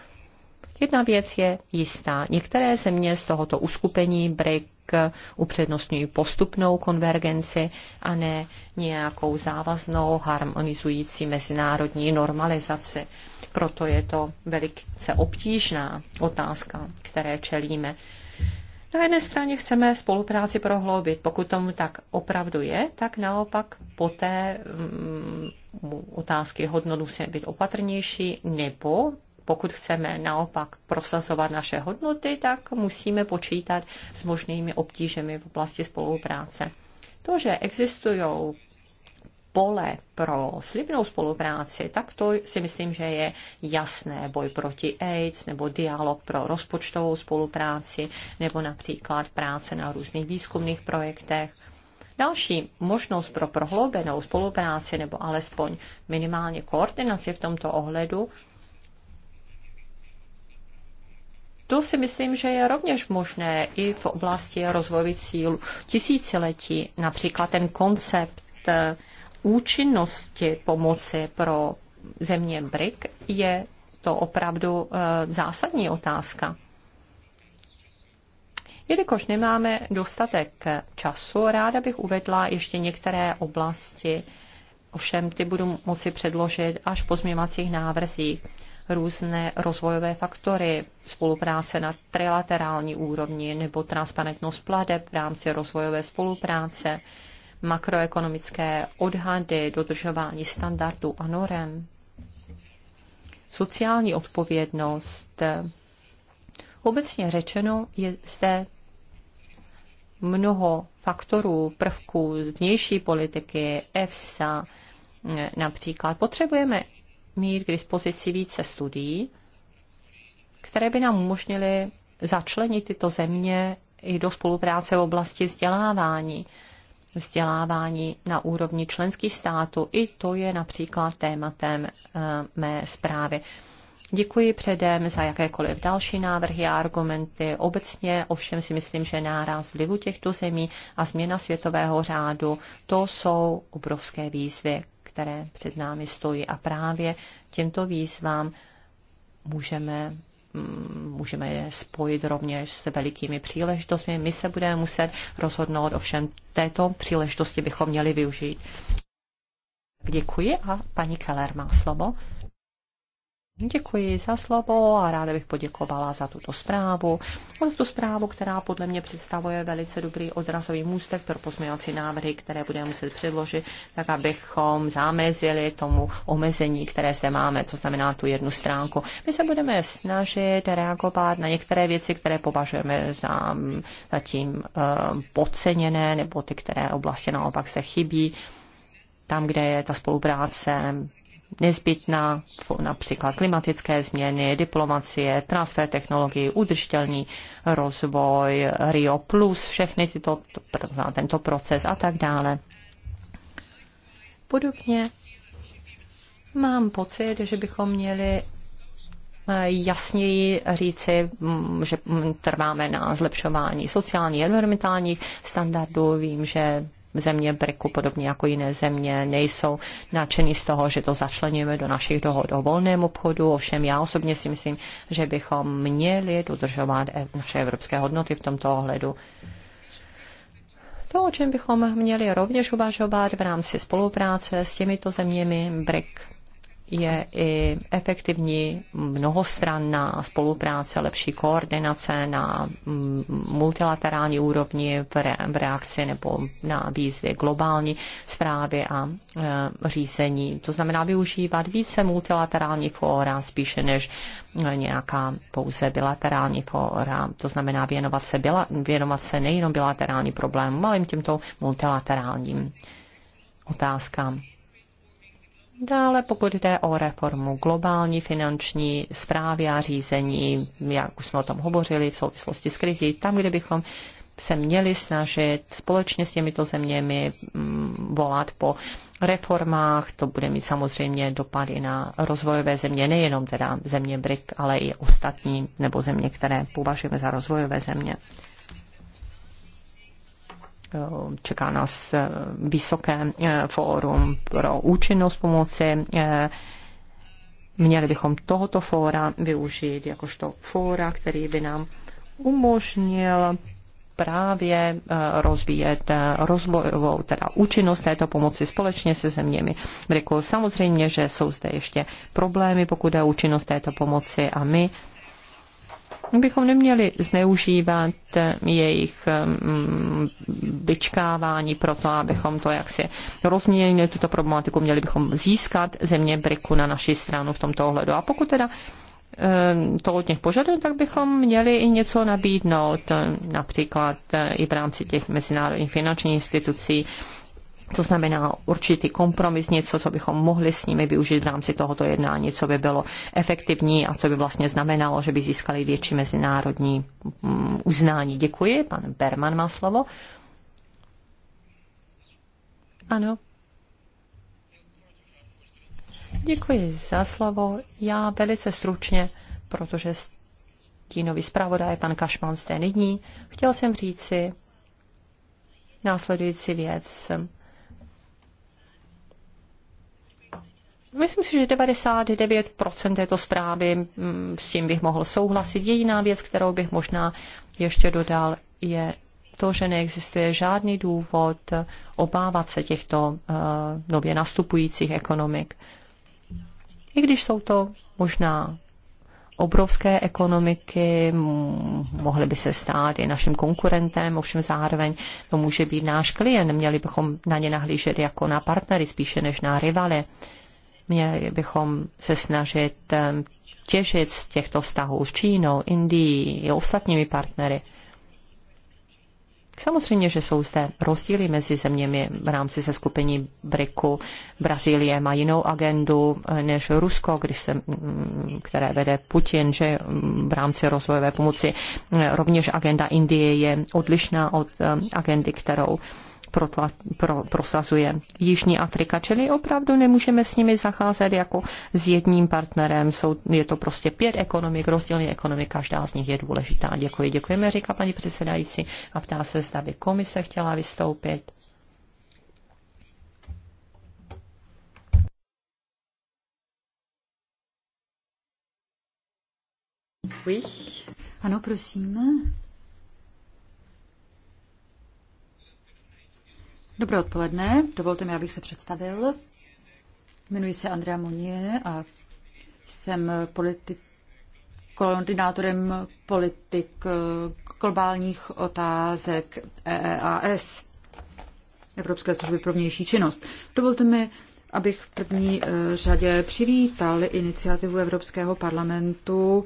Jedna věc je jistá. Některé země z tohoto uskupení BRIC upřednostňují postupnou konvergenci a ne nějakou závaznou harmonizující mezinárodní normalizaci. Proto je to velice obtížná otázka, které čelíme. Na jedné straně chceme spolupráci prohloubit. Pokud tomu tak opravdu je, tak naopak poté um, otázky hodnot musíme být opatrnější, nebo pokud chceme naopak prosazovat naše hodnoty, tak musíme počítat s možnými obtížemi v oblasti spolupráce. To, že existují pole pro slibnou spolupráci, tak to si myslím, že je jasné. Boj proti AIDS nebo dialog pro rozpočtovou spolupráci nebo například práce na různých výzkumných projektech. Další možnost pro prohloubenou spolupráci nebo alespoň minimálně koordinaci v tomto ohledu To si myslím, že je rovněž možné i v oblasti rozvojových síl tisíciletí, například ten koncept eh, účinnosti pomoci pro země BRIC je to opravdu eh, zásadní otázka. Jelikož nemáme dostatek času, ráda bych uvedla ještě některé oblasti, ovšem ty budu moci předložit až v pozměňovacích návrzích různé rozvojové faktory, spolupráce na trilaterální úrovni nebo transparentnost pladeb v rámci rozvojové spolupráce, makroekonomické odhady, dodržování standardů a norem, sociální odpovědnost. Obecně řečeno je zde mnoho faktorů, prvků vnější politiky, EFSA, například. Potřebujeme mít k dispozici více studií, které by nám umožnily začlenit tyto země i do spolupráce v oblasti vzdělávání. Vzdělávání na úrovni členských států, i to je například tématem eh, mé zprávy. Děkuji předem za jakékoliv další návrhy a argumenty. Obecně ovšem si myslím, že náraz vlivu těchto zemí a změna světového řádu, to jsou obrovské výzvy, které před námi stojí. A právě těmto výzvám můžeme mm, můžeme je spojit rovněž s velikými příležitostmi. My se budeme muset rozhodnout, ovšem této příležitosti bychom měli využít. Děkuji a paní Keller má slovo. Děkuji za slovo a ráda bych poděkovala za tuto zprávu. Za tuto zprávu, která podle mě představuje velice dobrý odrazový můstek pro pozměňovací návrhy, které budeme muset předložit, tak abychom zamezili tomu omezení, které zde máme, to znamená tu jednu stránku. My se budeme snažit reagovat na některé věci, které považujeme za mm, zatím uh, podceněné, nebo ty, které oblasti naopak se chybí tam, kde je ta spolupráce nezbytná, například klimatické změny, diplomacie, transfer technologií, udržitelný rozvoj, Rio+, plus, všechny tyto, tento proces a tak dále. Podobně mám pocit, že bychom měli eh, jasněji říci, mm, že mm, trváme na zlepšování sociálních, environmentálních standardů. Vím, že země BRICu, podobně jako jiné země, nejsou nadšení z toho, že to začleníme do našich dohod o volném obchodu. Ovšem já osobně si myslím, že bychom měli dodržovat e- naše evropské hodnoty v tomto ohledu. To, o čem bychom měli rovněž uvažovat v rámci spolupráce s těmito zeměmi BRIC, je i efektivní mnohostranná spolupráce, lepší koordinace na mm, multilaterální úrovni v reakci nebo na výzvy globální zprávy a e, řízení. To znamená využívat více multilaterální fóra spíše než e, nějaká pouze bilaterální fóra. To znamená věnovat se, bila, věnovat se nejenom bilaterální problémům, ale i těmto multilaterálním otázkám. Dále, pokud jde o reformu globální finanční zprávy a řízení, jak už jsme o tom hovořili v souvislosti s krizí, tam, kde bychom se měli snažit společně s těmito zeměmi mm, volat po reformách. To bude mít samozřejmě dopady na rozvojové země, nejenom teda země BRIC, ale i ostatní nebo země, které považujeme za rozvojové země. Eh, čeká nás eh, vysoké eh, fórum pro účinnost pomoci. Měli bychom tohoto fóra využít jakožto fóra, který by nám umožnil právě rozvíjet rozvojovou, teda účinnost této pomoci společně se zeměmi BRICu. Samozřejmě, že jsou zde ještě problémy, pokud je účinnost této pomoci a my bychom neměli zneužívat jejich mm, vyčkávání pro to, abychom to jaksi rozměnili tuto problematiku, měli bychom získat země Briku na naši stranu v tomto ohledu. A pokud teda ehm, to od nich požadujeme, tak bychom měli i něco nabídnout, například eh, i v rámci těch mezinárodních finančních institucí, to znamená určitý kompromis, něco, co bychom mohli s nimi využít v rámci tohoto jednání, co by bylo efektivní a co by vlastně znamenalo, že by získali větší mezinárodní mm, uznání. Děkuji. Pan Berman má slovo. Ano. Děkuji za slovo. Já velice stručně, protože stínový zpravodaj pan Kašman zde není, chtěl jsem říci následující věc. Myslím si, že 99% této zprávy mm, s tím bych mohl souhlasit. Jediná věc, kterou bych možná ještě dodal, je to, že neexistuje žádný důvod obávat se těchto uh, nově nastupujících ekonomik. I když jsou to možná obrovské ekonomiky, mohly by se stát i naším konkurentem, ovšem zároveň to může být náš klient. Měli bychom na ně nahlížet jako na partnery spíše než na rivaly. Uh, Měli bychom se snažit těšit z těchto vztahů s Čínou, Indií i ostatními partnery. Samozřejmě, že jsou zde rozdíly mezi zeměmi v rámci se skupení BRICu. Brazílie má jinou agendu eh, než Rusko, když se, mm, mm, které vede Putin, že mm, v rámci rozvojové pomoci eh, rovněž agenda Indie je odlišná od agendy, kterou protla, pro, prosazuje Jižní Afrika, čili opravdu nemůžeme s nimi zacházet jako s jedním partnerem. Jsou, je to prostě pět ekonomik, rozdělení ekonomik, každá z nich je důležitá. Děkuji, děkujeme, říká paní předsedající a ptá se, zda by komise chtěla vystoupit. Oui. Ano, prosím. Dobré odpoledne, dovolte mi, abych se představil. Jmenuji se Andrea Monie a jsem politi- koordinátorem politik eh, globálních otázek EEAS, Evropské služby pro vnější činnost. Dovolte mi, abych v první eh, řadě přivítal iniciativu Evropského parlamentu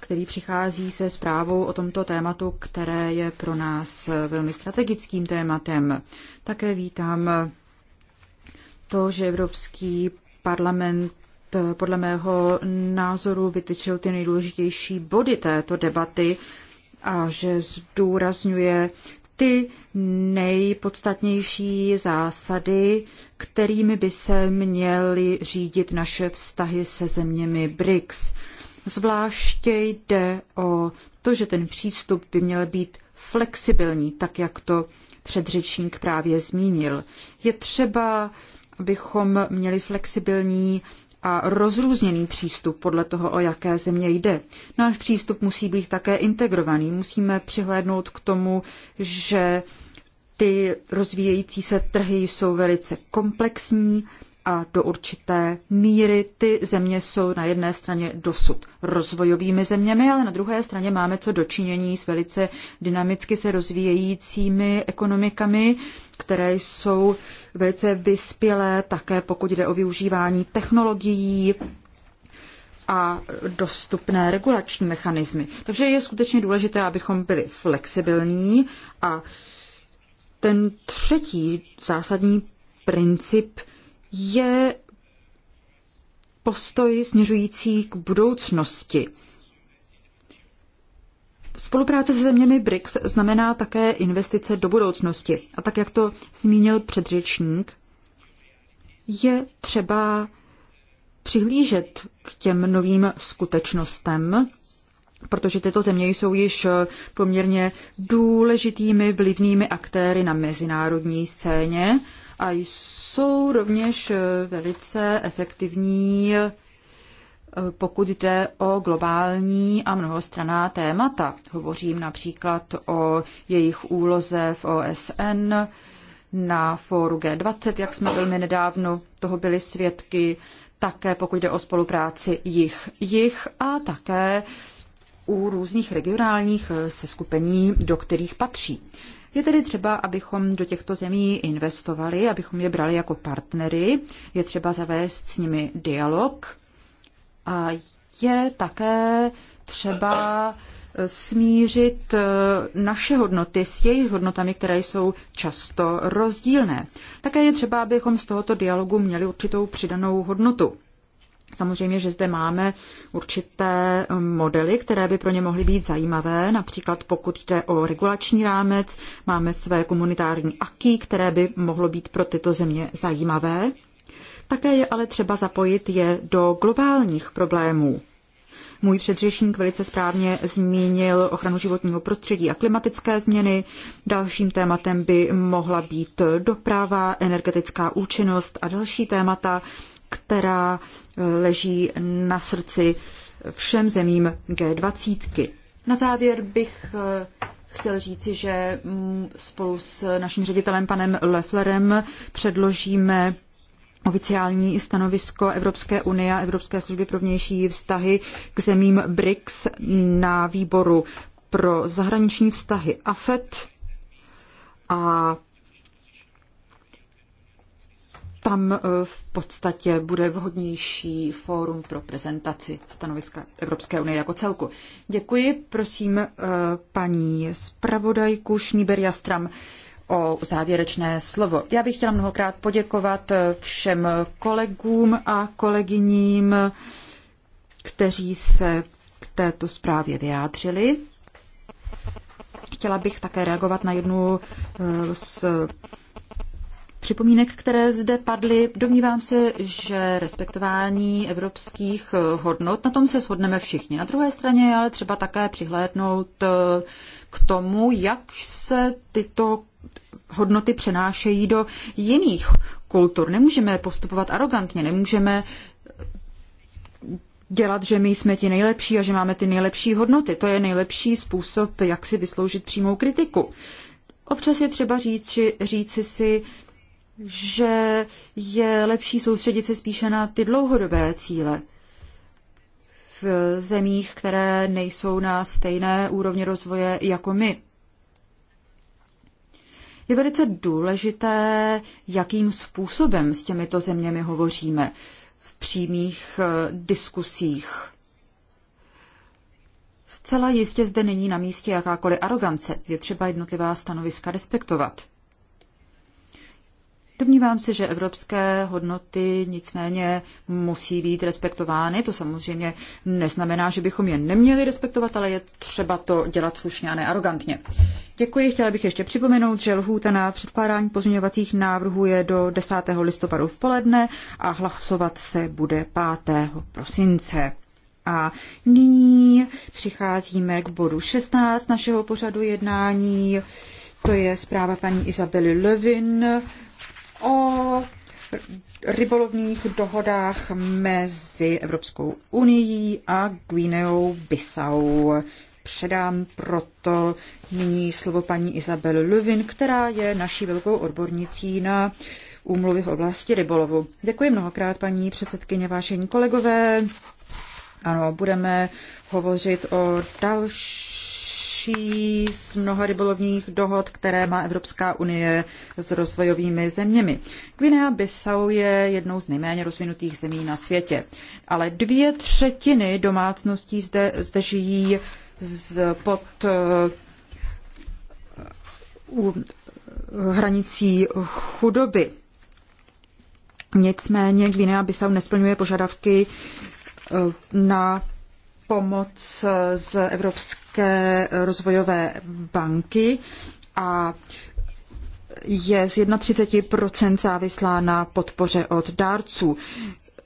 který přichází se zprávou o tomto tématu, které je pro nás velmi strategickým tématem. Také vítám to, že Evropský parlament podle mého názoru vytyčil ty nejdůležitější body této debaty a že zdůrazňuje ty nejpodstatnější zásady, kterými by se měly řídit naše vztahy se zeměmi BRICS. Zvláště jde o to, že ten přístup by měl být flexibilní, tak jak to předřečník právě zmínil. Je třeba, abychom měli flexibilní a rozrůzněný přístup podle toho, o jaké země jde. Náš přístup musí být také integrovaný. Musíme přihlédnout k tomu, že ty rozvíjející se trhy jsou velice komplexní, a do určité míry ty země jsou na jedné straně dosud rozvojovými zeměmi, ale na druhé straně máme co dočinění s velice dynamicky se rozvíjejícími ekonomikami, které jsou velice vyspělé také pokud jde o využívání technologií, a dostupné regulační mechanismy. Takže je skutečně důležité, abychom byli flexibilní a ten třetí zásadní princip je postoj směřující k budoucnosti. Spolupráce se zeměmi BRICS znamená také investice do budoucnosti. A tak, jak to zmínil předřečník, je třeba přihlížet k těm novým skutečnostem, protože tyto země jsou již poměrně důležitými vlivnými aktéry na mezinárodní scéně a jsou jsou rovněž eh, velice efektivní, eh, pokud jde o globální a mnohostraná témata. Hovořím například o jejich úloze v OSN, na fóru G20, jak jsme velmi nedávno toho byli svědky, také pokud jde o spolupráci jich, jich a také u různých regionálních eh, seskupení, do kterých patří. Je tedy třeba, abychom do těchto zemí investovali, abychom je brali jako partnery, je třeba zavést s nimi dialog a je také třeba smířit e, naše hodnoty s jejich hodnotami, které jsou často rozdílné. Také je třeba, abychom z tohoto dialogu měli určitou přidanou hodnotu. Samozřejmě, že zde máme určité um, modely, které by pro ně mohly být zajímavé. Například pokud jde o regulační rámec, máme své komunitární aky, které by mohlo být pro tyto země zajímavé. Také je ale třeba zapojit je do globálních problémů. Můj předřečník velice správně zmínil ochranu životního prostředí a klimatické změny. Dalším tématem by mohla být doprava, energetická účinnost a další témata, která eh, leží na srdci všem zemím G20. Na závěr bych eh, chtěl říci, že mm, spolu s naším ředitelem panem Lefflerem předložíme oficiální stanovisko Evropské unie a Evropské služby pro vnější vztahy k zemím BRICS na výboru pro zahraniční vztahy AFET a tam eh, v podstatě bude vhodnější fórum pro prezentaci stanoviska Evropské unie jako celku. Děkuji, prosím eh, paní zpravodajku Šníber Jastram o závěrečné slovo. Já bych chtěla mnohokrát poděkovat eh, všem kolegům a kolegyním, kteří se k této zprávě vyjádřili. Chtěla bych také reagovat na jednu z připomínek, které zde padly. Domnívám se, že respektování evropských eh, hodnot, na tom se shodneme všichni. Na druhé straně je ale třeba také přihlédnout eh, k tomu, jak se tyto hodnoty přenášejí do jiných kultur. Nemůžeme postupovat arrogantně, nemůžeme dělat, že my jsme ti nejlepší a že máme ty nejlepší hodnoty. To je nejlepší způsob, jak si vysloužit přímou kritiku. Občas je třeba říci, říci si, že je lepší soustředit se spíše na ty dlouhodobé cíle v zemích, které nejsou na stejné úrovni rozvoje jako my. Je velice důležité, jakým způsobem s těmito zeměmi hovoříme v přímých eh, diskusích. Zcela jistě zde není na místě jakákoliv arogance, je třeba jednotlivá stanoviska respektovat. Domnívám se, že evropské hodnoty nicméně musí být respektovány. To samozřejmě neznamená, že bychom je neměli respektovat, ale je třeba to dělat slušně a nearogantně. Děkuji. Chtěla bych ještě připomenout, že lhůta na předkládání pozměňovacích návrhů je do 10. listopadu v poledne a hlasovat se bude 5. prosince. A nyní přicházíme k bodu 16 našeho pořadu jednání. To je zpráva paní Izabely Levin o rybolovních dohodách mezi Evropskou unii a Guineou Bissau. Předám proto nyní slovo paní Izabel Luvin, která je naší velkou odbornicí na úmluvy v oblasti rybolovu. Děkuji mnohokrát, paní předsedkyně, vážení kolegové. Ano, budeme hovořit o další další z mnoha rybolovních dohod, které má Evropská unie s rozvojovými zeměmi. Guinea Bissau je jednou z nejméně rozvinutých zemí na světě, ale dvě třetiny domácností zde, zde žijí z, pod uh, hranicí chudoby. Nicméně Guinea Bissau nesplňuje požadavky uh, na pomoc z Evropské rozvojové banky a je z 31% závislá na podpoře od dárců.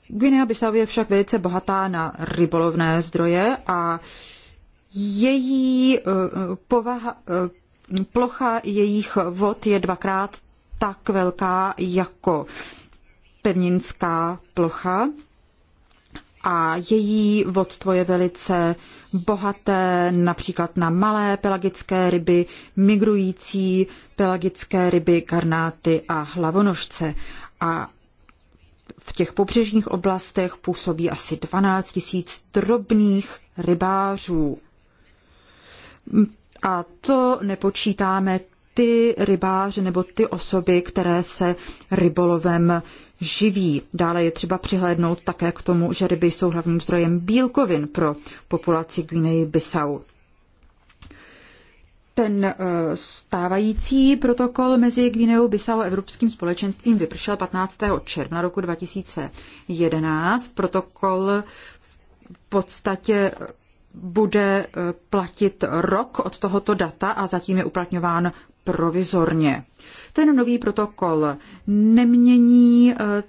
Guinea Bissau je však velice bohatá na rybolovné zdroje a její eh, povaha, eh, plocha jejich vod je dvakrát tak velká jako pevninská plocha a její vodstvo je velice bohaté například na malé pelagické ryby, migrující pelagické ryby, karnáty a hlavonožce. A v těch pobřežních oblastech působí asi 12 tisíc drobných rybářů. A to nepočítáme ty rybáře nebo ty osoby, které se rybolovem živí. Dále je třeba přihlédnout také k tomu, že ryby jsou hlavním zdrojem bílkovin pro populaci Guineji Bissau. Ten eh, stávající protokol mezi Gvineou Bissau a Evropským společenstvím vypršel 15. června roku 2011. Protokol v podstatě bude eh, platit rok od tohoto data a zatím je uplatňován provizorně. Ten nový protokol nemění eh,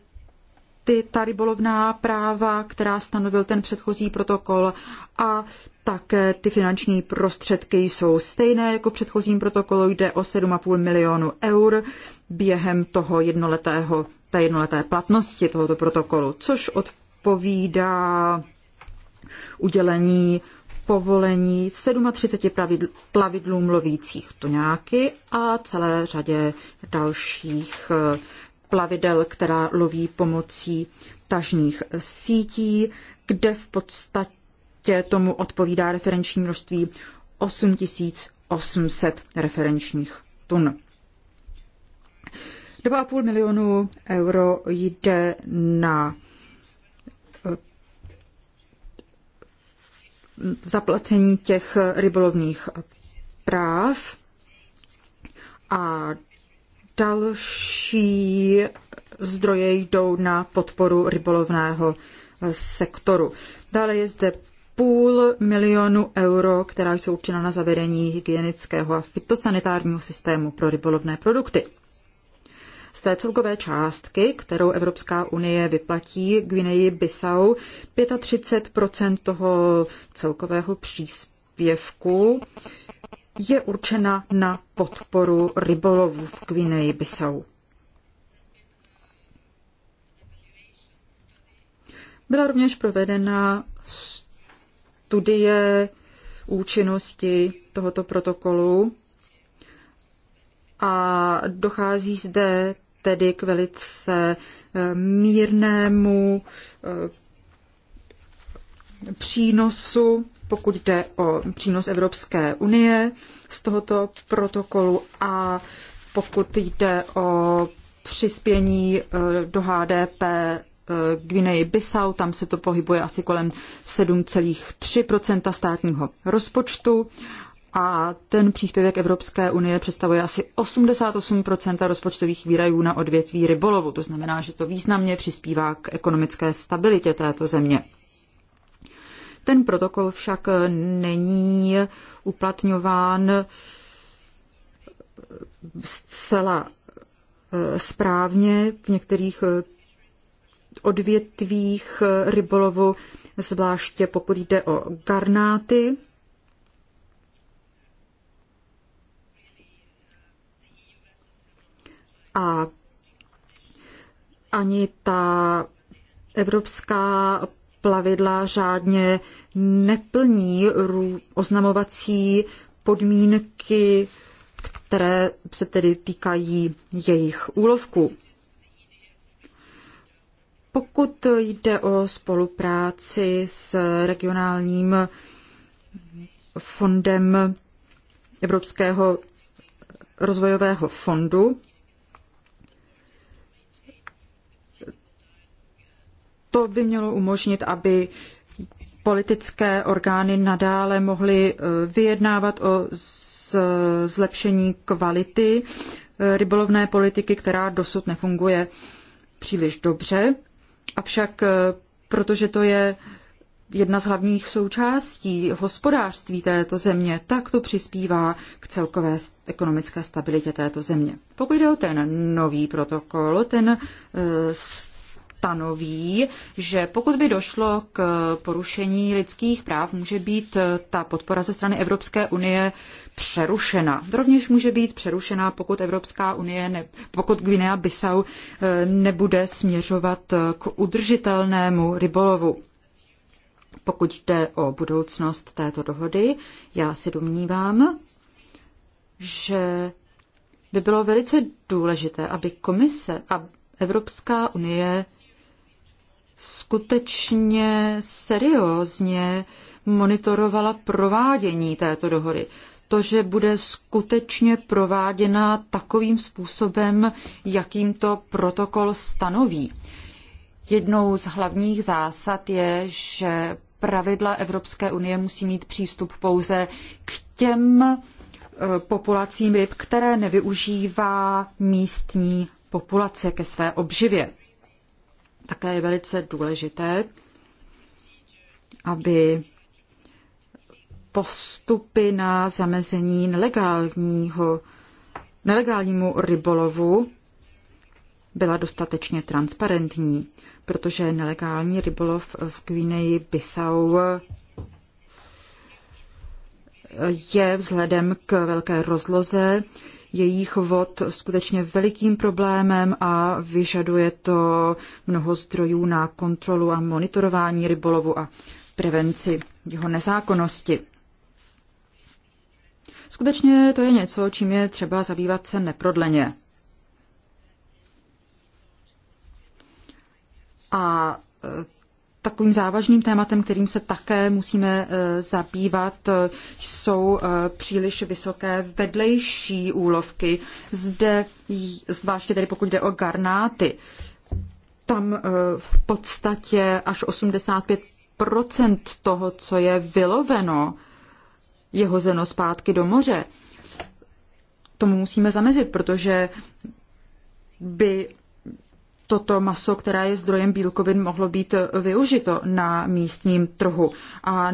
ty, ta rybolovná práva, která stanovil ten předchozí protokol a také ty finanční prostředky jsou stejné jako v předchozím protokolu, jde o 7,5 milionu eur během toho jednoletého, té jednoleté platnosti tohoto protokolu, což odpovídá udělení povolení 37 plavidlům lovících tuňáky a celé řadě dalších eh, plavidel, která loví pomocí tažných sítí, kde v podstatě tomu odpovídá referenční množství 8800 referenčních tun. 2,5 milionu euro jde na zaplacení těch rybolovních práv a další zdroje jdou na podporu rybolovného sektoru. Dále je zde půl milionu euro, která jsou určena na zavedení hygienického a fitosanitárního systému pro rybolovné produkty. Z té celkové částky, kterou Evropská unie vyplatí Guineji Bissau, 35 toho celkového příspěvku je určena na podporu rybolovu v Guineji Bissau. Byla rovněž provedena studie účinnosti tohoto protokolu a dochází zde tedy k velice eh, mírnému eh, přínosu, pokud jde o přínos Evropské unie z tohoto protokolu a pokud jde o přispění eh, do HDP Gvineji Bissau, tam se to pohybuje asi kolem 7,3 státního rozpočtu a ten příspěvek Evropské unie představuje asi 88 rozpočtových výdajů na odvětví rybolovu. To znamená, že to významně přispívá k ekonomické stabilitě této země. Ten protokol však není uplatňován zcela eh, správně v některých eh, odvětvích eh, rybolovu, zvláště pokud jde o garnáty. a ani ta evropská plavidla žádně neplní oznamovací podmínky, které se tedy týkají jejich úlovku. Pokud jde o spolupráci s regionálním fondem Evropského rozvojového fondu, to by mělo umožnit, aby politické orgány nadále mohly eh, vyjednávat o zlepšení kvality eh, rybolovné politiky, která dosud nefunguje příliš dobře. Avšak eh, protože to je jedna z hlavních součástí hospodářství této země, tak to přispívá k celkové ekonomické stabilitě této země. Pokud jde o ten nový protokol, ten stanoví, že pokud by došlo k porušení lidských práv, může být ta podpora ze strany Evropské unie přerušena. Rovněž může být přerušena, pokud Evropská unie, ne, pokud Guinea Bissau eh, nebude směřovat k udržitelnému rybolovu. Pokud jde o budoucnost této dohody, já se domnívám, že by bylo velice důležité, aby komise a Evropská unie skutečně seriózně monitorovala provádění této dohody. To, že bude skutečně prováděna takovým způsobem, jakým to protokol stanoví. Jednou z hlavních zásad je, že pravidla Evropské unie musí mít přístup pouze k těm eh, populacím ryb, které nevyužívá místní populace ke své obživě. Také je velice důležité, aby postupy na zamezení nelegálního, nelegálnímu rybolovu byla dostatečně transparentní, protože nelegální rybolov v Gvineji Bissau je vzhledem k velké rozloze jejich vod skutečně velikým problémem a vyžaduje to mnoho zdrojů na kontrolu a monitorování rybolovu a prevenci jeho nezákonnosti. Skutečně to je něco, čím je třeba zabývat se neprodleně. A Takovým závažným tématem, kterým se také musíme eh, zabývat, eh, jsou eh, příliš vysoké vedlejší úlovky. Zde, zvláště tedy pokud jde o garnáty, tam v podstatě až 85 toho, co je vyloveno, je hozeno zpátky do moře. Tomu musíme zamezit, protože by toto maso, které je zdrojem bílkovin, mohlo být využito na místním trhu. A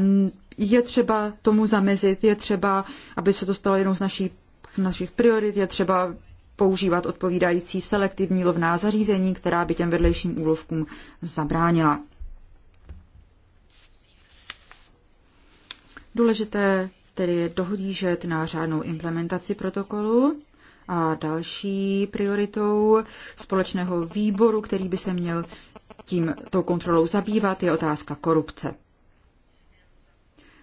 je třeba tomu zamezit, je třeba, aby se to stalo jednou z naší, našich priorit, je třeba používat odpovídající selektivní lovná zařízení, která by těm vedlejším úlovkům zabránila. Důležité tedy je dohodí, že na řádnou implementaci protokolu a další prioritou společného výboru, který by se měl tím tou kontrolou zabývat, je otázka korupce.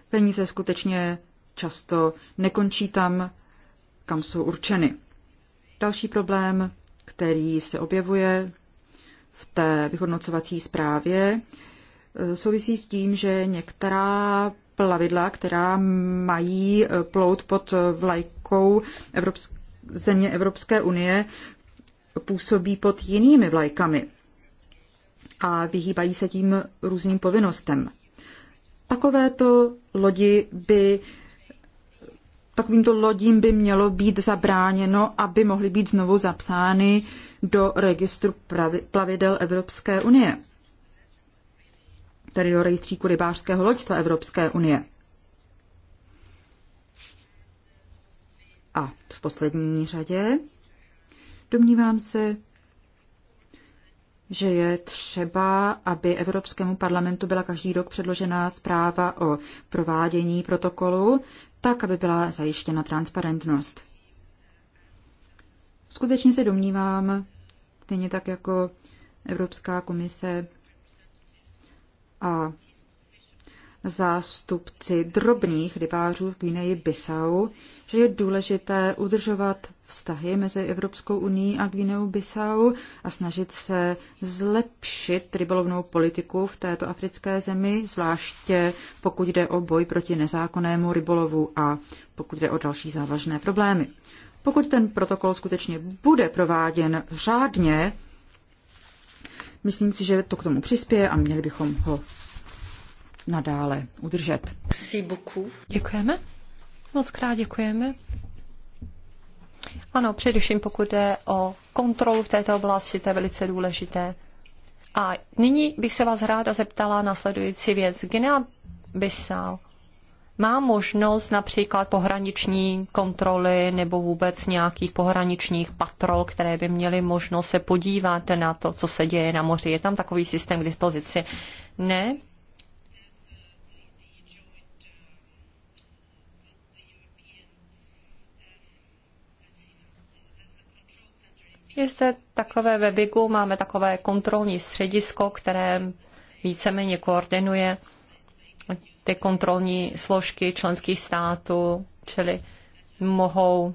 Peníze skutečně často nekončí tam, kam jsou určeny. Další problém, který se objevuje v té vyhodnocovací zprávě, souvisí s tím, že některá plavidla, která mají plout pod vlajkou Evropské země Evropské unie působí pod jinými vlajkami a vyhýbají se tím různým povinnostem. Takovéto lodi by takovýmto lodím by mělo být zabráněno, aby mohly být znovu zapsány do registru plavidel Evropské unie, tedy do rejstříku rybářského loďstva Evropské unie. A v poslední řadě domnívám se, že je třeba, aby Evropskému parlamentu byla každý rok předložena zpráva o provádění protokolu, tak, aby byla zajištěna transparentnost. Skutečně se domnívám, stejně tak jako Evropská komise a zástupci drobných rybářů v Guineji Bissau, že je důležité udržovat vztahy mezi Evropskou unii a Guineou Bissau a snažit se zlepšit rybolovnou politiku v této africké zemi, zvláště pokud jde o boj proti nezákonnému rybolovu a pokud jde o další závažné problémy. Pokud ten protokol skutečně bude prováděn řádně, myslím si, že to k tomu přispěje a měli bychom ho nadále udržet. Děkujeme. Moc krát děkujeme. Ano, především pokud jde o kontrolu v této oblasti, to je velice důležité. A nyní bych se vás ráda zeptala na sledující věc. Gina Bissau má možnost například pohraniční kontroly nebo vůbec nějakých pohraničních patrol, které by měly možnost se podívat na to, co se děje na moři. Je tam takový systém k dispozici? Ne, Je zde takové ve BIGu, máme takové kontrolní středisko, které víceméně koordinuje ty kontrolní složky členských států, čili mohou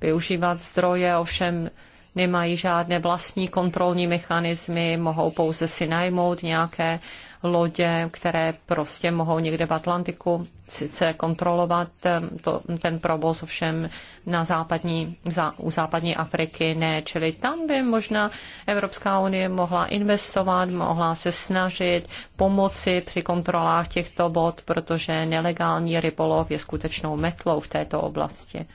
využívat zdroje, ovšem nemají žádné vlastní kontrolní mechanismy, mohou pouze si najmout nějaké lodě, které prostě mohou někde v Atlantiku sice kontrolovat ehm, to, ten provoz ovšem na západní, za, u západní Afriky ne, čili tam by možná Evropská unie mohla investovat, mohla se snažit pomoci při kontrolách těchto bod, protože nelegální rybolov je skutečnou metlou v této oblasti.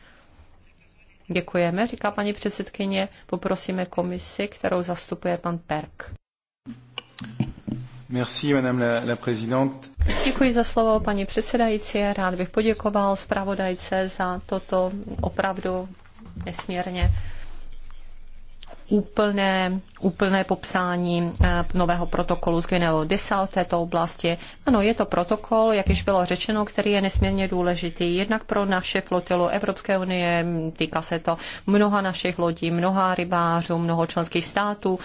Děkujeme, říká paní předsedkyně. Poprosíme komisi, kterou zastupuje pan Perk. Merci, madame la, la présidente. Děkuji za slovo, paní předsedající. Rád bych poděkoval zpravodajce za toto opravdu nesmírně úplné, úplné popsání eh, nového protokolu z Gvineo Disa v této oblasti. Ano, je to protokol, jak již bylo řečeno, který je nesmírně důležitý jednak pro naše flotilu Evropské unie, týká se to mnoha našich lodí, mnoha rybářů, mnoho členských států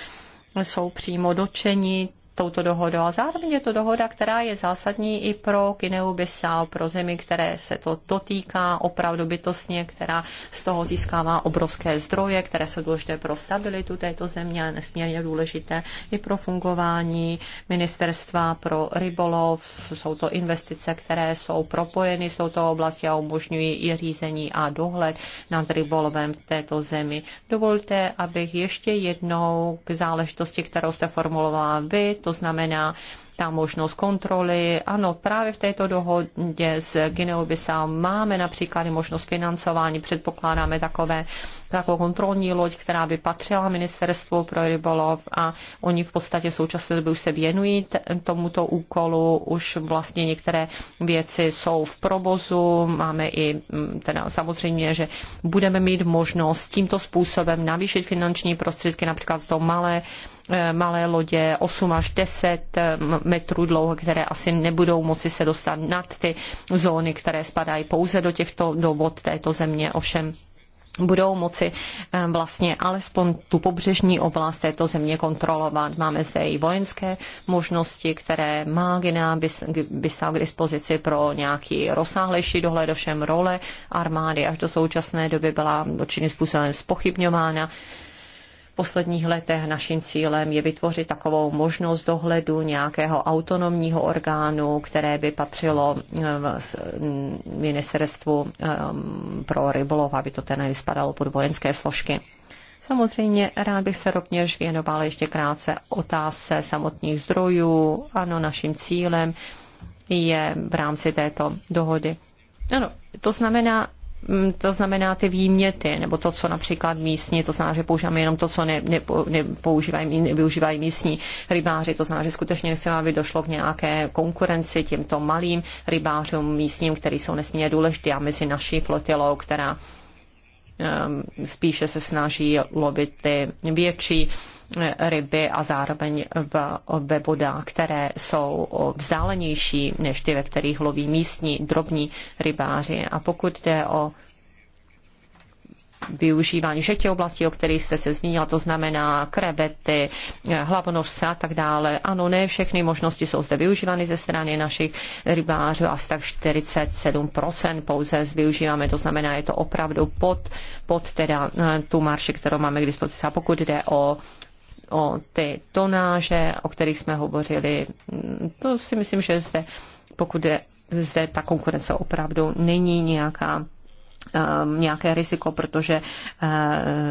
jsou přímo dočeni touto dohodou. A zároveň je to dohoda, která je zásadní i pro Kineu Bissau, pro zemi, které se to dotýká opravdu bytostně, která z toho získává obrovské zdroje, které jsou důležité pro stabilitu této země a nesmírně důležité i pro fungování ministerstva pro rybolov. Jsou to investice, které jsou propojeny s touto oblastí a umožňují i řízení a dohled nad rybolovem v této zemi. Dovolte, abych ještě jednou k záležitosti, kterou jste formulovala vy, to to znamená ta možnost kontroly. Ano, právě v této dohodě s Guineou Bissau máme například možnost financování, předpokládáme takové, takovou kontrolní loď, která by patřila ministerstvu pro rybolov a oni v podstatě v současné době už se věnují tomuto úkolu, už vlastně některé věci jsou v provozu, máme i mm, teda samozřejmě, že budeme mít možnost tímto způsobem navýšit finanční prostředky například z toho malé Eh, malé lodě 8 až 10 eh, metrů dlouhé, které asi nebudou moci se dostat nad ty zóny, které spadají pouze do těchto do vod této země. Ovšem budou moci eh, vlastně alespoň tu pobřežní oblast této země kontrolovat. Máme zde i vojenské možnosti, které má Gina Bissau k dispozici pro nějaký rozsáhlejší dohled, ovšem role armády až do současné doby byla určitým způsobem spochybňována posledních letech naším cílem je vytvořit takovou možnost dohledu nějakého autonomního orgánu, které by patřilo eh, mm, ministerstvu eh, pro rybolov, aby to tedy spadalo pod vojenské složky. Samozřejmě rád bych se rovněž věnoval ještě krátce otázce samotných zdrojů. Ano, naším cílem je v rámci této dohody. Ano, to znamená, Mm, to znamená ty výměty, nebo to, co například místní, to znamená, že používáme jenom to, co ne, ne, nepoužívají, nevyužívají místní rybáři, to znamená, že skutečně nechceme, aby došlo k nějaké konkurenci těmto malým rybářům místním, kteří jsou nesmírně důležitý a mezi naší flotilou, která um, spíše se snaží lovit ty větší ryby a zároveň ve vodách, které jsou vzdálenější než ty, ve kterých loví místní drobní rybáři. A pokud jde o využívání všech těch oblastí, o kterých jste se zmínila, to znamená krevety, hlavonožce a tak dále. Ano, ne všechny možnosti jsou zde využívány ze strany našich rybářů, asi tak 47% pouze využíváme, to znamená, je to opravdu pod, pod teda eh, tu marši, kterou máme k dispozici. A pokud jde o o ty tonáže, o kterých jsme hovořili. To si myslím, že zde, pokud je zde ta konkurence opravdu není nějaká Ehm, nějaké riziko, protože eh,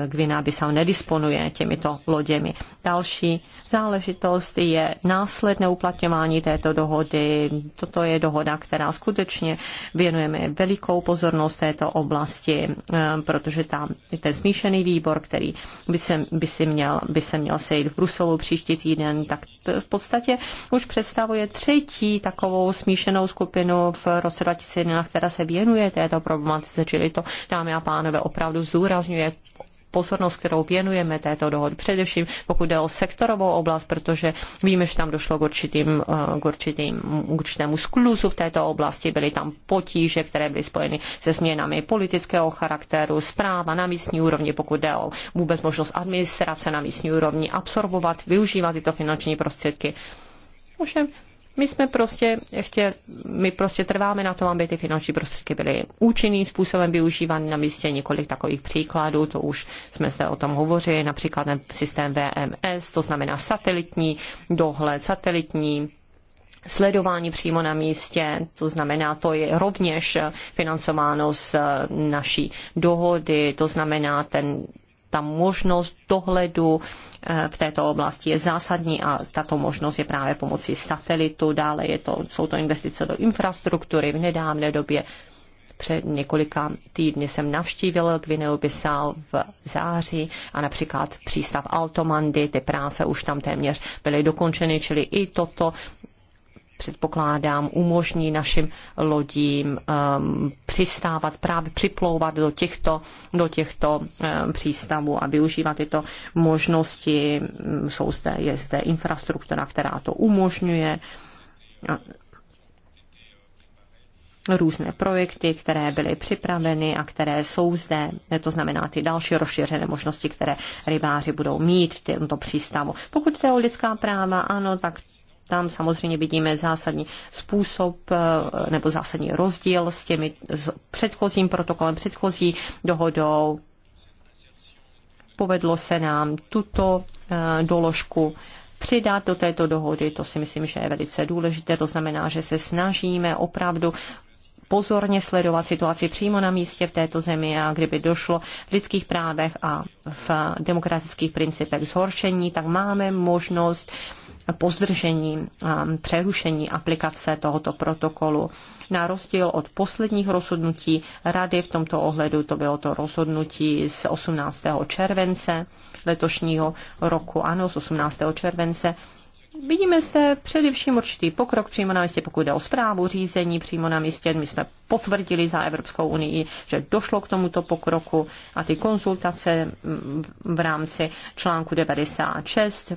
Gvina Bissau nedisponuje těmito loděmi. Další záležitost je následné uplatňování této dohody. Toto je dohoda, která skutečně věnujeme velikou pozornost této oblasti, ehm, protože tam ten smíšený výbor, který by se, by si měl, by se měl sejít v Bruselu příští týden, tak v podstatě už představuje třetí takovou smíšenou skupinu v roce 2011, která se věnuje této problematice, Čili to, dámy a pánové, opravdu zdůrazňuje pozornost, kterou věnujeme této dohod, především pokud jde o sektorovou oblast, protože víme, že tam došlo k, určitým, eh, k určitým, určitému skluzu v této oblasti, byly tam potíže, které byly spojeny se změnami politického charakteru, zpráva na místní úrovni, pokud jde o vůbec možnost administrace na místní úrovni, absorbovat, využívat tyto finanční prostředky. Ovšem, my jsme prostě chtěli, my prostě trváme na tom, aby ty finanční prostředky byly účinným způsobem využívány na místě. Několik takových příkladů, to už jsme se o tom hovořili, například ten systém VMS, to znamená satelitní dohled, satelitní sledování přímo na místě, to znamená, to je rovněž financováno z naší dohody, to znamená ten ta možnost dohledu eh, v této oblasti je zásadní a tato možnost je právě pomocí satelitu. Dále je to, jsou to investice do infrastruktury. V nedávné době před několika týdny jsem navštívil Gvineu Bissau v září a například přístav Altomandy, ty práce už tam téměř byly dokončeny, čili i toto předpokládám, umožní našim lodím um, přistávat, právě připlouvat do těchto, do těchto um, přístavů a využívat tyto možnosti. Jsou zde, je zde infrastruktura, která to umožňuje různé projekty, které byly připraveny a které jsou zde, to znamená ty další rozšířené možnosti, které rybáři budou mít v tomto přístavu. Pokud jde o lidská práva, ano, tak tam samozřejmě vidíme zásadní způsob eh, nebo zásadní rozdíl s těmi s předchozím protokolem, předchozí dohodou. Povedlo se nám tuto eh, doložku přidat do této dohody, to si myslím, že je velice důležité, to znamená, že se snažíme opravdu pozorně sledovat situaci přímo na místě v této zemi a kdyby došlo v lidských právech a v demokratických principech zhoršení, tak máme možnost uh, pozdržení, přerušení aplikace tohoto protokolu. Na rozdíl od posledních rozhodnutí rady v tomto ohledu, to bylo to rozhodnutí z 18. července letošního roku, ano, z 18. července, Vidíme zde především určitý pokrok přímo na místě, pokud jde o zprávu řízení přímo na místě. My jsme potvrdili za Evropskou unii, že došlo k tomuto pokroku a ty konzultace v rámci článku 96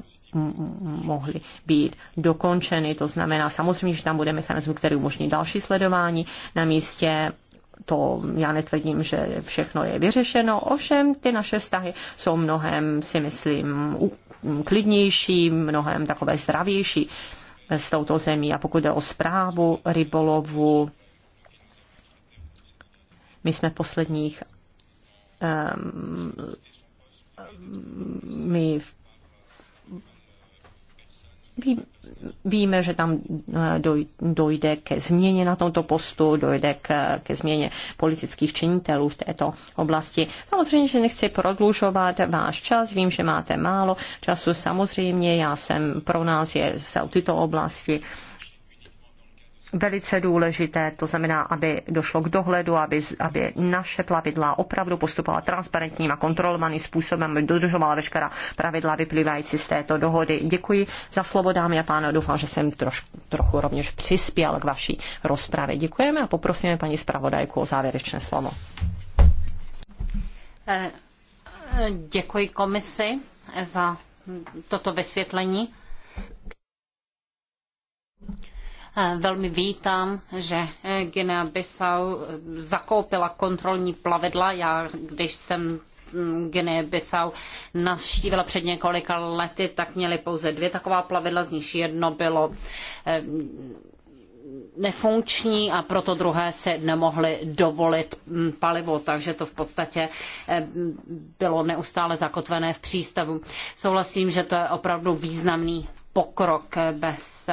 mohly být dokončeny. To znamená samozřejmě, že tam bude mechanismus, který umožní další sledování na místě, to já netvrdím, že všechno je vyřešeno, ovšem ty naše vztahy jsou mnohem, si myslím, klidnější, mnohem takové zdravější s touto zemí. A pokud jde o zprávu rybolovu, my jsme v posledních um, my v víme, že tam eh, dojde ke změně na tomto postu, dojde ke změně politických činitelů v této oblasti. Samozřejmě, že nechci prodlužovat váš čas, vím, že máte málo času, samozřejmě já jsem pro nás je jsou tyto oblasti velice důležité, to znamená, aby došlo k dohledu, aby, aby naše plavidla opravdu postupovala transparentním a kontrolovaným způsobem, aby dodržovala veškerá pravidla vyplývající z této dohody. Děkuji za slovo, dámy a pánové, doufám, že jsem troš, trochu rovněž přispěl k vaší rozpravě. Děkujeme a poprosíme paní zpravodajku o závěrečné slovo. Děkuji komisi za toto vysvětlení. Eh, velmi vítám, že eh, Guinea-Bissau eh, zakoupila kontrolní plavidla. Já, když jsem mm, Guinea-Bissau navštívila před několika lety, tak měli pouze dvě taková plavidla, z nich jedno bylo nefunkční a proto druhé si nemohly dovolit mm, palivo, takže to v podstatě bylo neustále zakotvené v přístavu. Souhlasím, že to je opravdu významný pokrok bez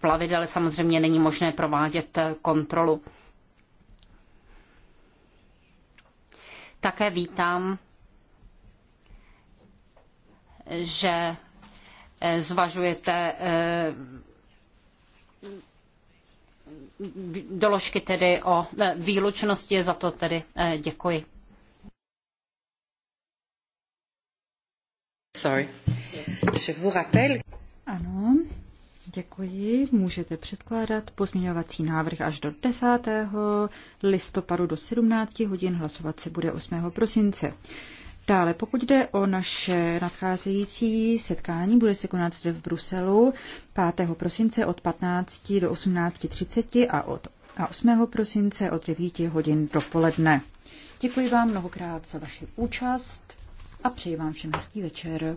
plavidel samozřejmě není možné provádět kontrolu. Také vítám, že eh, zvažujete eh, doložky tedy o eh, výlučnosti, za to tedy děkuji. Sorry. Je vous rappelle... Ano, Děkuji. Můžete předkládat pozměňovací návrh až do 10. listopadu do 17 hodin. Hlasovat se bude 8. prosince. Dále, pokud jde o naše nadcházející setkání, bude se konat zde v Bruselu 5. prosince od 15 do 18.30 a od a 8. prosince od 9 hodin dopoledne. Děkuji vám mnohokrát za vaši účast a přeji vám všem hezký večer.